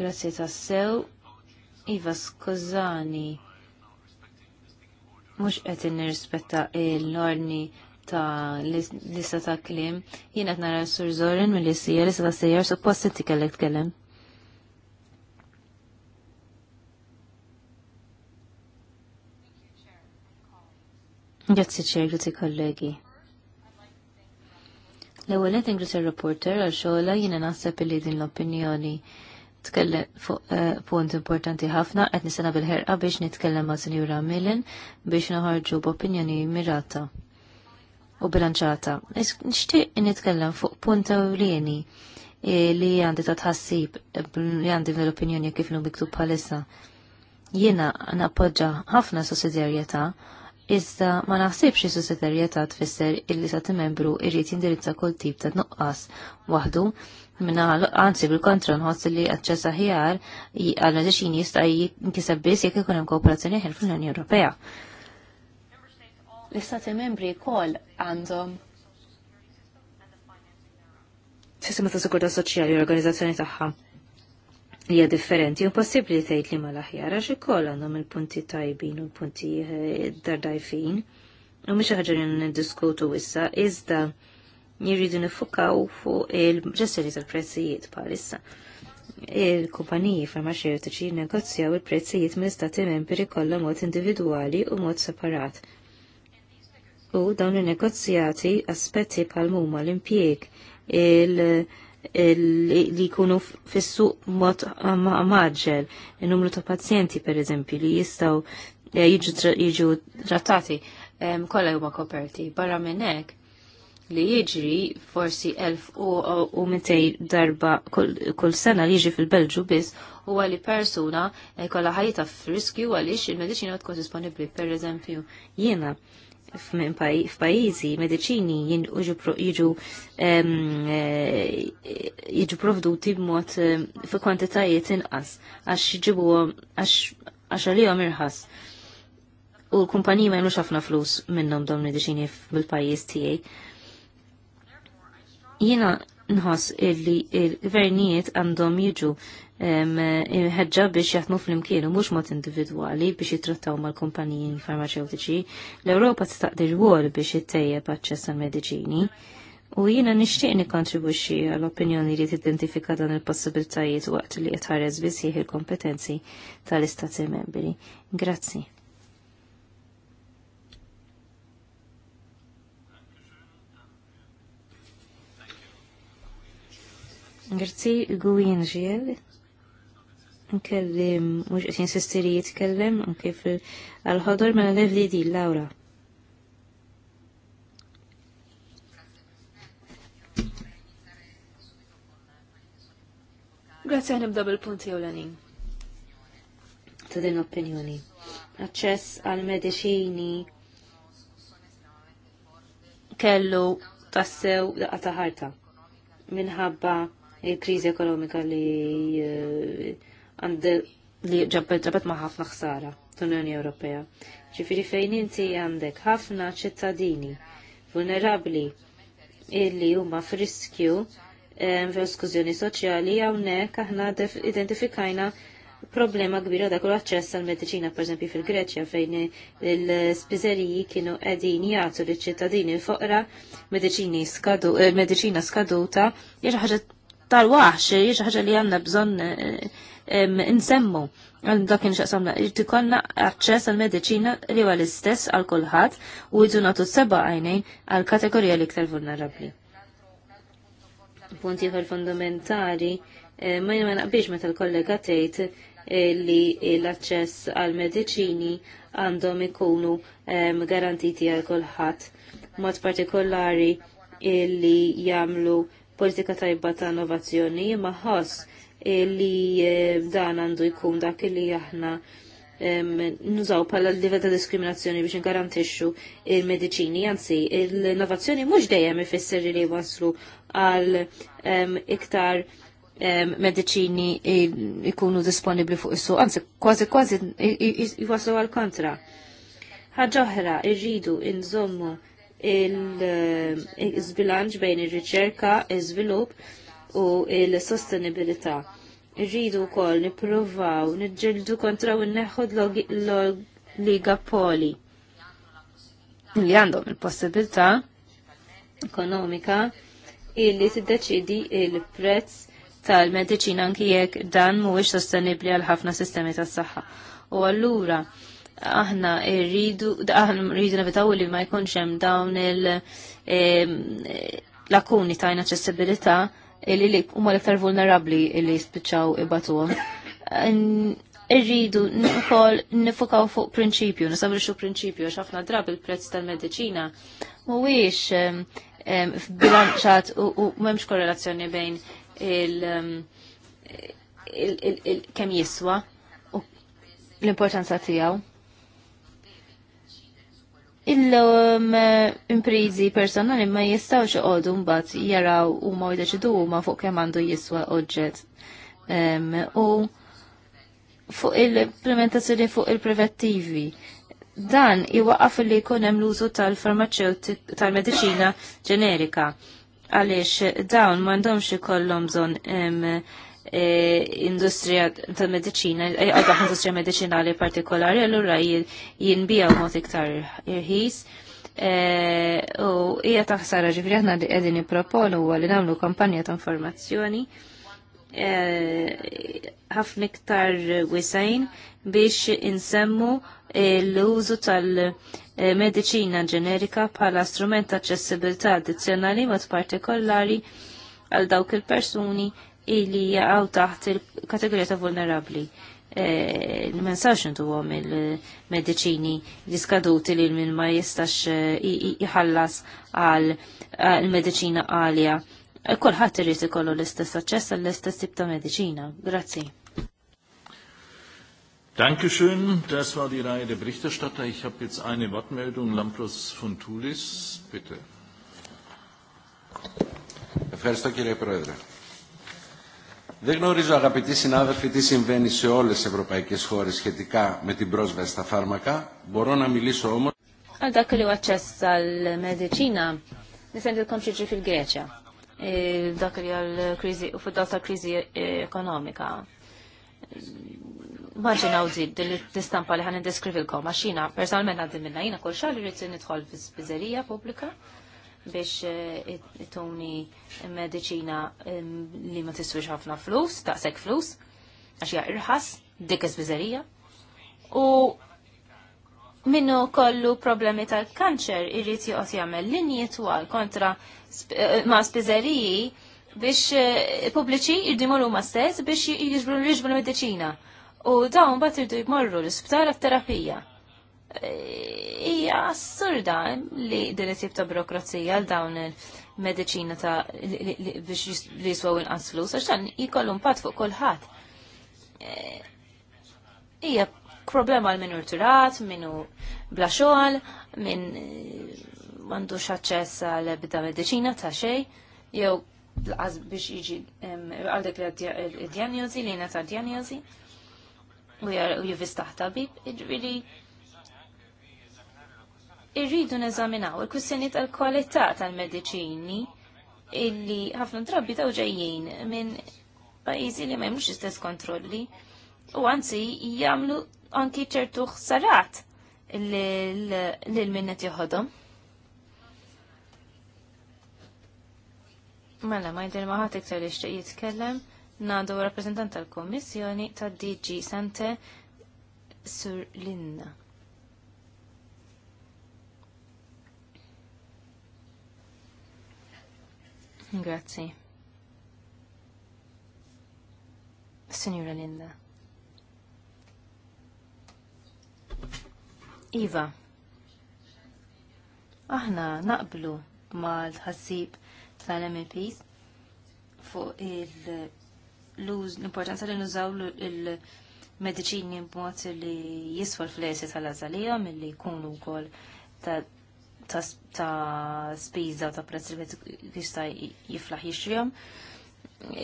Grazzi tassew. Iva skużani. Mux qed nirrispetta l-ordni ta' lista ta' klim. Jien qed nara sur Zorin mill-li sija lista ta' sejjer suppost inti kellek kellem Grazie ċer, grazie kollegi. L-ewwel qed ingris rapporter għal xogħla jiena naħseb li din l-opinjoni tkellem fuq eh, punt importanti ħafna qed nisena bil-ħerqa biex nitkellem ma' Sinjura Millen biex naħarġu b'opinjoni mirata u bilanċata. Nixtieq nitkellem fuq punt ewlieni eh, li għandi ta' tħassib li għandi l-opinjoni kif nu miktub bħalissa. Jiena nappoġġa ħafna sussidjarjetà Iżda ma naħsibx is seterjetà tfisser illi sa membru irrid jindirizza kull tip ta' nuqqas waħdu minna għanzi bil-kontra nħoss li għadċessa aħjar għal medicin jista' jinkiseb biss jekk ikun hemm kooperazzjoni ħel fl-Unjoni Ewropea. L-istati membri wkoll għandhom sistema ta' sekurta soċjali u organizzazzjoni tagħha hija differenti. Impossibbli tgħid li ma aħjar għax ikoll għandhom il-punti tajbin u l-punti eh, dardajfin. U mhix ħaġa li niddiskutu issa iżda jirridu nifukaw fuq il-ġesseri tal-prezzijiet bħalissa il-kumpaniji farmaceutiċi negozjaw il-prezzijiet minn istati membri kollha mod individwali u mod separat. U dawn in-negozjati aspetti bħal huma l-impjieg, il- li jkunu fissu mot mod maġġel, il-numru ta' pazjenti per eżempju li jistaw eh, jiġu trattati kollha huma koperti. Barra minn hekk li jiġri forsi 1200 darba kull sena li jiġri fil-Belġu biss huwa li persuna eh, kolla ħajta f'riskju għaliex il medicina tkun disponibbli. Per eżempju, jiena f'pajjiżi mediċini jiġu eh, jiġu provduti b'mod eh, fi kwantitajiet inqas għax jiġibu għax għalihom irħas. U l-kumpaniji ma jemlux ħafna flus minnhom dawn mediċini bil-pajjiż tiegħi. Jiena nħoss illi l-gvernijiet għandhom jiġu imħedġa biex jaħdmu fl imkienu u mhux mod individwali biex jitrattaw mal-kumpaniji farmaceutiċi. L-Ewropa tistaqdir wol biex jittejjeb aċċess għal-mediċini. U jiena nixtieq nikkontribwixxi għall-opinjoni li tidentifika dan il-possibilitajiet waqt li qed bisih il-kompetenzi tal-Istati membri. Grazzi. Grazzi Gwin Ġiel nkellim mhux qed insistiri jitkellem anke għal-ħodor mela l-FDD Laura. Grazie nibda bil-punti ewlenin. Ta' din opinjoni. Aċċess għal mediċini kellu tassew daqqa ta' ħarta minħabba il-kriżi ekonomika li eh, għand li ġabbet ma' ħafna ħsara tal-Unjoni Ewropea. Ġifiri fejn inti għandek ħafna ċittadini vulnerabli illi huma friskju fl-eskużjoni soċjali hawnhekk aħna identifikajna problema kbira dak l-aċċess għal mediċina pereżempju fil-Greċja fejn il-spiżeriji kienu qegħdin jagħtu liċ-ċittadini l-foqra mediċini eh, mediċina skaduta hija ħaġa tal-waħx, hija ħaġa li għandna bżonn eh, nsemmu għal dak kien xaqsamna irtikonna aċċess għal medicina li huwa l-istess għal kulħadd u jidu seba' għajnejn għal kategorija li iktar vulnerabbli. Punti ieħor fundamentali eh, ma jimman għabiex meta tal kollega tgħid eh, li l-aċċess għal mediċini għandhom ikunu garantiti għal kulħadd mod partikolari li jagħmlu politika tajba ta' innovazzjoni imma ħoss li eh, dan għandu jkun dak li aħna nużaw pala l-livell ta' diskriminazzjoni biex ngarantixxu il-mediċini, anzi l-innovazzjoni mhux dejjem ifisser li waslu għal iktar mediċini jkunu disponibli fuq is-suq, anzi kważi kważi jwaslu għal kontra. Ħaġa oħra irridu nżommu il-żbilanċ eh, bejn ir-riċerka, iż-żvilupp, il u il-sostenibilità. Irridu wkoll nippruvaw niġġieldu kontra u neħod l Poli. li għandhom il-possibilità ekonomika illi t-deċidi il-prezz tal-mediċina anki jekk dan mhuwiex sostenibbli għal ħafna sistemi tas-saħħa. U allura aħna rridu aħna rridu nevitaw li ma jkunx hemm dawn il eh, lakuni ta' inaċċessibilità li huma l-iktar vulnerabbli li jispiċċaw ibatuhom. Irridu wkoll nifokaw fuq prinċipju, nisabrixxu prinċipju għax ħafna drab il-prezz tal-mediċina mhuwiex f'bilanċat u m'hemmx korrelazzjoni bejn il kemm jiswa u l-importanza tiegħu il-imprizi eh, personali ma jistawx għodu mbat jaraw u ma jdeċidu ma fuq kem għandu jiswa oġġet. U fuq il-implementazzjoni fuq il-privattivi. Dan iwaqaf li jkun hemm l-użu tal-farmaceutik tal-medicina ġenerika għaliex dawn m'għandhomx ikollhom bżonn E, industrija tal-medicina, e, għadda industrija medicinali partikolari, l-ura jinbija u mot iktar irħis. E, u hija taħsara ġifri aħna li qegħdin proponu u li nagħmlu kampanja ta' informazzjoni ħafna iktar wisajn biex insemmu l-użu tal-medicina ġenerika bħala strument ta' aċċessibilità addizzjonali mod partikolari għal dawk il-persuni illi għaw taħt il-kategorija ta' vulnerabli. Nimen e, nsawx intu għom il-medicini diskaduti li l-min ma jistax jħallas e, għal il-medicina għalja. E, Kolħat irrit ikollu l-istess aċċess għall-istess tip ta' medicina. Grazzi. Dankeschön. Das war die Reihe der Berichterstatter. Ich habe jetzt eine Wortmeldung. Lampros von Tulis, bitte. Herr Ευχαριστώ Herr Präsident. Δεν γνωρίζω αγαπητοί συνάδελφοι τι συμβαίνει σε όλες τις ευρωπαϊκές χώρες σχετικά με την πρόσβαση στα φάρμακα. Μπορώ να μιλήσω όμως... Għal dak li għacċess tal-medicina, nisendilkom xieġi fil-Greċja, dak għal-krizi, u fil krizi ekonomika. Maġinaw zid, l-istampa li ħan indeskrivilkom, għaxina, personalment għaddim minna, jina kol xar li rritin nidħol spizzerija publika, biex eh, tuni medicina li ma tiswix ħafna flus, taqsek flus, għax ja irħas, dik iżbiżerija. U minnu kollu problemi tal-kanċer irrid joqgħod jagħmel linji twal kontra eh, ma' spiżeriji biex eh, pubbliċi jiddimolu ma' stess biex jiġbru l-medicina. U dawn bat irdu jmorru l-isptar terapija hija assurda li din it ta' burokrazija għal dawn il-mediċina ta' biex jiswaw inqas flus għax dan jkollu pat fuq kulħadd. Eh, hija problema għal min urturat, minnu bla xogħol, minn eh, m'għandux aċċess għal ebda mediċina ta' xejn, jew biex jiġi għal dik id-djanjosi li ta' djanjozi, u jivistaħ tabib, ġviri irridu neżaminaw il-kwistjoni tal-kwalità tal-mediċini illi ħafna drabi taw ġejjin minn pajjiżi li ma jmux istess kontrolli u anzi jagħmlu anki ċertu ħsarat lil minnet joħodhom. Mela, ma jidir maħat iktar li xtieq jitkellem, nadu rappresentant tal kummissjoni tad-DG Sante Sur Linna. Grazzi. Signora Linda. Iva. Aħna naqblu mal-ħassib tal-MPs fuq l-importanza li nużaw il-medicini b'mod li jiswa fl-esi tal-azalija mill-li jkunu kol ta' ta' spiża u ta' prezz li jista' jiflaħ jixrihom.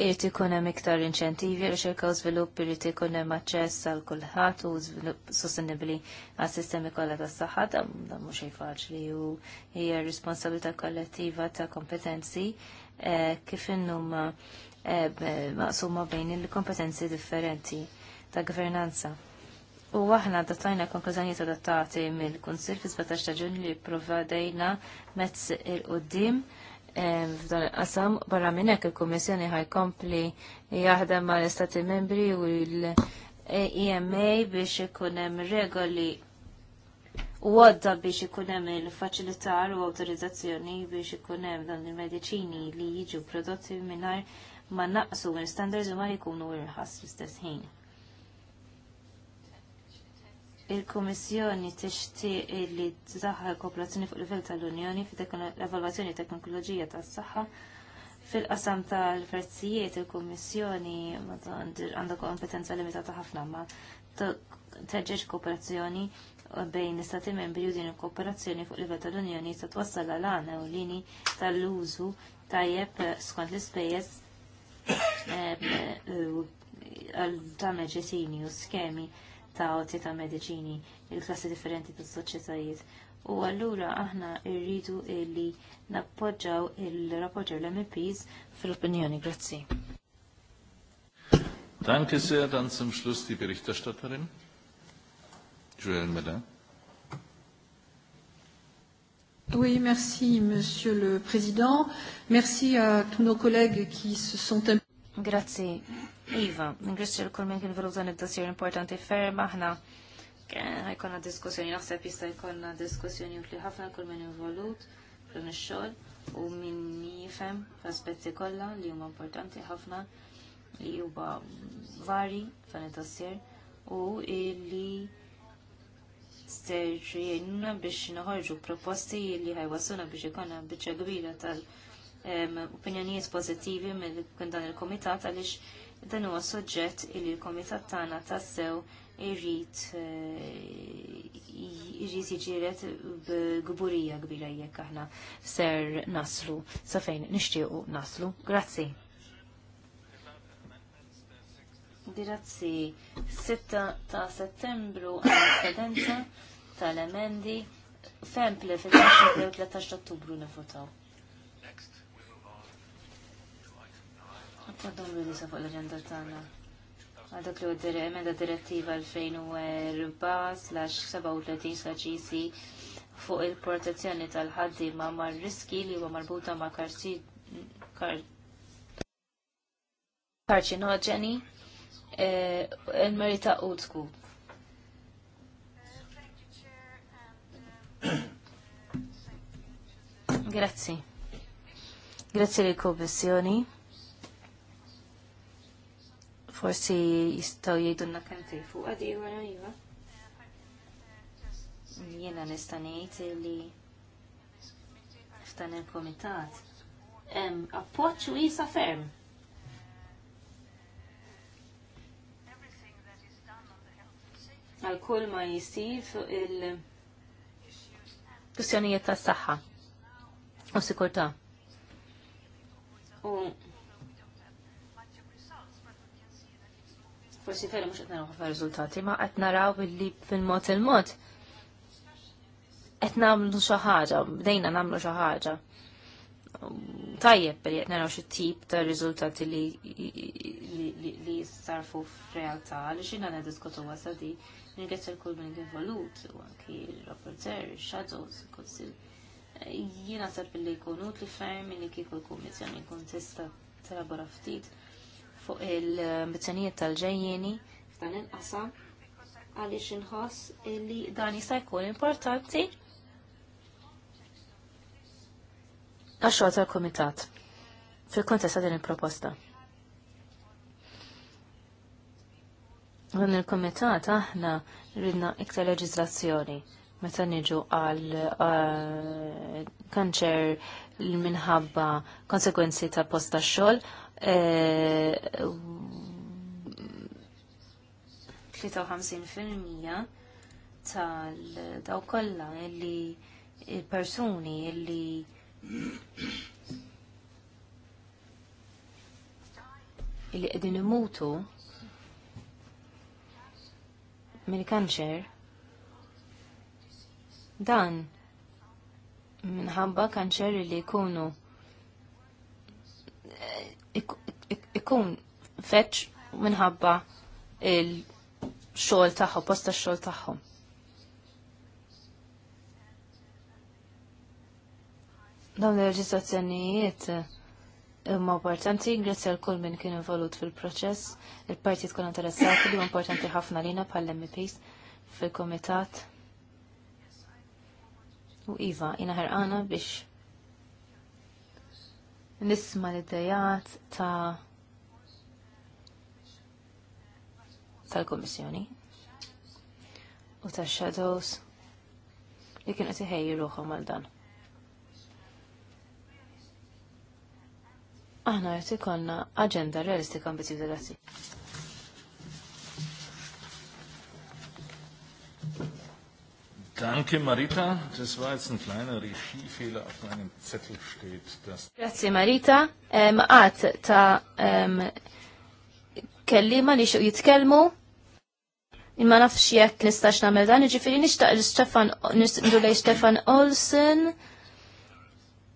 Irid ikun hemm iktar inċentivi għal xerka u żvilupp irid ikun hemm aċċess għal kulħadd u żvilupp sostenibbli għas sistemi kollha tas-saħħa dan mhux xejn faċli u hija responsabilità kollettiva ta' kompetenzi eh, kif innum eh, maqsuma bejn il-kompetenzi differenti ta' governanza. U aħna datajna konklużjonijiet dattati mill-Kunsill fi 17 ta' Ġunju li provadejna mezz il qoddim f'dan il-qasam barra minn hekk il-Kummissjoni ħajkompli jaħdem mal istati membri u l-EMA biex ikun hemm regoli u għadda biex ikun hemm il-faċilitar u awtorizzazzjoni biex ikun hemm dan il-mediċini li jiġu prodotti mingħajr ma naqsu l standards u ma jkunu irħas fl-istess ħin il-Kummissjoni tixtieq li tsaħħar kooperazzjoni fuq livell tal-Unjoni l evalwazzjoni teknoloġija tas-saħħa fil-qasam tal-prezzijiet il-Kummissjoni għandha kompetenza limitata ħafna ma teġġeġ kooperazzjoni bejn l-Istati membri u din il-kooperazzjoni fuq livell tal-Unjoni ta' twassal għal-għana u lini tal-użu tajjeb skont l-ispejjeż għal-dameġ u skemi ta' oti ta' medicini il-klassi differenti ta' soċetajiet. U għallura aħna irridu illi nappoġġaw il-rapporter l-MPs fil-opinjoni. Grazzi. Danke sehr, dann zum Schluss die Berichterstatterin, Joël Medin. Oui, merci Monsieur le Président. Merci à tous nos collègues qui se sont impliqués. Grazzi, Iva, ingrisċi l-kull minn kien velużan id-dossier importanti ferma ħna Għajkonna diskussjoni, naħseb jista' jkollna diskussjoni u utli ħafna kull minn involut f'dan ix-xogħol u min l-aspetti kollha li huma importanti ħafna li huwa vari f'dan id-dossier u li ser jgħinuna biex noħorġu proposti li ħajwasuna biex ikonna biċċa kbira tal- opinjonijiet pozittivi minn dan il-komitat għaliex dan huwa soġġett li l-komitat tagħna tassew irrid eh, irrid jiġiret b'gburija kbira jekk aħna ser naslu sa fejn nixtiequ naslu. Grazzi. Grazzi. 6 ta' settembru għal kadenza tal-emendi fempli fil-13 u 13 ottubru nifotaw. li nisa fuq l-agenda tagħna. Għadak li għaddire emenda direttiva 2004-37 EC fuq il-protezzjoni tal ħaddi ma' riski li huwa marbuta ma' karċinoġeni eh, il-merita old school. Grazzi. Grazzi li kommissjoni forsi jistaw jgħidulna kemm fejn fuq għadi wara iva, iva. Jiena nista' li f'dan il-kumitat hemm appoġġ ferm. għal kull ma u U forsi vera mhux qed naraw rizultati, ma qed naraw billi fil-mod il-mod qed nagħmlu xi ħaġa, bdejna nagħmlu xi ħaġa. Tajjeb li qed naraw xi tip ta' riżultati li li sarfu f'realtà li xina qed diskutu wasa di nirgezz il-kull minn involut u anki rapporter, shadows, konsil. Jiena sab li jkun li ferm li kieku l-kummissjoni jkun tista' telabora ftit fuq il bizzanijiet tal ġejjini f'dan il-qasam għaliex inħoss li dan jista' jkun importanti għaxħu tal-komitat fil-kontest din il-proposta. Dan il-komitat aħna ridna iktar leġizlazzjoni meta niġu għal eh, kanċer minħabba konsekwenzi ta' posta xogħol 53% eh, tal-daw kollha li persuni li li qegħdin imutu minn kanċer dan minħabba kanċer li jkunu ikun feċ minħabba il-xol taħħu, posta xol taħħu. Dawn il-reġistrazzjonijiet imma eh, importanti, grazzi għal kull minn kien involut fil-proċess, il partijiet tkun interessati li importanti ħafna lina bħal-MPs fil-komitat. U Iva, jina ħarqana biex nisma l dejat ta' tal-Komissjoni u ta' Shadows li kienu tiħejju ruħom mal dan. Aħna jt ikollna aġenda realistika ambizjuża Danke Marita, das war jetzt ein kleiner Regiefehler auf meinem Zettel steht. Das Grazie Marita, ähm, at, ta' ähm, kellima li xuq jitkelmu, imma nafx jekk nistax namel dan, ġifiri nishtaq l-Stefan, nishtu lej Stefan Olsen,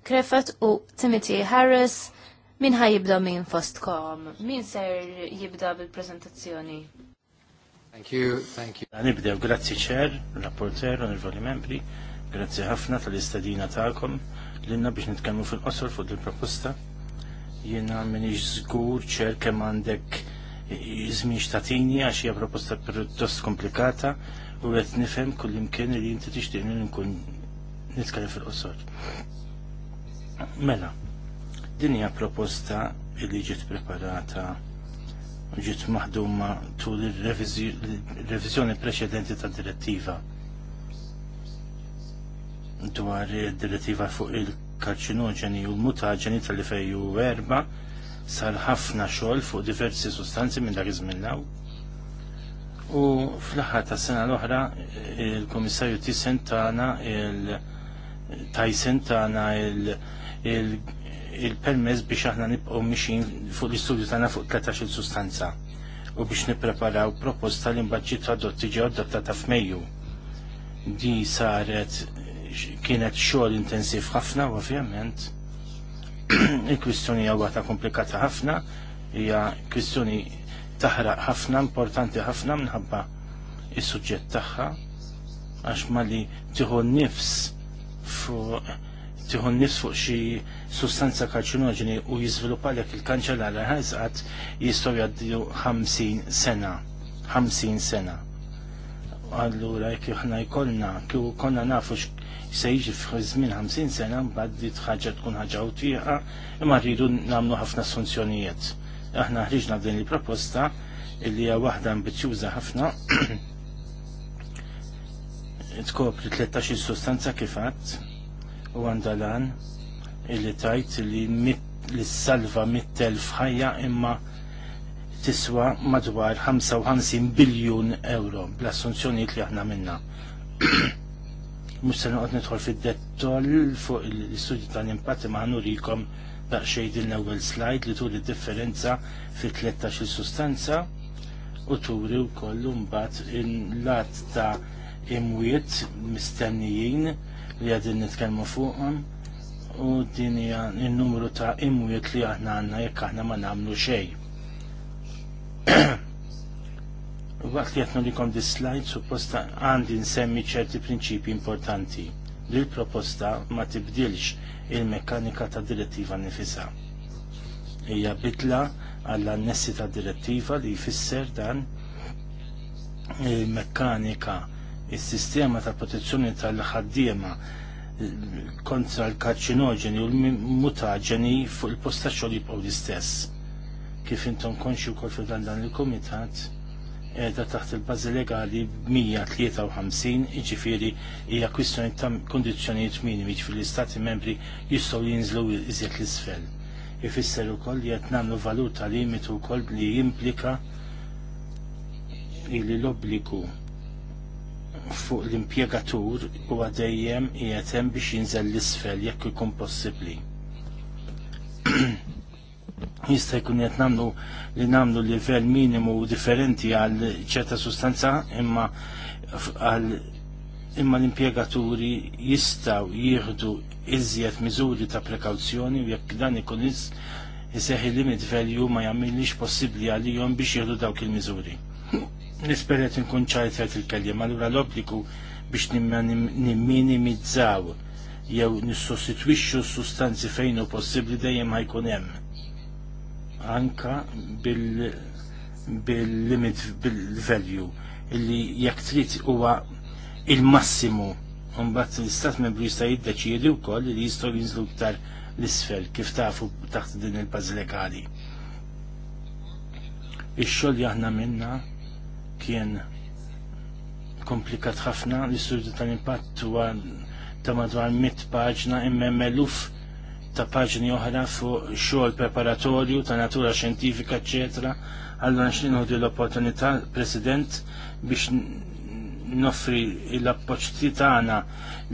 Krefat u Timothy Harris, min ħaj jibda min fostkom, min ser jibda bil-prezentazzjoni? Thank you, thank you. Nibdew, grazzi ċer, rapporter, onorevoli membri, grazzi ħafna tal-istadina ta'kom l-inna biex nitkellmu fil-qosor fuq il-proposta. Jiena minix żgur ċer kemm għandek żmien xtatini għax hija proposta pjuttost komplikata u qed nifhem kull imkien li inti tixtieq li nkun nitkellem fil-qosor. Mela, din hija proposta li ġiet preparata ġiet maħduma tul ir-reviżjoni preċedenti ta' direttiva dwar id-direttiva fuq il-karċinoġeni u l-mutaġeni tal erba' sar ħafna xogħol fuq diversi sustanzi minn dak iż-żmien U fl-aħħar tas sena l-oħra il-Komissarju Tisentana tagħna il-Tyson tagħna il-, il il-permess biex aħna nibqgħu mixin fuq l-istudju tagħna fuq 13 sustanza u biex nippreparaw proposta li mbagġit tradotti ġew adottata f'Mejju. Di saret kienet xogħol intensiv ħafna ovvjament. (clears throat) Il-kwistjoni hija waħda komplikata ħafna, hija kwistjoni taħraq ħafna, importanti ħafna minħabba is-suġġett tagħha għax ma li tieħu nifs fuq tieħu nis fuq xi sustanza karċinoġeni u jiżviluppa lek il-kanċer għal ħażqat jistgħu jgħaddu 50 sena. 50 sena. Allura jekk aħna jkollna kieku konna nafu se jiġi f'żmien 50 sena mbagħad di ħaġa tkun ħaġa utieqa imma rridu nagħmlu ħafna assunzjonijiet. Aħna ħriġna din il-proposta illi hija waħda ambizzjuża ħafna (coughs) tkopri 13 sustanza kifat u għandalan illi tajt li s salva mittel fħajja imma tiswa madwar 55 biljun euro bl-assunzjoni li aħna minna. (clears throat) Mux se noqgħod nidħol fid-dettol fuq l-istudju tal impatti ma ħanurikom daqsxejn din l-ewwel slide li turi differenza fi 13 sustanza u turi wkoll mbagħad il lat ta' imwiet mistennijin li għadin nitkellmu fuqhom u din hija n-numru ta' imwiet li aħna għandna jekk aħna ma nagħmlu xejn. Waqt li qed nurikom di slajd, supposta għandi nsemmi ċerti prinċipi importanti li l-proposta ma tibdilx il-mekkanika ta' direttiva nifisa. Hija bidla għall-annessi ta' direttiva li jfisser dan il-mekkanika is-sistema ta' protezzjoni tal-ħaddiema kontra l-karċinogeni u l-mutaġeni fuq il-posta xogħol jibqgħu l-istess. Kif intom konxi wkoll fil dan il-kumitat edha taħt il-bażi legali 153 jiġifieri hija kwistjoni ta' kundizzjonijiet minimi fil-istati jiġifieri membri jistgħu jinżlu iżjed l-isfel. Ifisser ukoll li qed nagħmlu valuta limitu wkoll li jimplika li l-obbligu fuq l-impjegatur u għadejjem jgħetem biex jinżel l-isfel jekk ikun possibli. (clears throat) Jista' jkun qed nagħmlu li nagħmlu livell minimu differenti għal ċerta sustanza imma għal imma l-impjegaturi jistaw jieħdu iżjed miżuri ta' prekawzjoni u jekk dan ikun jiseħi limit value ma jagħmilniex possibbli għalihom biex jieħdu dawk il-miżuri. (clears throat) nisperiet nkun ċajtret il kelliem allura l obliku biex nimminimizzaw jew nissostitwixxu s-sustanzi fejn hu possibbli dejjem jkun hemm. Anka bil-limit bil-value illi jekk trid huwa il-massimu mbagħad l-istat membru jista' jiddeċiedi wkoll li jistgħu jinżlu iktar l-isfel kif tafu taħt din il-baż Ix-xogħol li aħna minna kien komplikat ħafna l-istudju tal-impatt huwa ta' madwar 100 paġna imma meluf ta' paġni oħra fuq xogħol preparatorju ta' natura xjentifika eċetera. Allora nixtieq nħodu l-opportunità, President, biex noffri l-appoċti tagħna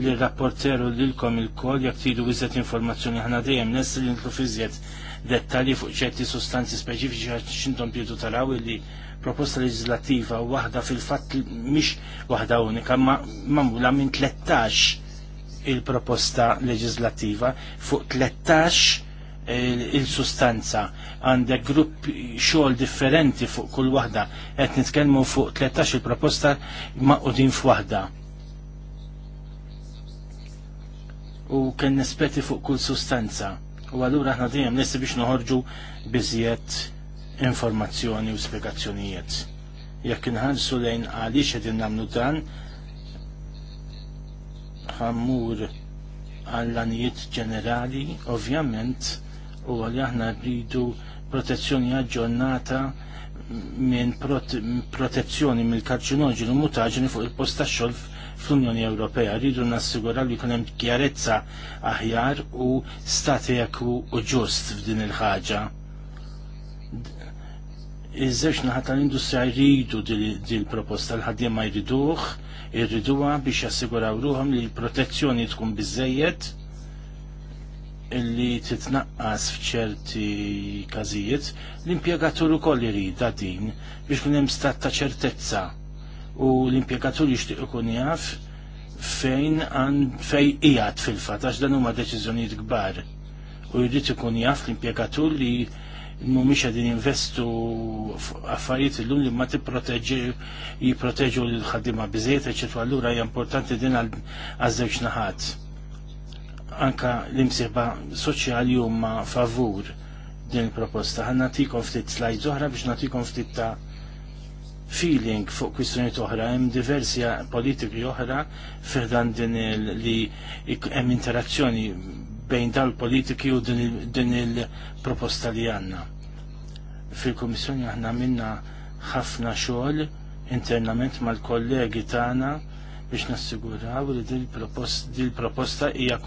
li rapporteru lilkom il-kol jekk tridu iżjed informazzjoni aħna dejjem nessi l fiżjed dettalji fuq ċerti sustanzi speċifiċi għax xintom bjedu taraw li proposta legislativa waħda fil-fatt mhix waħda unika ma mamula minn 13 il-proposta legislativa fuq 13 il-sustanza għandek grupp xogħol differenti fuq kull waħda qed nitkellmu fuq 13 il-proposta maqudin f'waħda. U kien nispeti fuq kull sustanza. U għallura ħna dejjem nisib biex noħorġu biżjed informazzjoni u spiegazzjonijiet. Jekk inħarsu lejn għaliex qegħdin nagħmlu dan, ħammur għall-anijiet ġenerali, ovvjament, u għalli aħna rridu protezzjoni aġġornata minn protezzjoni mill karċinoġenu mutaġeni fuq il-post tax-xolf fl-Unjoni Ewropea. Rridu nassigura li jkun hemm kjarezza aħjar u stati ekku u ġust f'din il-ħaġa. Iż-żewġ naħat tal-industrija jridu din proposta l-ħaddiem ma jriduh, irriduha biex jassiguraw ruhom li l-protezzjoni tkun bizzejiet illi titnaqqas f'ċerti każijiet l-impjegatur ukoll irid din biex kunem hemm stat ta' ċertezza u l-impjegatur xtiq ikun jaf fejn għan fej ijat fil-fat, għax dan huma deċiżjonijiet kbar. U jrid ikun jaf l-impjegatur li mhumiex qegħdin investu affarijiet illum li ma tipproteġi jipproteġu l-ħaddiema biżejjed, eċetwa allura hija importanti din għaż-żewġ naħat. Anka l-imsieba soċjali huma favur din il-proposta. Ħan nagħtikom ftit slajd oħra biex nagħtikom ftit ta' feeling fuq kwistjoni oħra, hemm diversi politiki oħra fiħdan din li hemm interazzjoni bejn dal-politiki u din il-proposta li għanna. Fil-Komissjoni aħna minna ħafna xogħol internament mal-kollegi tagħna biex nassiguraw li il proposta hija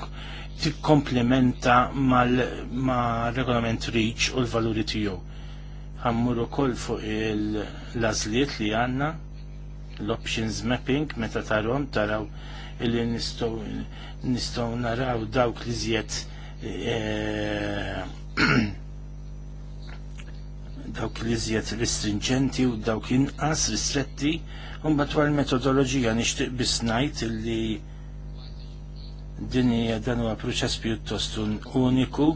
tikkomplementa mal-regolament REACH u l-valuri tiegħu għammuru ukoll fuq il-lażliet li għandna l-options mapping meta tarhom taraw illi nistgħu nistow naraw dawk li żjed eh, (clears throat) dawk li zjed restringenti u dawk inqas ristretti un batwar metodologija nixtieq biss ngħid illi din hija dan huwa proċess pjuttost uniku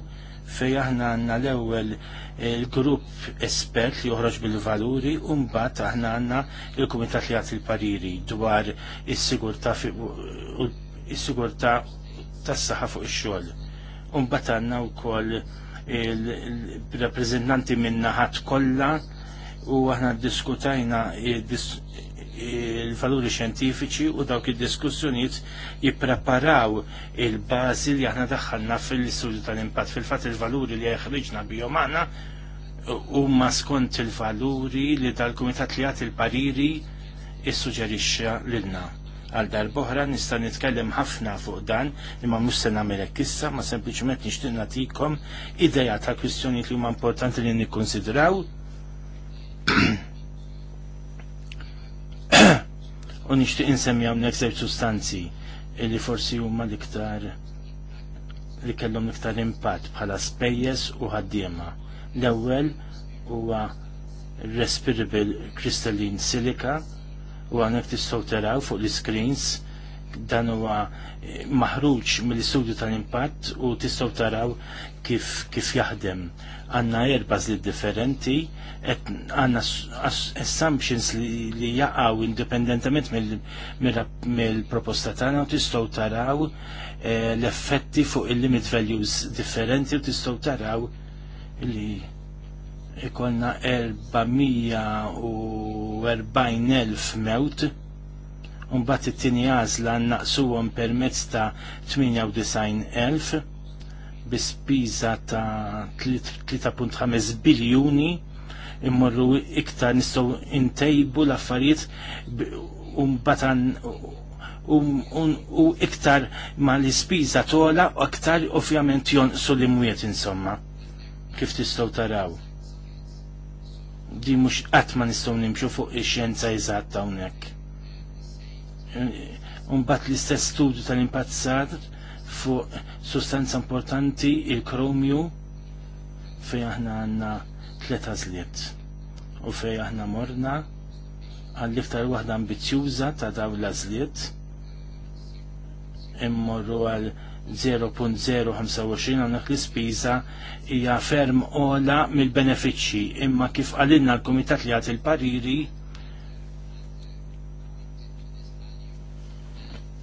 fej aħna għanna l-ewwel eh, il-grupp espert li joħroġ bil-valuri un-bat aħna għandna il-kumitat li jagħti l-pariri dwar is-sigurtà is-sigurtà tas-saħħa fuq ix-xogħol. bat mbagħad u wkoll il-rappreżentanti minn naħat kollha u aħna diskutajna eh, il-valuri xjentifiċi u dawk id-diskussjonijiet jippreparaw il-bażi li aħna daħħalna fil-studju tal-impatt fil-fatt il-valuri li ħriġna bijomana u huma skont il-valuri li dal-kumitat li għat il-pariri issuġġerixxa lilna għal darboħra nista' nitkellem ħafna fuq dan imma mhux se nagħmelek issa, ma sempliċement nixtieq nagħtikom idea ta' kwistjoni li huma importanti li nikkonsidraw (clears throat) u nixtieq insemmi hawnhekk żewġ sustanzi li forsi huma l-iktar li kellhom liktar iktar impatt bħala spejjeż u ħaddiema. L-ewwel huwa respirable crystalline silica u għanek tistgħu teraw fuq l-screens dan huwa maħruġ mill-istudju tal-impatt u tistgħu taraw kif, kif jaħdem. Għanna erbaż li differenti, għanna assumptions li, li jaqaw indipendentament mill-proposta mil, mil tagħna u tistgħu taraw e, l-effetti fuq il-limit values differenti u tistgħu taraw li ikolna 440.000 mewt un bat it-tini għazla naqsuhom permezz ta' 98.000 bispiża ta' 3.5 biljuni immorru iktar nistgħu intejbu l-affarijiet u u iktar ma li ispiża tola u iktar ovvjament jonqsu l-imwiet insomma kif tistgħu taraw di mux ma nistaw nimxu fuq ix-xjenza eżatta hawnhekk. Umbat l-istess studju tal-impazzat fuq sustanza importanti il-kromju fej aħna għanna tleta zliet u fej aħna morna għall-iftar waħda ambizjuża ta' dawla zliet immorru għal 0.025 għanak l-spiża hija ferm ola mill-benefiċċji imma kif għalilna l-Kumitat li għat il-pariri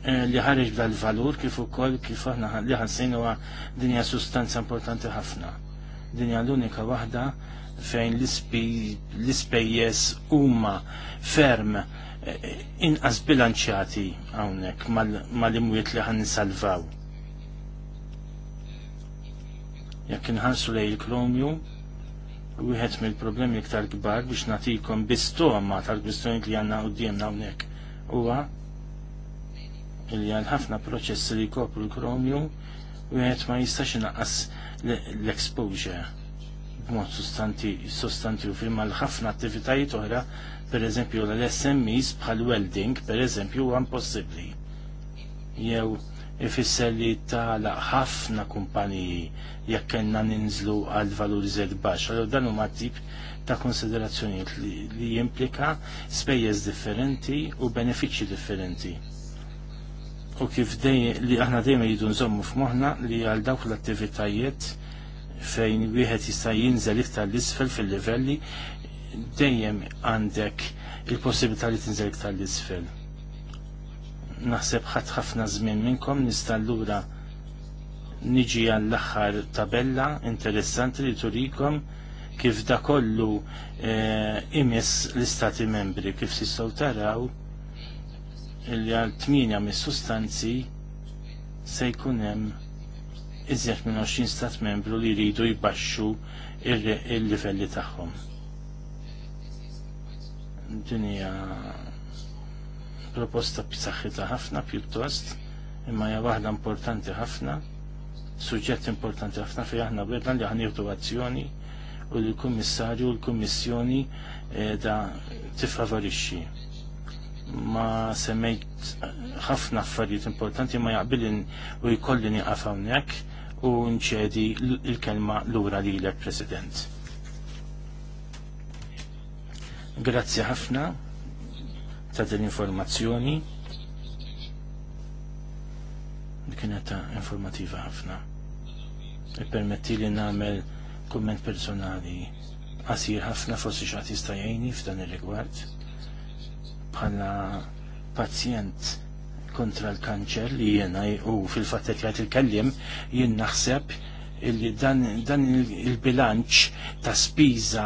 Eh, li ħarġ dal valur kif ukoll kif aħna li ħassin huwa dinja sustanza importanti ħafna. Dinja l-unika waħda fejn l-ispejjeż huma ferm eh, inqas bilanċjati hawnhekk mal-imwiet li ħan nisalvaw. Jekk inħarsu lej il-kromju, wieħed mill-problemi iktar kbar biex natikom bistoma tal-kwistjoni li għandna qudiemna hawnhekk huwa li għal ħafna proċess li jkopru l-kromju u għet ma jistax inaqqas l-exposure b'mod sostanti, sostanti u firma l-ħafna attivitajiet oħra, per eżempju l-SMEs bħal welding, per eżempju, għan possibli. Jew ifisser li tagħlaq ħafna kumpaniji jekk kellna ninżlu għal valur żed baxx. Allora dan huma tip ta' konsiderazzjonijiet li, li jimplika spejjeż differenti u benefiċċji differenti u kif li aħna dejjem jidu nżommu f'moħħna li għal dawk l-attivitajiet fejn wieħed jista' jinżel iktar l-isfel fil-livelli dejjem għandek il-possibilità li tinżel iktar l-isfel. Naħseb ħadd ħafna żmien minnkom nista' lura niġi għall-aħħar tabella interessanti li turikom kif da kollu eh, imis l-istati membri kif tistgħu taraw illi għal tminja mis-sustanzi se jkun hemm iżjed minn 20 stat membru li jridu jbaxxu il-livelli tagħhom. Din hija proposta b'saħħitha ħafna pjuttost, imma hija waħda importanti ħafna, suġġett importanti ħafna fejn aħna bidna li ħanieħdu azzjoni u l-Kummissarju u l-Kummissjoni eh, da tifavorixxi ma semmejt ħafna affarijiet importanti ma jaqbilin u jkolli nieqaf hawnhekk u nċedi il-kelma lura lilek President. Grazzi ħafna ta' din informazzjoni li kienet informativa ħafna. Ippermetti li nagħmel kumment personali qasir ħafna forsi xagħti jista' jgħinni f'dan ir-rigward bħala pazjent kontra l-kanċer li jena u fil-fattet għat il-kellim jien naħseb illi dan, dan il-bilanċ ta' spiża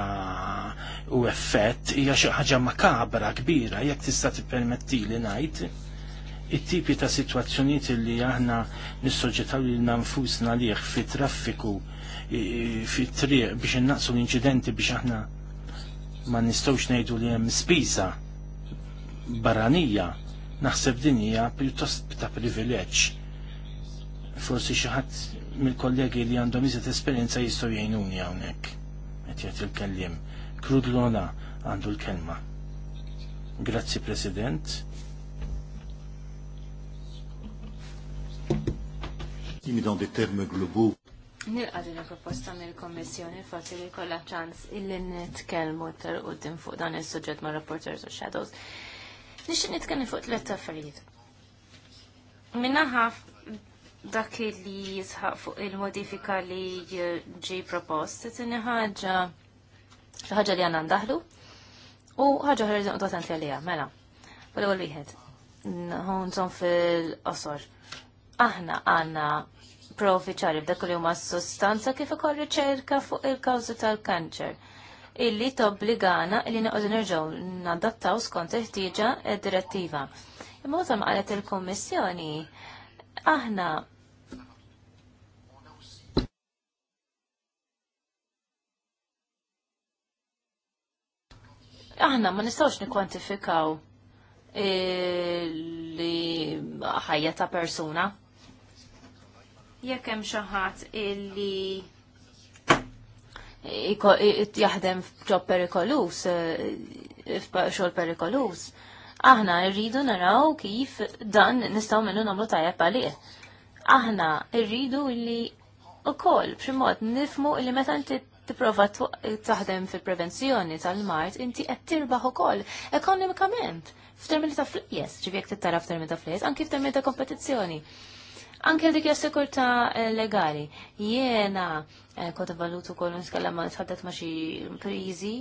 u effett hija xi ħaġa makabra kbira jekk tista' tippermetti li ngħid it-tipi ta' situazzjoniet li aħna nissoġġetaw li nanfusna liħ fi traffiku fi triq biex innaqsu l-inċidenti biex aħna ma nistgħux ngħidu li hemm spiża barranija naħseb din hija pjuttost ta' privileġġ. Forsi xi ħadd mill-kollegi li għandhom iżet esperjenza jistgħu jgħinuni hawnhekk. Qed l-kellim. Krud Lona għandu l-kelma. Grazzi President. Jimmi dan di termi globu. Nilqa din il-proposta mill-Kommissjoni forsi li kollha ċans illi nitkellmu ter qudiem fuq dan is-suġġett mar rapporters u shadows. Nixin nitkellem fuq tliet affarijiet. Minnaħaf dak li jisħaq fuq il-modifika li ġi propost, tini ħaġa ħaġa li għanna ndaħlu u ħaġa ħarġi nqdu għatant għalija, mela. Bħal wieħed għol liħed, nħonżon fil-qosor. Aħna għanna profi ċari b'dak li huma s-sostanza kif ukoll riċerka fuq il-kawżi tal-kanċer illi tobbligana illi naqdu nerġgħu nadattaw skont il-ħtieġa direttiva. Imma tam qalet il-Kummissjoni aħna Aħna ma nistgħux nikkwantifikaw li ħajja ta' persuna. Jekk hemm xi ħadd illi jaħdem f'ġob perikolus, eh, f'xogħol perikolus. Aħna rridu naraw kif dan nistgħu minnu nagħmlu tajjeb għalih. Aħna rridu li ukoll b'ximod nifmu li meta inti tipprova taħdem fil-prevenzjoni tal-mart inti qed tirbaħ ukoll ekonomikament f'termini ta' flies, t-tara tittara termini ta' flies, anki f-termini ta' kompetizzjoni. Anke dik jassekurta eh, legali. Jiena eh, kota valutu kollu nitkellem ma tħaddet ma xi imprizi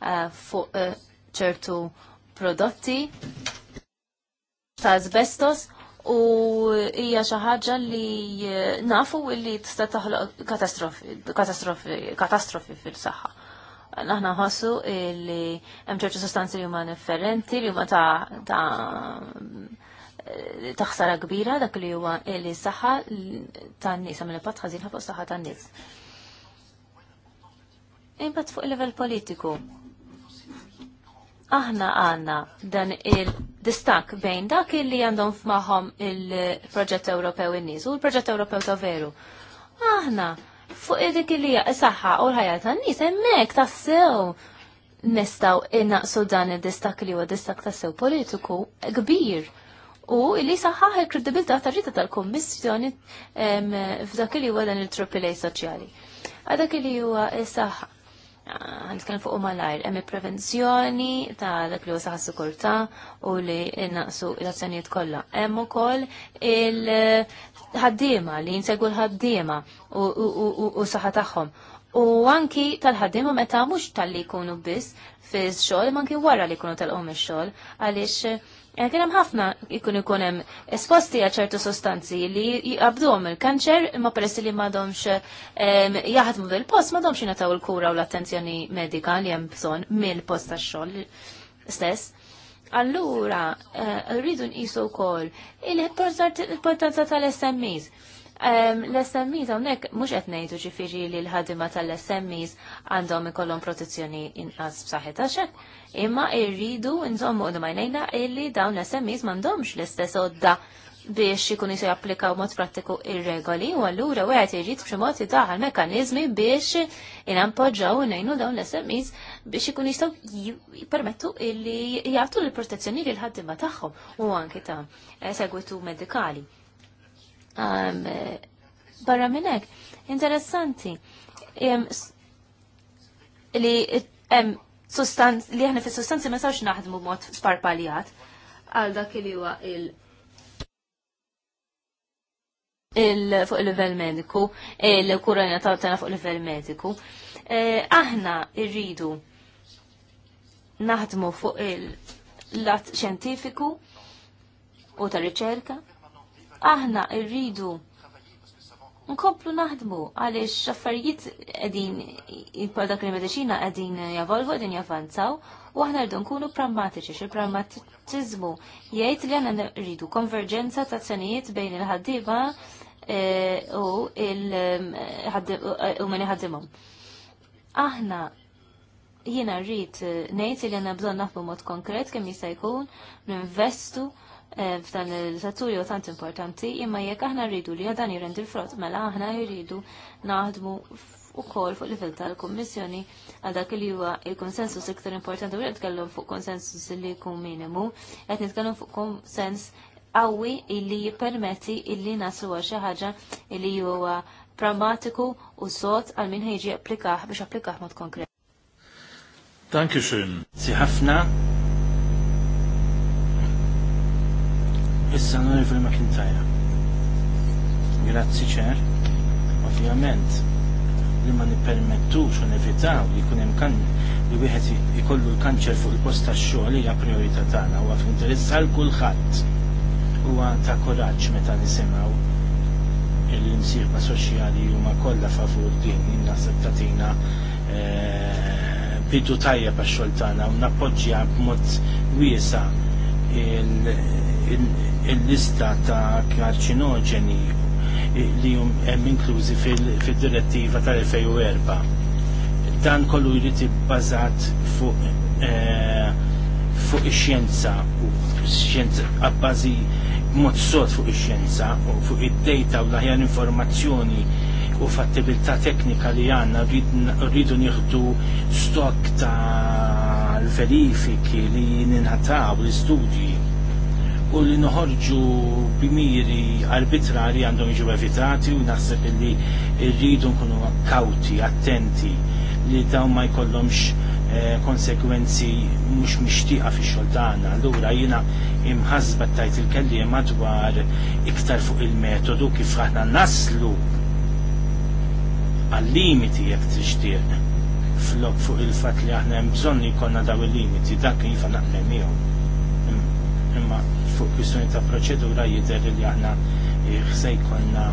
eh, fuq ċertu prodotti ta' asbestos u hija xi ħaġa li nafu li tista' taħloq katastrofi, katastrofi, katastrofi fil-saħħa. Naħna ħassu li hemm ċertu sostanzi li huma differenti li huma ta taħsara kbira dak li huwa li saħħa tan-nies għamil impatt ħażin ħafuq saħħa tan-nies. Imbagħad fuq il-livell politiku. Aħna għandna dan il-distak bejn dak li għandhom f'maħom il-proġett Ewropew in-nies u l-proġett Ewropew ta' veru. Aħna fuq dik li saħħa u l-ħajja tan-nies hemmhekk tassew nistaw innaqsu dan id-distak li huwa distak tassew politiku kbir u li saħħaħ il-kredibilità ta' rita tal-Kommissjoni f'dak li huwa dan il-AAA soċjali. Għadak li huwa saħħa. Għan fuq malajr, hemm prevenzjoni ta' dak li huwa s sikurtà u li naqsu l-azzjonijiet kollha. Hemm ukoll il-ħaddiema li jinsegu l-ħaddiema u saħħa tagħhom. U anki tal-ħaddiema meta mhux tal-li jkunu biss fi xogħol, manki anki wara li jkunu tal-qom ix-xogħol għaliex Eh, kien hemm ħafna ikun ikun hemm esposti għal ċertu sostanzi li jqabduhom il-kanċer imma peressi li m'għadhomx ehm, jaħdmu bil-post madomx jingħataw il-kura u l-attenzjoni medika li hemm bżonn mill-post tax-xogħol stess. Allura, eh, rridu nqisu wkoll il-importanza tal-SMEs. Ehm, L-SMEs hawnhekk mhux qed ngħidu li l-ħadima tal-SMEs għandhom ikollhom protezzjoni inqas b'saħħitha xekk imma irridu nżommu għadu majnejna illi dawn l-SMEs mandomx l-istess odda biex ikun jisu japplikaw mod pratiku ir-regoli u allura wieħed irid b'xi mod jidaħal mekkaniżmi biex inampoġġaw u nejnu dawn l-SMEs biex ikun jistgħu jipermettu illi jgħatu l-protezzjoni li l ħaddiema tagħhom u għanki ta' segwitu medikali. Barra minn hekk, interessanti li sustanz li aħna fis-sustanzi ma sawx naħdmu mod sparpaljat għal dak li huwa il- il fuq il-livell mediku, il-kuranja ta' tana fuq il-livell mediku. E, aħna irridu naħdmu fuq il-lat xjentifiku u ta' riċerka. Aħna irridu nkomplu naħdmu għaliex xaffarijiet qegħdin il dak li medicina qegħdin javolvu qegħdin javanzaw u aħna rridu nkunu prammatiċi xi prammatiżmu jgħid li għandna rridu konverġenza ta' azzjonijiet bejn il-ħaddiema e, u il u min iħaddimhom. Aħna jiena rrid ngħid li għandna bżonn naħbu mod konkret kemm jista' jkun ninvestu investu Eh, f'dan il-settur jew tant importanti, imma jekk aħna rridu li dan jirrendi l-frott, mela aħna jridu naħdmu kol fuq livell tal-Kummissjoni għal dak li huwa il-konsensus iktar importanti u nitkellem fuq konsensus li jkun minimu, qed nitkellem fuq konsens qawwi illi jippermetti illi naslu għal xi ħaġa illi huwa pragmatiku u sot għal min ħejġi applikaħ biex applikaħ mod konkret. Dankeschön. Sie ħafna. Issa l-Onorevoli McIntyre. Grazzi ċer. Ovvjament, li ma nippermettux u nevitaw li jkun hemm kan li wieħed ikollu l-kanċer fuq il-post tax-xogħol hija priorità tagħna huwa f'interess għal kulħadd. Huwa ta' koraġġ meta nisimgħu l-imsieħba soċjali huma kollha favur din naħseb eh, bidu tajja għax-xogħol tagħna u nappoġġja b'mod wiesa' il-lista ta' karċinoġeni li jum hemm inklużi fil-direttiva tal-2004. Dan kollu jrid ibbażat fuq eh, fuq ix-xjenza u xjenza abbażi mod sod fuq ix-xjenza u fuq id-dejta u l-aħjar informazzjoni u fattibilità teknika li għanna rridu nieħdu stok ta' l-verifiki li ninħataw l-istudji u li noħorġu bimiri arbitrari għandhom iġu evitati u naħseb li rridu nkunu kauti, attenti li dawn ma jkollhomx eh, konsekwenzi mhux mixtieqa fi xoltana. tagħna. Allura jiena tajt il-kelliem madwar iktar fuq il-metodu kif aħna naslu għal-limiti jekk tixtieq flok fuq il-fatt li aħna hemm bżonn li jkollna daw il-limiti dak kif naqlem miegħu imma fuq kwistjoni ta' proċedura jidher li aħna eh, se jkollna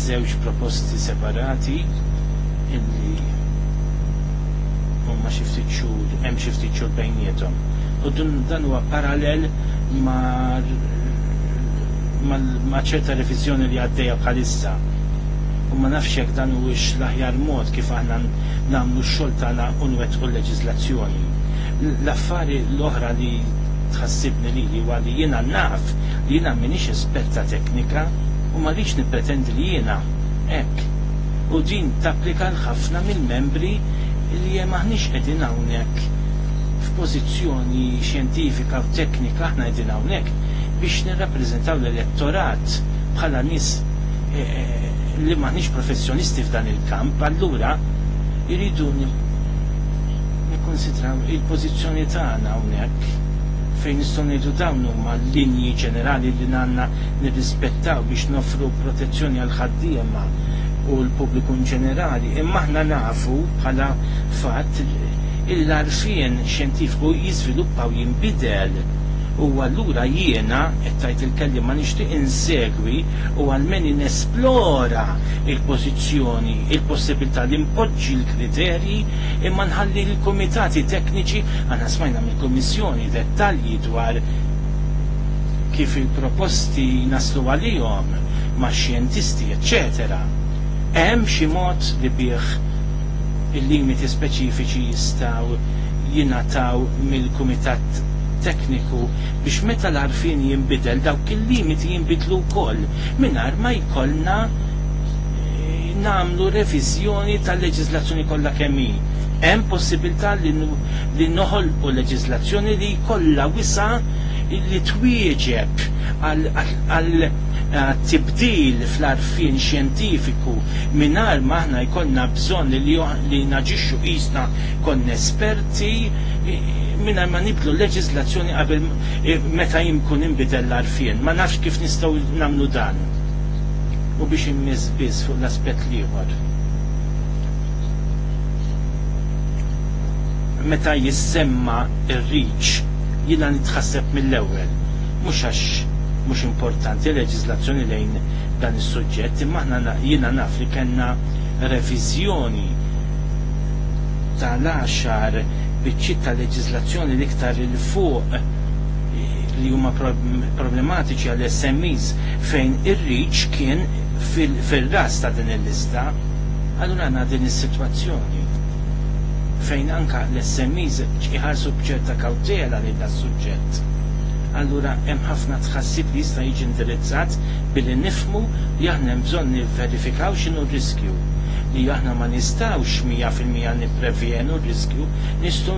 żewġ proposti separati illi huma xi ftit hemm xi ftit xhur bejniethom. U dan huwa parallel ma' ċerta revizjoni li għaddejja bħalissa u ma nafx jekk dan huwiex l-aħjar mod kif aħna nagħmlu x-xogħol tagħna u l-leġiżlazzjoni. L-affari l-oħra li tħassibni li li għalli jina naf li jina minix esperta teknika u ma liċ nipretend li jina ek u din tapplika l-ħafna mill-membri li jem maħnix edin f-pozizjoni xjentifika u teknika ħna edin għawnek biex nirrappreżentaw l-elettorat bħala nis eh, eh, li maħnix professjonisti f'dan il-kamp, allura jiridu nikkonsidraw il-pozizjoni tagħna hawnhekk fejn nistgħu dawnu dawn huma linji ġenerali li għandna nirrispettaw biex nofru protezzjoni għal ħaddiema u l-pubbliku ġenerali. Imma aħna nafu bħala fatt il larfien xjentifiku jiżviluppa u jinbidel u allura jiena qed il-kelli ma nixtieq insegwi u għalmen nesplora il-pożizzjoni, il-possibilità li impoġġi l-kriterji imma nħalli l-kumitati tekniċi għandna smajna mill-Kummissjoni dettalji dwar kif il-proposti naslu għalihom ma' xjentisti, eccetera. Hemm xi mod li bih il-limiti speċifiċi jistgħu jingħataw mill-kumitat tekniku biex meta l-arfin jinbidel dawk il-limiti jinbidlu wkoll mingħajr ma jkollna eh, namlu reviżjoni tal-leġislazzjoni kollha kemm hi. Hemm possibilità li noħolqu leġislazzjoni li jkollha wisa li twieġeb għal Eh, tibdil fl-arfin xjentifiku minnar maħna jkonna bżon li, li naġiċu jisna kon esperti eh, minnar ma niblu leġizlazzjoni qabel eh, meta jimkun imbidel l-arfin ma nafx kif nistaw namnu dan u biex immizbiz fuq l-aspet liħor meta jissemma ir-riċ jina nitħasseb mill-ewel mux għax mhux importanti leġislazzjoni lejn dan is-suġġett, imma aħna jiena naf li kellna reviżjoni tal-għaxar biċċiet ta' leġislazzjoni l-iktar il fuq eh, li huma problematiċi għall SMEs fejn ir-riċ kien fil-ras ta' din il-lista, allura għandna din is-sitwazzjoni fejn anka l-SMEs ċiħarsu bċerta kawtela li da' suġġett allura hemm ħafna tħassib li jista' jiġi indirizzat billi nifmu li aħna hemm bżonn nivverifikaw x'inhu riskju li aħna ma nistawx 100% nipprevjenu r-riskju, nistgħu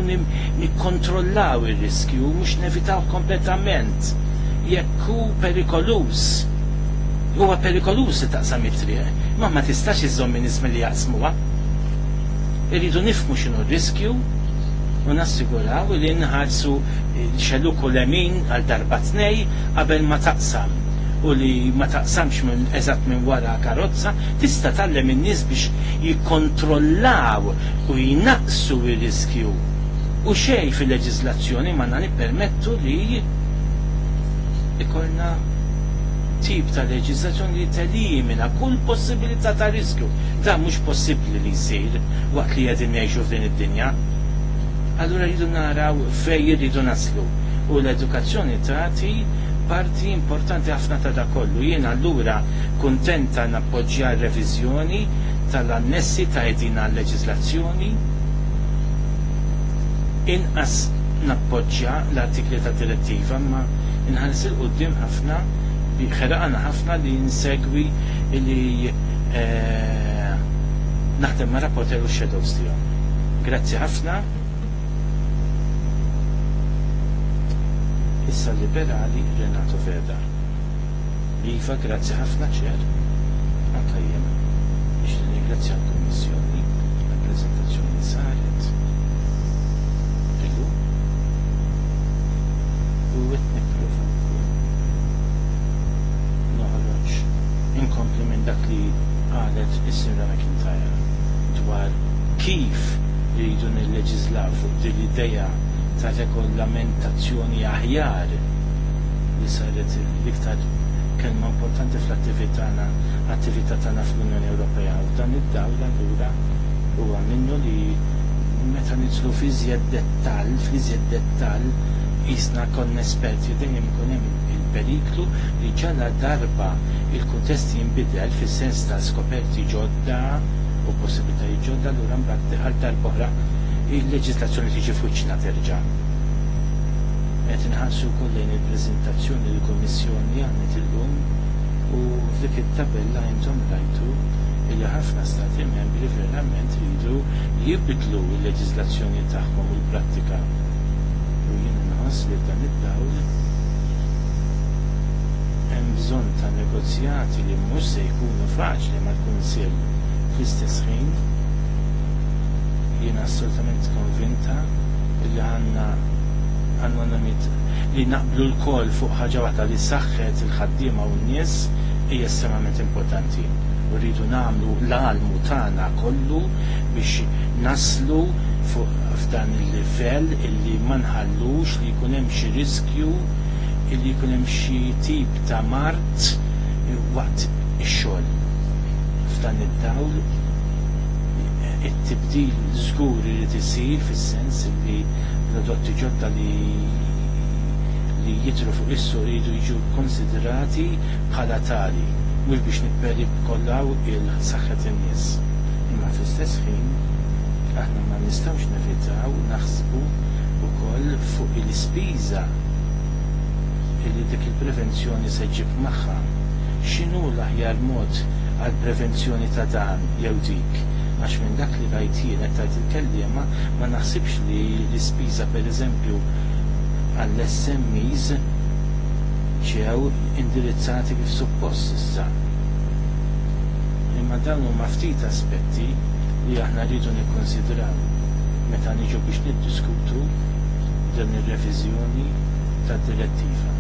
nikkontrollaw ir-riskju mhux nevitaw kompletament. Jekk hu perikolus, huwa perikolus li taqsam it-triq, ma ma tistax iżżomm minn li jaqsmuha. Irridu nifmu x'inhu r-riskju, u nassiguraw li nħarsu xellu kull-emin għal darba tnej qabel ma taqsam u li ma taqsamx minn eżatt minn wara karozza, tista' tallem in-nies biex jikkontrollaw u jinaqsu r-riskju. U xej fil leġizlazzjoni ma nani permettu li ikolna tip ta' leġiżlazzjoni li telimina kull possibilità ta' riskju. Da mhux possibbli li jsir waqt li qegħdin ngħixu f'din id-dinja allura jridu naraw fej rridu naslu. U l-edukazzjoni trati parti importanti ħafna ta' da kollu. Jiena allura kuntenta nappoġġja r-reviżjoni tal-annessi ta' edina l-leġislazzjoni inqas nappoġġja l-artikli ta' direttiva ma inħares il qudiem ħafna ħeraqna ħafna li nsegwi li eh, naħdem ma' rapporter u shadows tiegħu. Grazzi ħafna. issa liberali Renato Veda. Iva, grazzi ħafna ċer, anka jem, biex ringrazzja l-Kommissjoni, la prezentazzjoni saret, illu, u għet niprofa noħroġ inkompli dak li għalet is-Sinra McIntyre dwar kif jridu nil-leġizlaw fuq din ideja ta' regolamentazzjoni aħjar li saret l-iktar kelma importanti fl-attività attività tagħna fl-Unjoni Ewropea u dan id-dawl allura huwa minnu li meta nitlu fi żjed dettall, fiżjed żjed dettall jisna kon esperti dejjem ikun hemm il-periklu li ġala darba il-kuntest jinbidel fis-sens ta' skoperti ġodda u possibilitajiet ġodda lura mbagħad għal darba oħra il-leġislazzjoni tiġi fuċina terġa. Għet inħassu kollin il-preżentazzjoni l għannet il illum u dik it-tabella intom rajtu li ħafna stati membri verament jridu jibidlu l-leġislazzjoni tagħhom u l-prattika. U jien inħoss li dan id-dawl hemm bżonn ta' negozjati li mhux se jkunu faċli mal-Kunsill fl-istess ħin jiena assolutament konvinta li għanna għanna namit li naqblu l-kol fuq ħaġa li saħħet il-ħaddiema u n-nies hija estremament importanti. U rridu nagħmlu l-għalmu tagħna kollu biex naslu fuq f'dan il-livell illi ma nħallux li jkun hemm xi riskju illi jkun hemm xi tip ta' mart waqt ix-xogħol. F'dan id-dawl it-tibdil żgur irid isir fis-sens li prodotti ġodda li li jitru fuq issu jridu jiġu konsiderati bħala tali mhux biex nipperi kollaw il-saħħet in-nies. Imma fl-istess ħin aħna ma nistgħux nevitaw naħsbu wkoll fuq il-ispiża li dik il-prevenzjoni se ġib magħha. X'inhu l-aħjar mod għal prevenzjoni ta' dan jew dik? għax minn dak li jien qed tajt il ma naħsibx li l-ispiża pereżempju għall-SMEs ġew indirizzati kif suppost issa. Imma dan huma ftit aspetti li aħna rridu nikkonsidraw meta niġu biex niddiskutu din ir-reviżjoni tad-direttiva.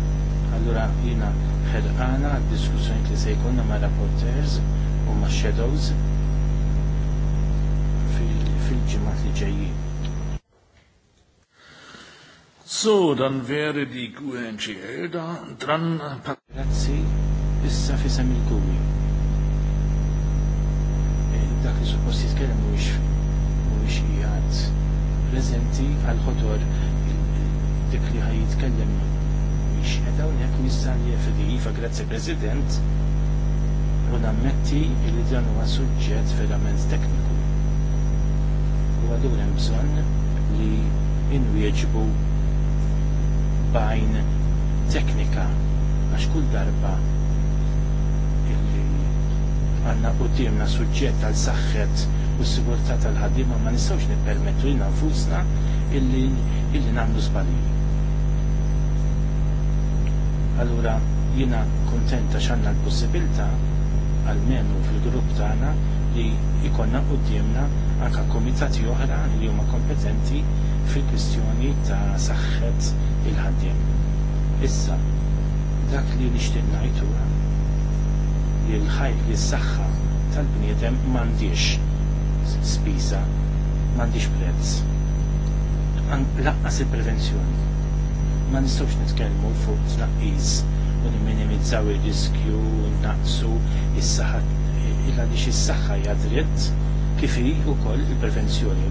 Allura jiena ħerqana għad-diskussjoni li se jkunna ma' rapporters u ma' shadows fil ġimma li ġejjin. So, dan veri di QNGL, da dran... Grazzi, issa fisem il-gumi. E, dak li suppost jitkellem mhuwiex mhuwiex qiegħed preżenti għal ħodor dik li ħaj jitkellem mhuwiex qiegħda u jekk nista' li FDI fa grazzi President u nammetti li dan huwa suġġett verament tekniku u li hemm bżonn li inwieġbu bajn teknika għax kull darba illi għanna qudiemna suġġett għal saħħet u s-sigurtà tal-ħaddiema ma nistgħux nippermettu li nfusna illi illi nagħmlu żbalji. Allura jiena kuntenta x'għandna l-possibilità għalmenu fil-grupp tagħna li jkollna qudiemna anka komitati oħra li huma kompetenti fil-kwistjoni ta' saħħet il-ħaddiem. Issa, dak li nixtieq ngħid li l-ħajt li s-saħħa tal-bniedem m'għandix spisa m'għandix prezz. Laqqas il-prevenzjoni. Ma nistgħux nitkellmu fuq tnaqqis u niminimizzaw ir-riskju, naqsu is-saħħa ħafna li xis-saħħa hija dritt kif hi wkoll il-prevenzjoni.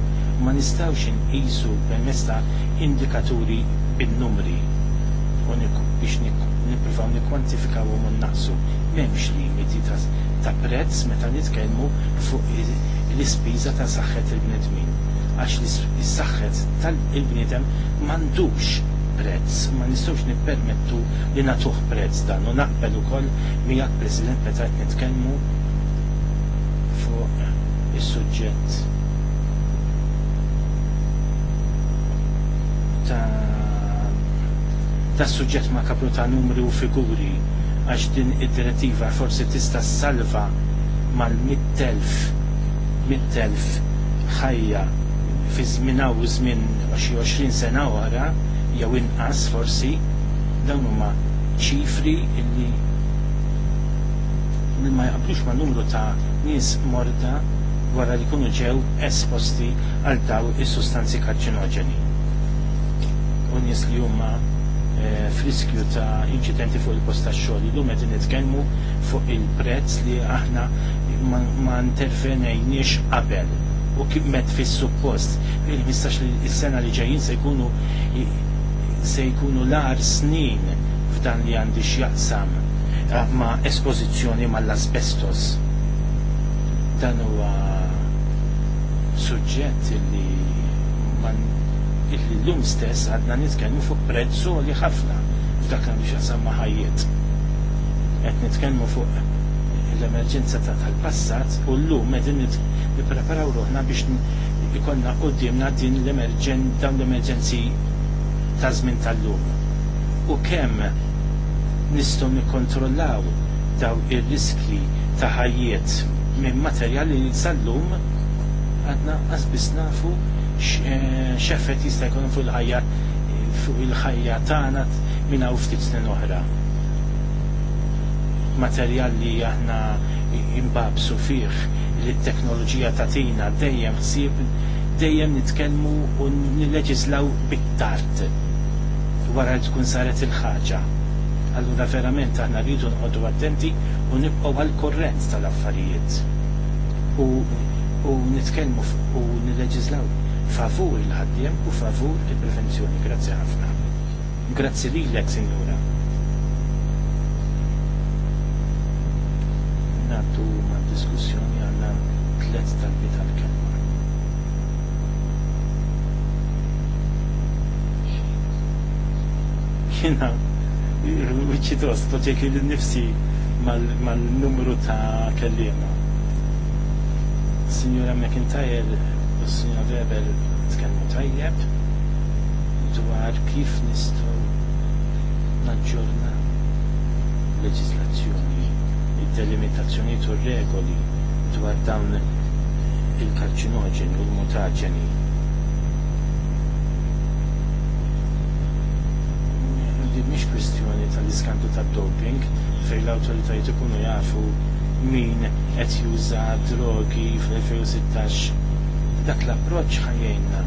Ma nistgħux inqisu permezz ta' indikaturi bin-numri u biex nippruvaw nikkwantifikawhom u naqsu. M'hemmx limiti ta' prezz meta nitkellmu fuq l-ispiża ta' saħħet il-bnedmin għax is-saħħet tal bniedem m'għandux prezz, ma nistgħux nippermettu li natuħ prezz dan u naqbel ukoll miegħek President meta qed nitkellmu is-suġġett ta' ta' suġġett ma' kabru ta' numri u figuri għax din id-direttiva forsi tista' salva mal-mittelf mittelf ħajja fi żmien u żmien 20 sena wara jew inqas forsi dawn huma ċifri illi ma jaqblux ma' numru ta' nies morta wara li kunu ġew esposti għal daw is-sustanzi karċinoġeni. U li huma eh, friskju ta' inċidenti fuq il posta ta' xogħol. Illum qed nitkellmu fuq il-prezz li aħna ma intervenejniex qabel u kif met fis-suppost il li s sena li ġejjin se jkunu se jkunu lar snin f'dan li għandi x'jaqsam eh, ma' espożizzjoni mal-asbestos dan huwa suġġett li man illi l-lum stess għadna nitkellmu fuq prezzu li ħafna f'dak li xasam maħajiet. Qed nitkellmu fuq l-emerġenza ta' tal-passat u l-lum qegħdin nippreparaw ruħna biex ikollna qudiemna din l-emerġen dawn l-emerġenzi ta' żmien tal-lum. U kemm nistgħu nikkontrollaw daw ir-riskli ta' ħajjiet minn materjal li sal għadna għazbisna nafu eh, xeffet jista' jkun fuq il-ħajja fu l ħajja tagħna minn hawn ftit snin oħra. Materjal li aħna imbabsu fih li t-teknoloġija tatina dejjem ħsieb dejjem nitkellmu u nilleġislaw bit-tard wara tkun saret il-ħaġa. Allura verament aħna rridu nqogħdu attenti u nibqgħu għall-kurrent tal-affarijiet. U, u nitkellmu u nileġislaw favur il-ħaddiem u favur il-prevenzjoni. Grazzi ħafna. Grazzi lilek, Sinjura. Nagħtu ma' diskussjoni għandna tliet talbiet tal-kelma. You know wiċċitos, potek il-nifsi mal-numru ta' kellima. Signora McIntyre u Signora Weber tkellmu tajjeb dwar kif nistgħu naġġorna leġislazzjoni, id-delimitazzjoni u regoli dwar dawn il-karċinoġeni u l-mutaġeni mhix kwistjoni tal iskandu tad-doping fejn l-awtoritajiet ikunu jafu min qed juża drogi fl-2016 dak l-approċċ ħajjejna.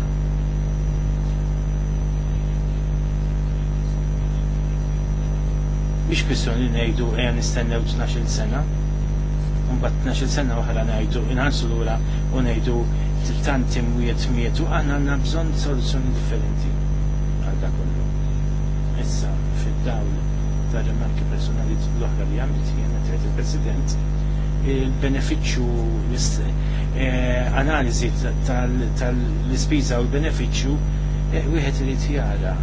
Mhix kwistjoni ngħidu ejja nistennew 12-il sena, mbagħad 12-il sena oħra ngħidu inħarsu lura u ngħidu tant imwiet u aħna għandna bżonn soluzzjoni differenti għal dak kollu. Issa, fil dawl ta' remarki personali l-oħra li għamilt jena tret il-President il-beneficju eh, analizi tal spiza u l-beneficju eh, wieħed irid jara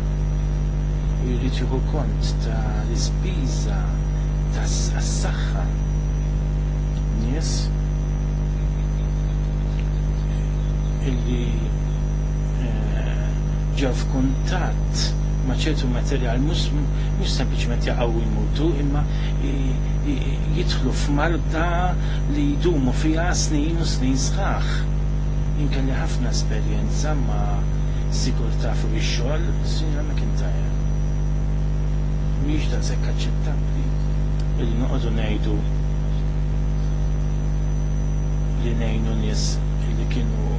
jrid jieħu kont ta' l-ispiża tas-saħħa nies illi eh, ġew f'kuntatt maċċertu materjal materjal mhux sempliċement jaqgħu jmutu imma jidħlu f'marda li jdumu fiha snin u snin sħaħ. Inkelli ħafna esperjenza ma' sigurtà fuq ix-xogħol, sinjora McIntyre. Mhix dan sekk aċċettabbli li noqogħdu ngħidu li ngħinu nies li kienu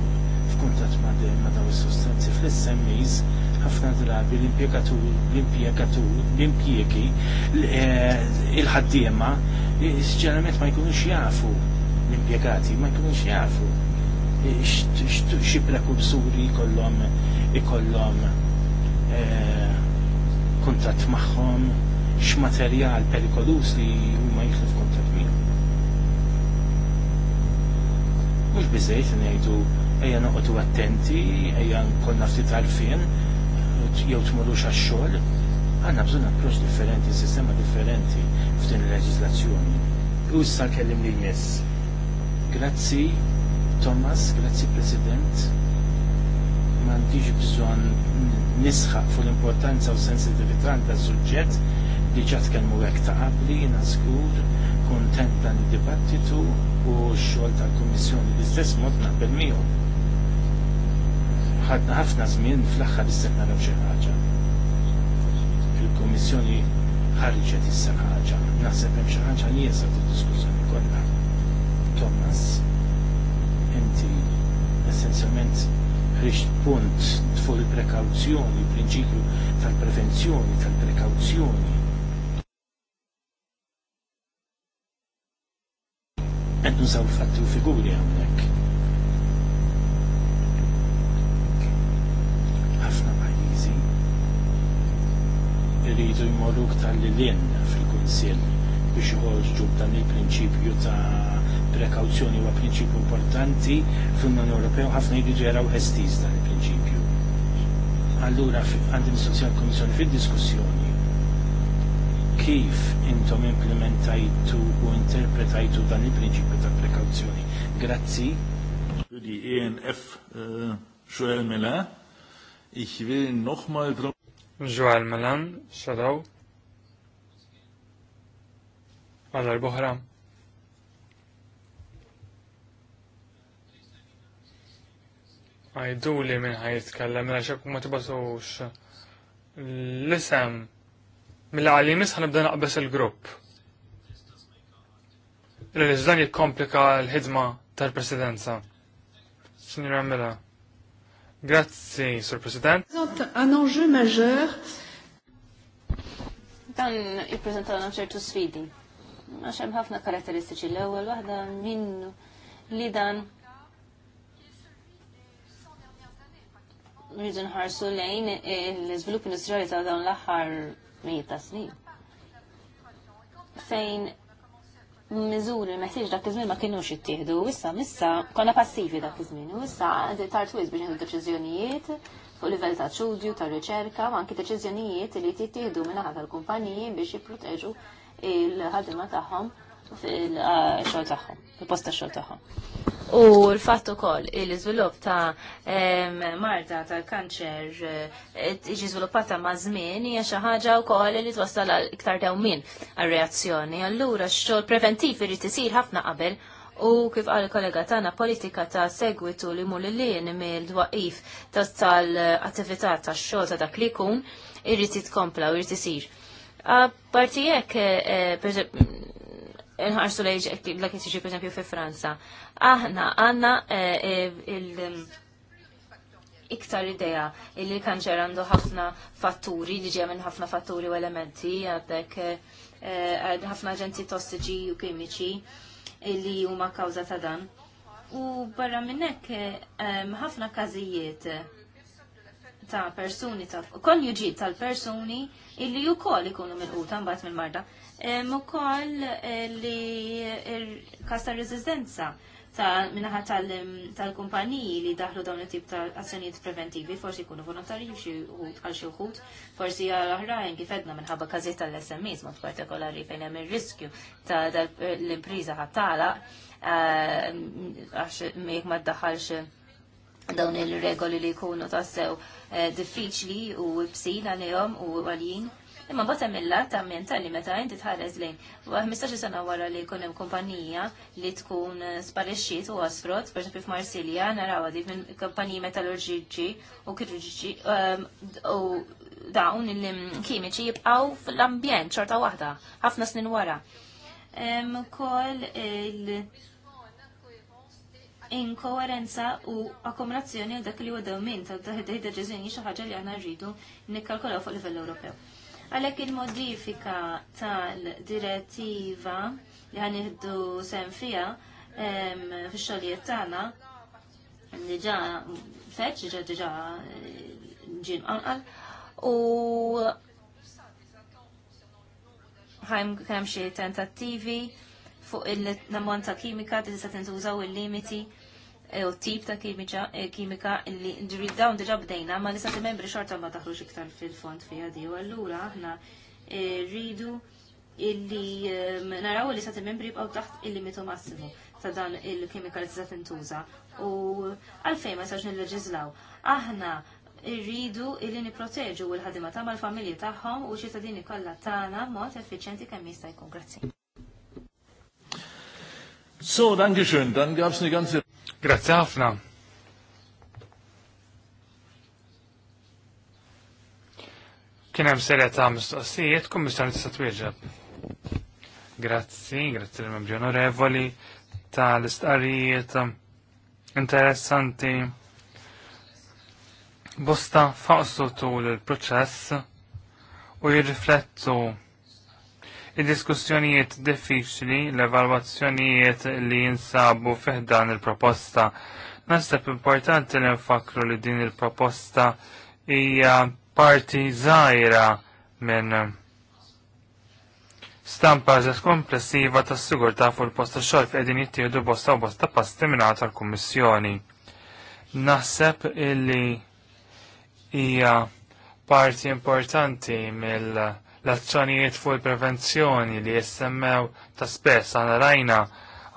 f'kuntatt ma' dawn is-sostanzi fl-SMEs ħafna drabi l-impjegatur, l-impjegatur, l impiegi eh, il-ħaddiema, ġeneralment ma jkunux jafu l-impjegati, ma jkunux jafu xibra kubsuri kollom ikollom eh, kontat maħħom x-materjal perikolus li huma jitlu f'kontat miegħu. Mhux biżejt ngħidu ejja noqogħdu attenti, ejja nkollna ftit għalfien, jew tmurux għax-xogħol, għandna bżonn approċċ differenti, sistema differenti f'din il-leġiżlazzjoni. U issa kellim li jmiss. Grazzi Thomas, grazzi President. M'għandix bżonn nisħaq fuq l-importanza u sensitività ta' suġġett li ġat kelmu hekk ta' qabli, jiena żgur, kuntent dan id-dibattitu u x-xogħol tal-Kummissjoni bl-istess mod naqbel miegħu ħadna ħafna żmien fl-aħħar issek nagħmel xi ħaġa. Il-Kummissjoni ħarġet issa ħaġa, naħseb hemm xi ħaġa nieqsa jesa tiddiskussjoni kollha. Thomas, inti essenzjalment ħriġt punt fuq il-prekawzjoni, il-prinċipju tal-prevenzjoni, tal-prekawzjoni. Qed nużaw fatti u figuri hawnhekk iridu jmorru ktar li l lin fil kunsil biex joħorġu dan il-prinċipju ta' prekawzjoni huwa prinċipju importanti fl-Unjoni Ewropea u ħafna jridu jaraw estiż dan il-prinċipju. Allura għandim mistoqsija l-Kummissjoni fid-diskussjoni kif intom implementajtu u interpretajtu dan il-prinċipju ta' prekawzjoni. Grazzi. Für ENF e äh, Joel Miller. Ich will nochmal drauf Joel Malan, xadaw, għallar boħra. Għajdu li minn ħajitkellem, mela xekku ma tibatux l-isem minn mela għalli misħan nibda naqbes il-grupp. Il-reġdan jitkomplika l-ħidma tal-presidenza. Signora Mela. Grazie, Sir President. Un enjeu majeur. Dan jippreżentawna ċertu sfidi. Għax hemm ħafna karatteristiċi l-ewwel waħda minnu li dan rridu nħarsu lejn l-iżvilupp industrijali ta' dawn l-aħħar mejta snin. Fejn il-messieġ dak iż-żmien ma kinux jittieħdu, issa missa konna passivi dak iż-żmien, u issa għandi wis biex deċiżjonijiet fuq livell ta' ċudju, ta' riċerka, ma anki deċiżjonijiet li jittieħdu minn ħadd tal-kumpaniji biex jipproteġu il-ħadima tagħhom fil-xogħol tagħhom, fil posta xogħol U l-fatt ukoll il-iżvilupp ta' marda tal-kanċer eh, tiġi żviluppata ma' żmien hija xi ħaġa wkoll li twassal għal iktar dewmien għar-reazzjoni. Allura x-xogħol preventiv irid isir ħafna qabel U kif għal kollega tana politika ta' segwitu li lien mill-dwaqif tal-attività ta' xogħol ta' dak li jkun irrid jitkompla u irrid isir. Parti jekk eh, eh, nħarsu lejġ ektib la kittiġi per esempio fi Franza. Aħna għanna eh, il- iktar idea illi kanċer għandu ħafna fatturi, li ġeja minn ħafna fatturi u elementi, għaddek eh, ħafna ġenti tossiċi u kimiċi illi huma kawza ta' dan. U barra minnek eh, ħafna kazijiet ta' persuni ta' konjuġi tal-persuni illi u koll ikunu mill-quta mbagħad mill-marda ukoll eh, li kasta ta' rezistenza ta' tal-kumpaniji li daħlu dawn it-tip ta' azzjonijiet preventivi, forsi jkunu volontarji xi wħud għal xi wħud, forsi għal oħrajn kif edna minħabba każijiet tal-SMEs mod partikolari fejn hemm ir-riskju ta' l-impriża ħattala eh, għax mek ma ddaħħalx dawn il-regoli li jkunu tassew eh, diffiċli u bsin għalihom u għaljin Imma bata mill-lat ta' mentali meta inti tħares lejn. 15 sena wara li jkun hemm kumpanija li tkun sparixxiet u asfrot, pereżempju f'Marsilja naraw di minn kumpaniji metallurġiċi u kirurġiċi ehm, u dawn il-kimiċi jibqgħu fl-ambjent xorta waħda ħafna snin wara. Kol il- inkoherenza u akkumulazzjoni dak li huwa minn ta' taħdej deċiżjoni xi ħaġa li aħna rridu nikkalkulaw fuq livell Ewropew. Għalhekk il-modifika tal-direttiva li ħaniħdu sem fija fix tana tagħna diġà feċ diġa' diġà eh, ġin anqal u ħajm kemm xi tentattivi fuq il-nammont ta' kimika li tista' tintużaw il-limiti. il limiti u tip ta' kimika eh, li dawn diġa bdejna ma nisa membri xorta ma taħruġ iktar fil-fond fija di u allura aħna eh, rridu illi ehm, naraw li sa' membri jibqaw taħt il-limitu massimu ta' dan il-kimika li tista' tintuża u għalfejn ma l nilleġislaw. Aħna rridu illi niproteġu l ħadima ta' mal-familji tagħhom u ċittadini kollha tagħna mod effiċjenti kemm jista' jkun. Grazzi. So, danke schön. Dann gab es eine ganze Grazzi ħafna. Kien hemm serja ta' mistoqsijiet, kummissjoni tista' twieġeb. Grazzi, grazzi l membri onorevoli tal-istqarijiet interessanti. Bosta faqsu tul il-proċess u jirriflettu il diskussjonijiet diffiċli, l-evalwazzjonijiet li jinsabu fiħdan il-proposta. Nasteb importanti li nfakru li din il-proposta hija parti zaħira minn stampa ġet komplessiva tas sigurtà fuq il posta xogħol f'qegħdin jittieħdu bosta u bosta pasti mingħajr tal-Kummissjoni. Naħseb illi hija parti importanti mill- l-azzjonijiet fuq il-prevenzjoni li jessemmew ta' spess għana rajna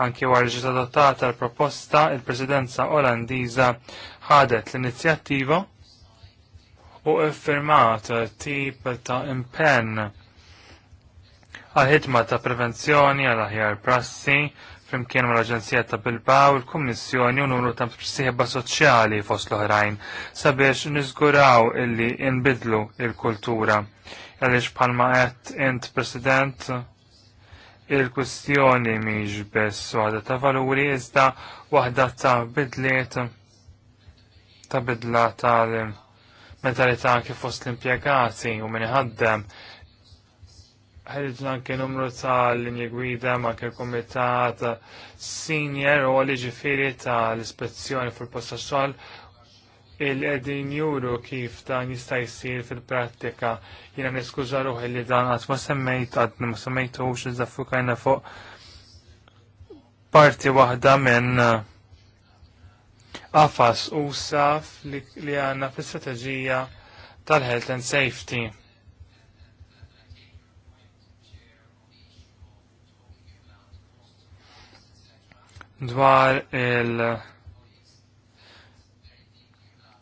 anki wara ġiet adottata l-proposta il-Presidenza Olandiża ħadet l-inizjattiva u iffirmat tip ta' impenn għal ħidma ta' prevenzjoni għal aħjar prassi flimkien mal aġenzija ta' Bilbaw, il-Kummissjoni u numru ta' sieħba soċjali fost l-oħrajn sabiex nizguraw illi inbidlu il-kultura. Għaliex bħalma qed int President il-kwistjoni mhix biss waħda ta' valuri iżda waħda ta' bidliet ta' bidla tal mentalità kif fost l-impjegati u minn ħaddem ħarġna anke numru ta' linja gwida ma' ke komitat senior u għalli ġifiri ta' l-ispezzjoni fil posta xogħol il-edin juru kif dan jista' jsir fil-prattika. Jiena niskuża ruħi li dan qatt ma semmejt qatt ma semmejtux iżda kajna fuq parti waħda minn għafas uh, u saf li għandna fl-istrateġija tal-health and safety dwar il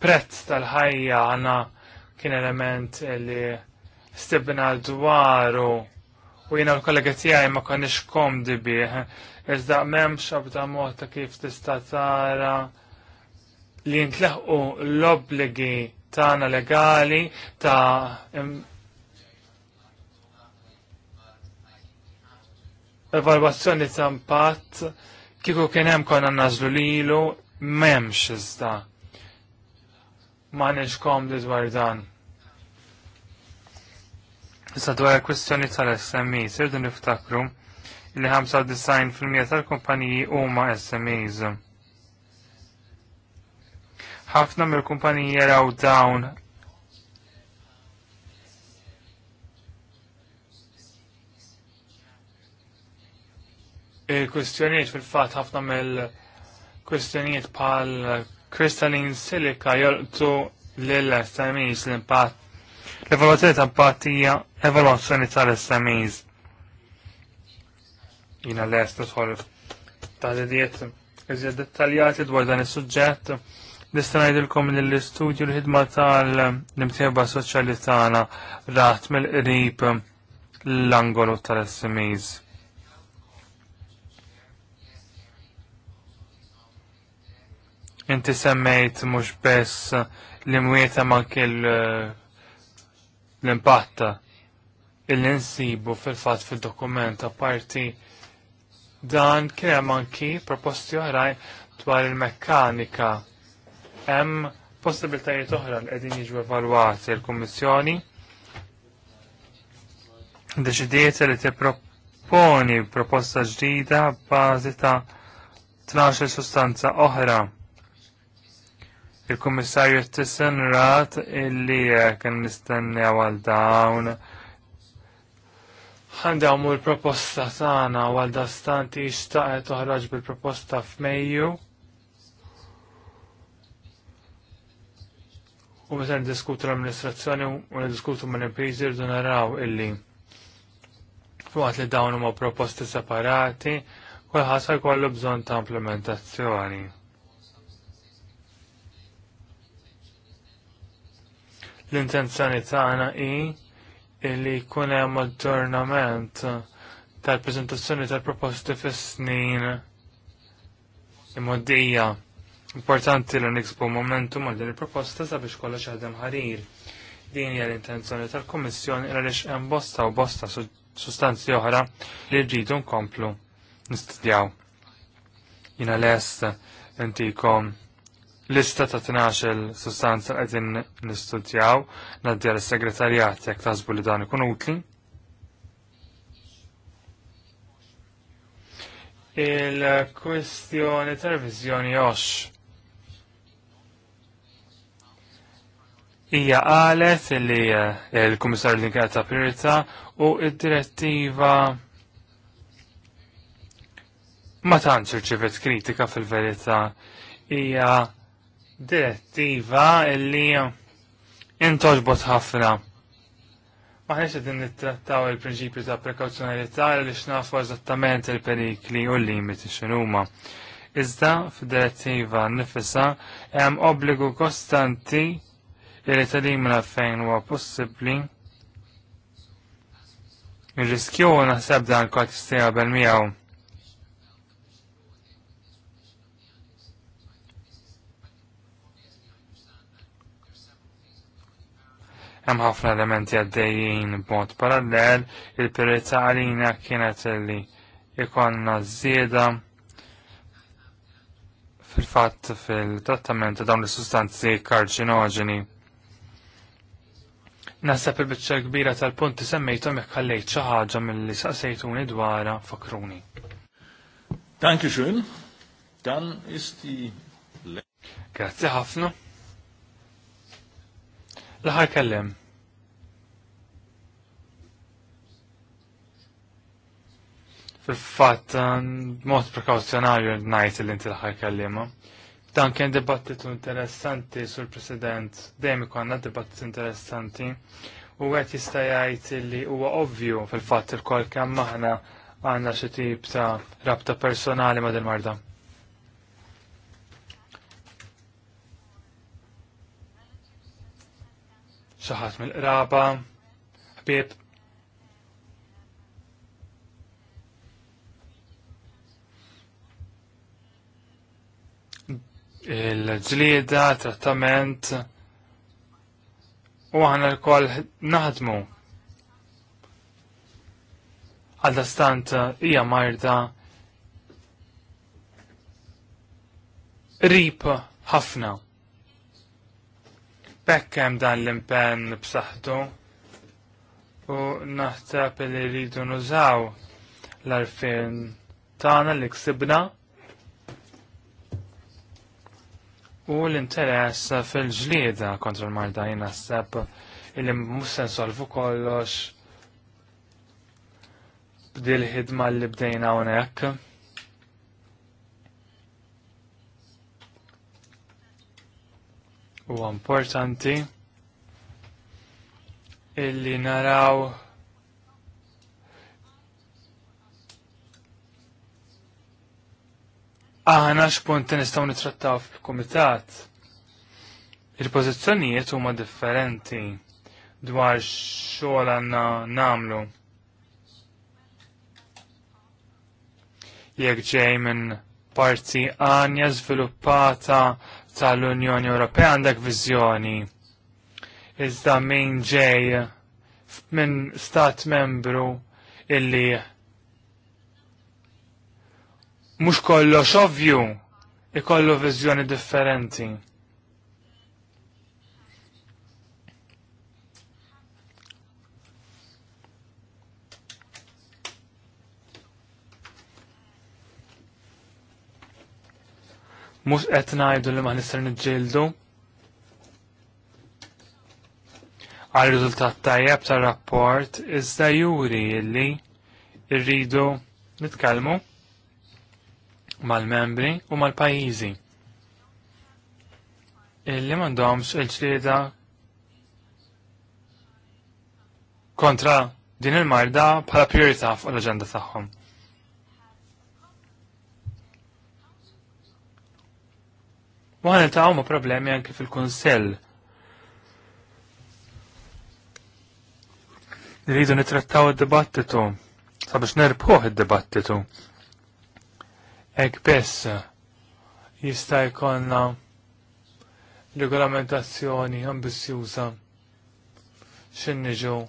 prezz tal-ħajja għana kien element li stibna dwaru u jina l-kollega tijaj ma konix komdi bieħ, iżda memx abda muħta kif tista tara li jintleħu l-obligi tana legali ta' evalwazzjoni ta' impatt Kieku kien hemm konna nażlu memx m'hemmx iżda. kom komdi dwar dan. Issa dwar kwestjoni kwistjoni tal-SMI, sirdu niftakru li 95% tal-kumpaniji huma SMEs. Ħafna mill-kumpaniji jaraw dawn il-kwistjonijiet fil-fatt ħafna mill-kwistjonijiet bħal Kristallin silica jolqtu lill-SMEs l impat l evoluzjoni ta' patija, evoluzjoni ta' tal-SMEs. Jina lest ta' l-diet. iżjed dettaljati dwar dan is-suġġett. Nista' ngħidilkom li l-istudju l-ħidma tal-imtieba soċjali tagħna rat mill-qrib l-angolu tal-SMEs. Inti semmejt mhux bess l-imwieta ma' kell eh, l-impatta il-insibu fil-fat fil-dokument apparti dan kien anki proposti oħrajn dwar il-mekkanika hemm possibiltajiet oħra li qegħdin jiġu evalwati l-Kummissjoni deċidiet li tipproponi proposta ġdida b'bażi ta' 12 sustanza oħra Il-Kummissarju Tissen rat illi eh, kien nistenni għal dawn. Għandawmu l-proposta tagħna għal dastanti iċtaqet toħroġ bil-proposta f'Mejju. U meta diskutu l-amministrazzjoni u diskutu minn imprizi rridu naraw illi fuqat li dawn huma proposti separati, kulħadd kollu bżonn ta' implementazzjoni. L-intenzjoni tagħna hi li jkun hemm aggiornament tal-preżentazzjoni tal-proposti fis-snin imoddija Importanti li niksbu momentum għal din il-proposta sabiex kollox ħadem ħarir. Din hija l-intenzjoni tal-Kummissjoni għaliex hemm bosta u bosta sustanzi oħra li rridu nkomplu nistudjaw. Jina lest intikom lista ta' il sustanza qegħdin nistudjaw naddja l-segretarjat jekk tazbu li dan ikun utli. Il-kwestjoni ta' revizjoni għox. Ija qalet li eh, l-Kummissar li kienet ta' priorità u id-direttiva ma tantx irċivet kritika fil-verità hija direttiva illi intoġbot ħafna. Maħnex din nittrattaw il-prinċipju ta' prekauzjonalità li xnafu eżattament il-perikli u l-limiti xenuma. Iżda f'direttiva nifisa hemm obbligu kostanti li la fejn huwa possibbli Il-riskju naħseb dan kol tistija bel miegħu. Hemm ħafna elementi għaddejjin b'mod parallel, il-priorità għalina kienet li ikonna żieda fil-fatt fil-trattament ta' dawn l-sustanzi karċinoġeni. Naħseb il-biċċa kbira tal-punti semmejtom jekk ħallejt xi ħaġa milli saqsejtuni dwara fakruni. Danke schön. Dan ist die Grazie ħafna l kellem. Fil-fatt, mod prekauzjonarju najt l-inti laħar kellem. Dan kien dibattitu interessanti sur president dejjem ikonna dibattitu interessanti u għet jista' jgħid li huwa ovvju fil-fatt il-kol kemm aħna għandna xi tip ta' rabta personali ma' dil-marda. xaħat mill-qraba, ħbib. Il-ġlieda, trattament, u għana l-kol naħdmu. Għaldastant, hija marda rip ħafna. Bekkem hemm dan l-impenn b'saħħtu u naħseb li rridu nużaw l-arfin tagħna li ksibna u l-interess fil-ġlieda kontra l-marda jina sepp illi mhux se nsolvu kollox b'dil ħidma li bdejna hawnhekk. huwa importanti illi naraw aħna x'punti nistgħu nitrattaw fil komitat Il-pożizzjonijiet huma differenti dwar xogħol għandna nagħmlu. Jekk ġej minn parti għanja żviluppata tal-Unjoni Ewropea għandek viżjoni. Iżda min ġej minn stat membru illi mhux kollox ovvju ikollu viżjoni differenti. mhux qed ngħidu li ma nisser niġġieldu. Għal riżultat tajjeb tar-rapport iżda juri li rridu nitkellmu mal-membri u mal-pajjiżi illi m'għandhomx il-ċlieda kontra din il-marda bħala priorità fuq l-aġenda tagħhom. Ma għan ta' ma problemi anke fil-Kunsell. Rridu nitrattaw id-dibattitu, sabiex nerbħuħ id-dibattitu. Ek bess jista' jkollna regolamentazzjoni ambizjuża x'inniġu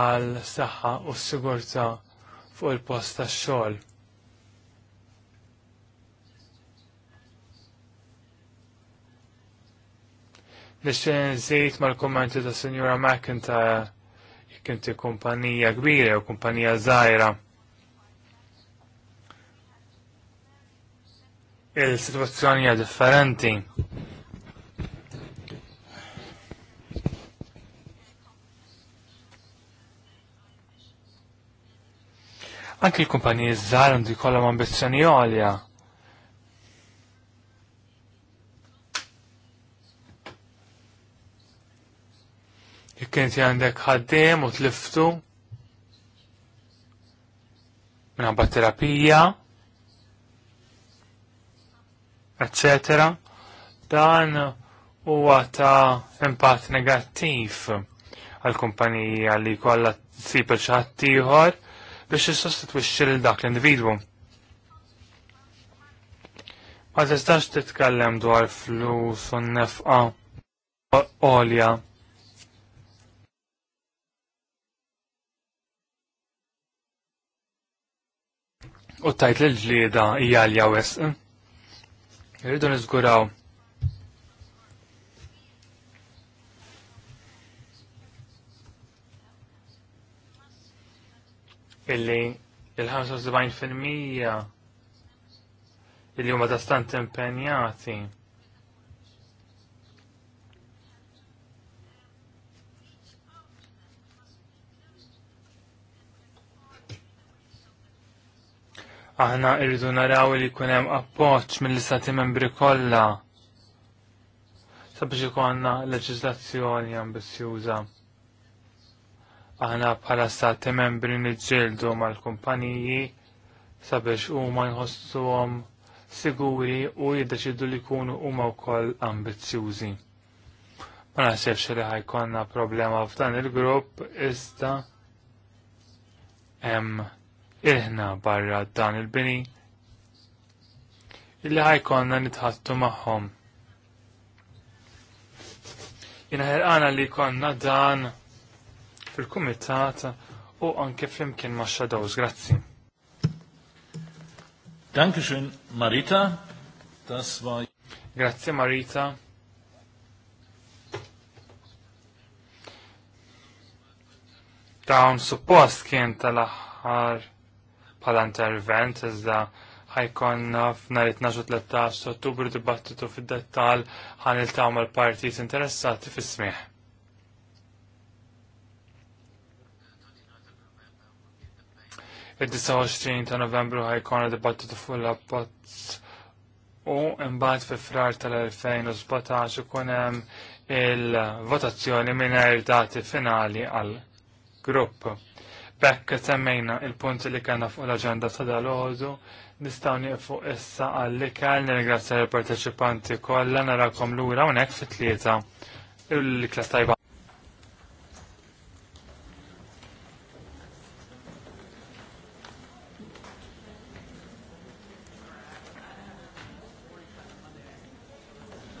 għal saħħa u s-sigurtà fuq il-post tax-xogħol. biex nżejt mal-kommenti ta' Senjura McIntyre jekk inti kumpanija kbira jew kumpanija zaħira. Il-sitwazzjoni hija differenti. Anki l kumpanija żgħar għandu jkollhom ambizzjoni għolja. jekk inti għandek ħaddiem u tliftu minħabba terapija, etc. Dan huwa ta' impatt negattiv għal kumpanija li kollha tsib il ħadd ieħor biex jissostitwixxi lil dak l-individwu. Ma tistax titkellem dwar flus u nefqa għolja? u tajt l-ġlieda hija li jawes. Eh? Irridu niżguraw. Illi il-75% illi huma tastant impenjati Aħna irridu naraw li jkun hemm appoġġ mill-istati membri kollha sabiex għandna leġiżlazzjoni ambizjuża. Aħna bħala stati membri niġġieldu mal-kumpaniji sabiex huma jħossuhom siguri u jiddeċidu li jkunu huma wkoll ambizzjużi. Ma naħsebx li ħajkonna problema f'dan il-grupp iżda hemm Iħna barra dan il-bini illi ħajkonna nitħattu maħħom. Jina ħerqana li konna dan fil-kumitat u anke flimkien ma' Shadows. Grazzi. xin, Marita. Das war... Grazie, Marita. Dawn suppost kien tal-aħħar bħala intervent iżda ħajkonna f'nar 12-13 ottubru dibattitu fid-dettal ħan il-taw mal-partijiet interessati fis-smieħ. id 29 ta' novembru ħajkonna dibattitu fuq l-abbozz u mbagħad fi frar tal-2017 ikun hemm il-votazzjoni mingħajr dati finali għal grupp. Bekk semmejna il-punti li kena fuq l-agenda ta' dal-ħodu, nistaw fuq issa għall-ikel, nirgrazzja l-parteċipanti kollha narakom lura hawnhekk fit-tlieta. Il-klas tajba.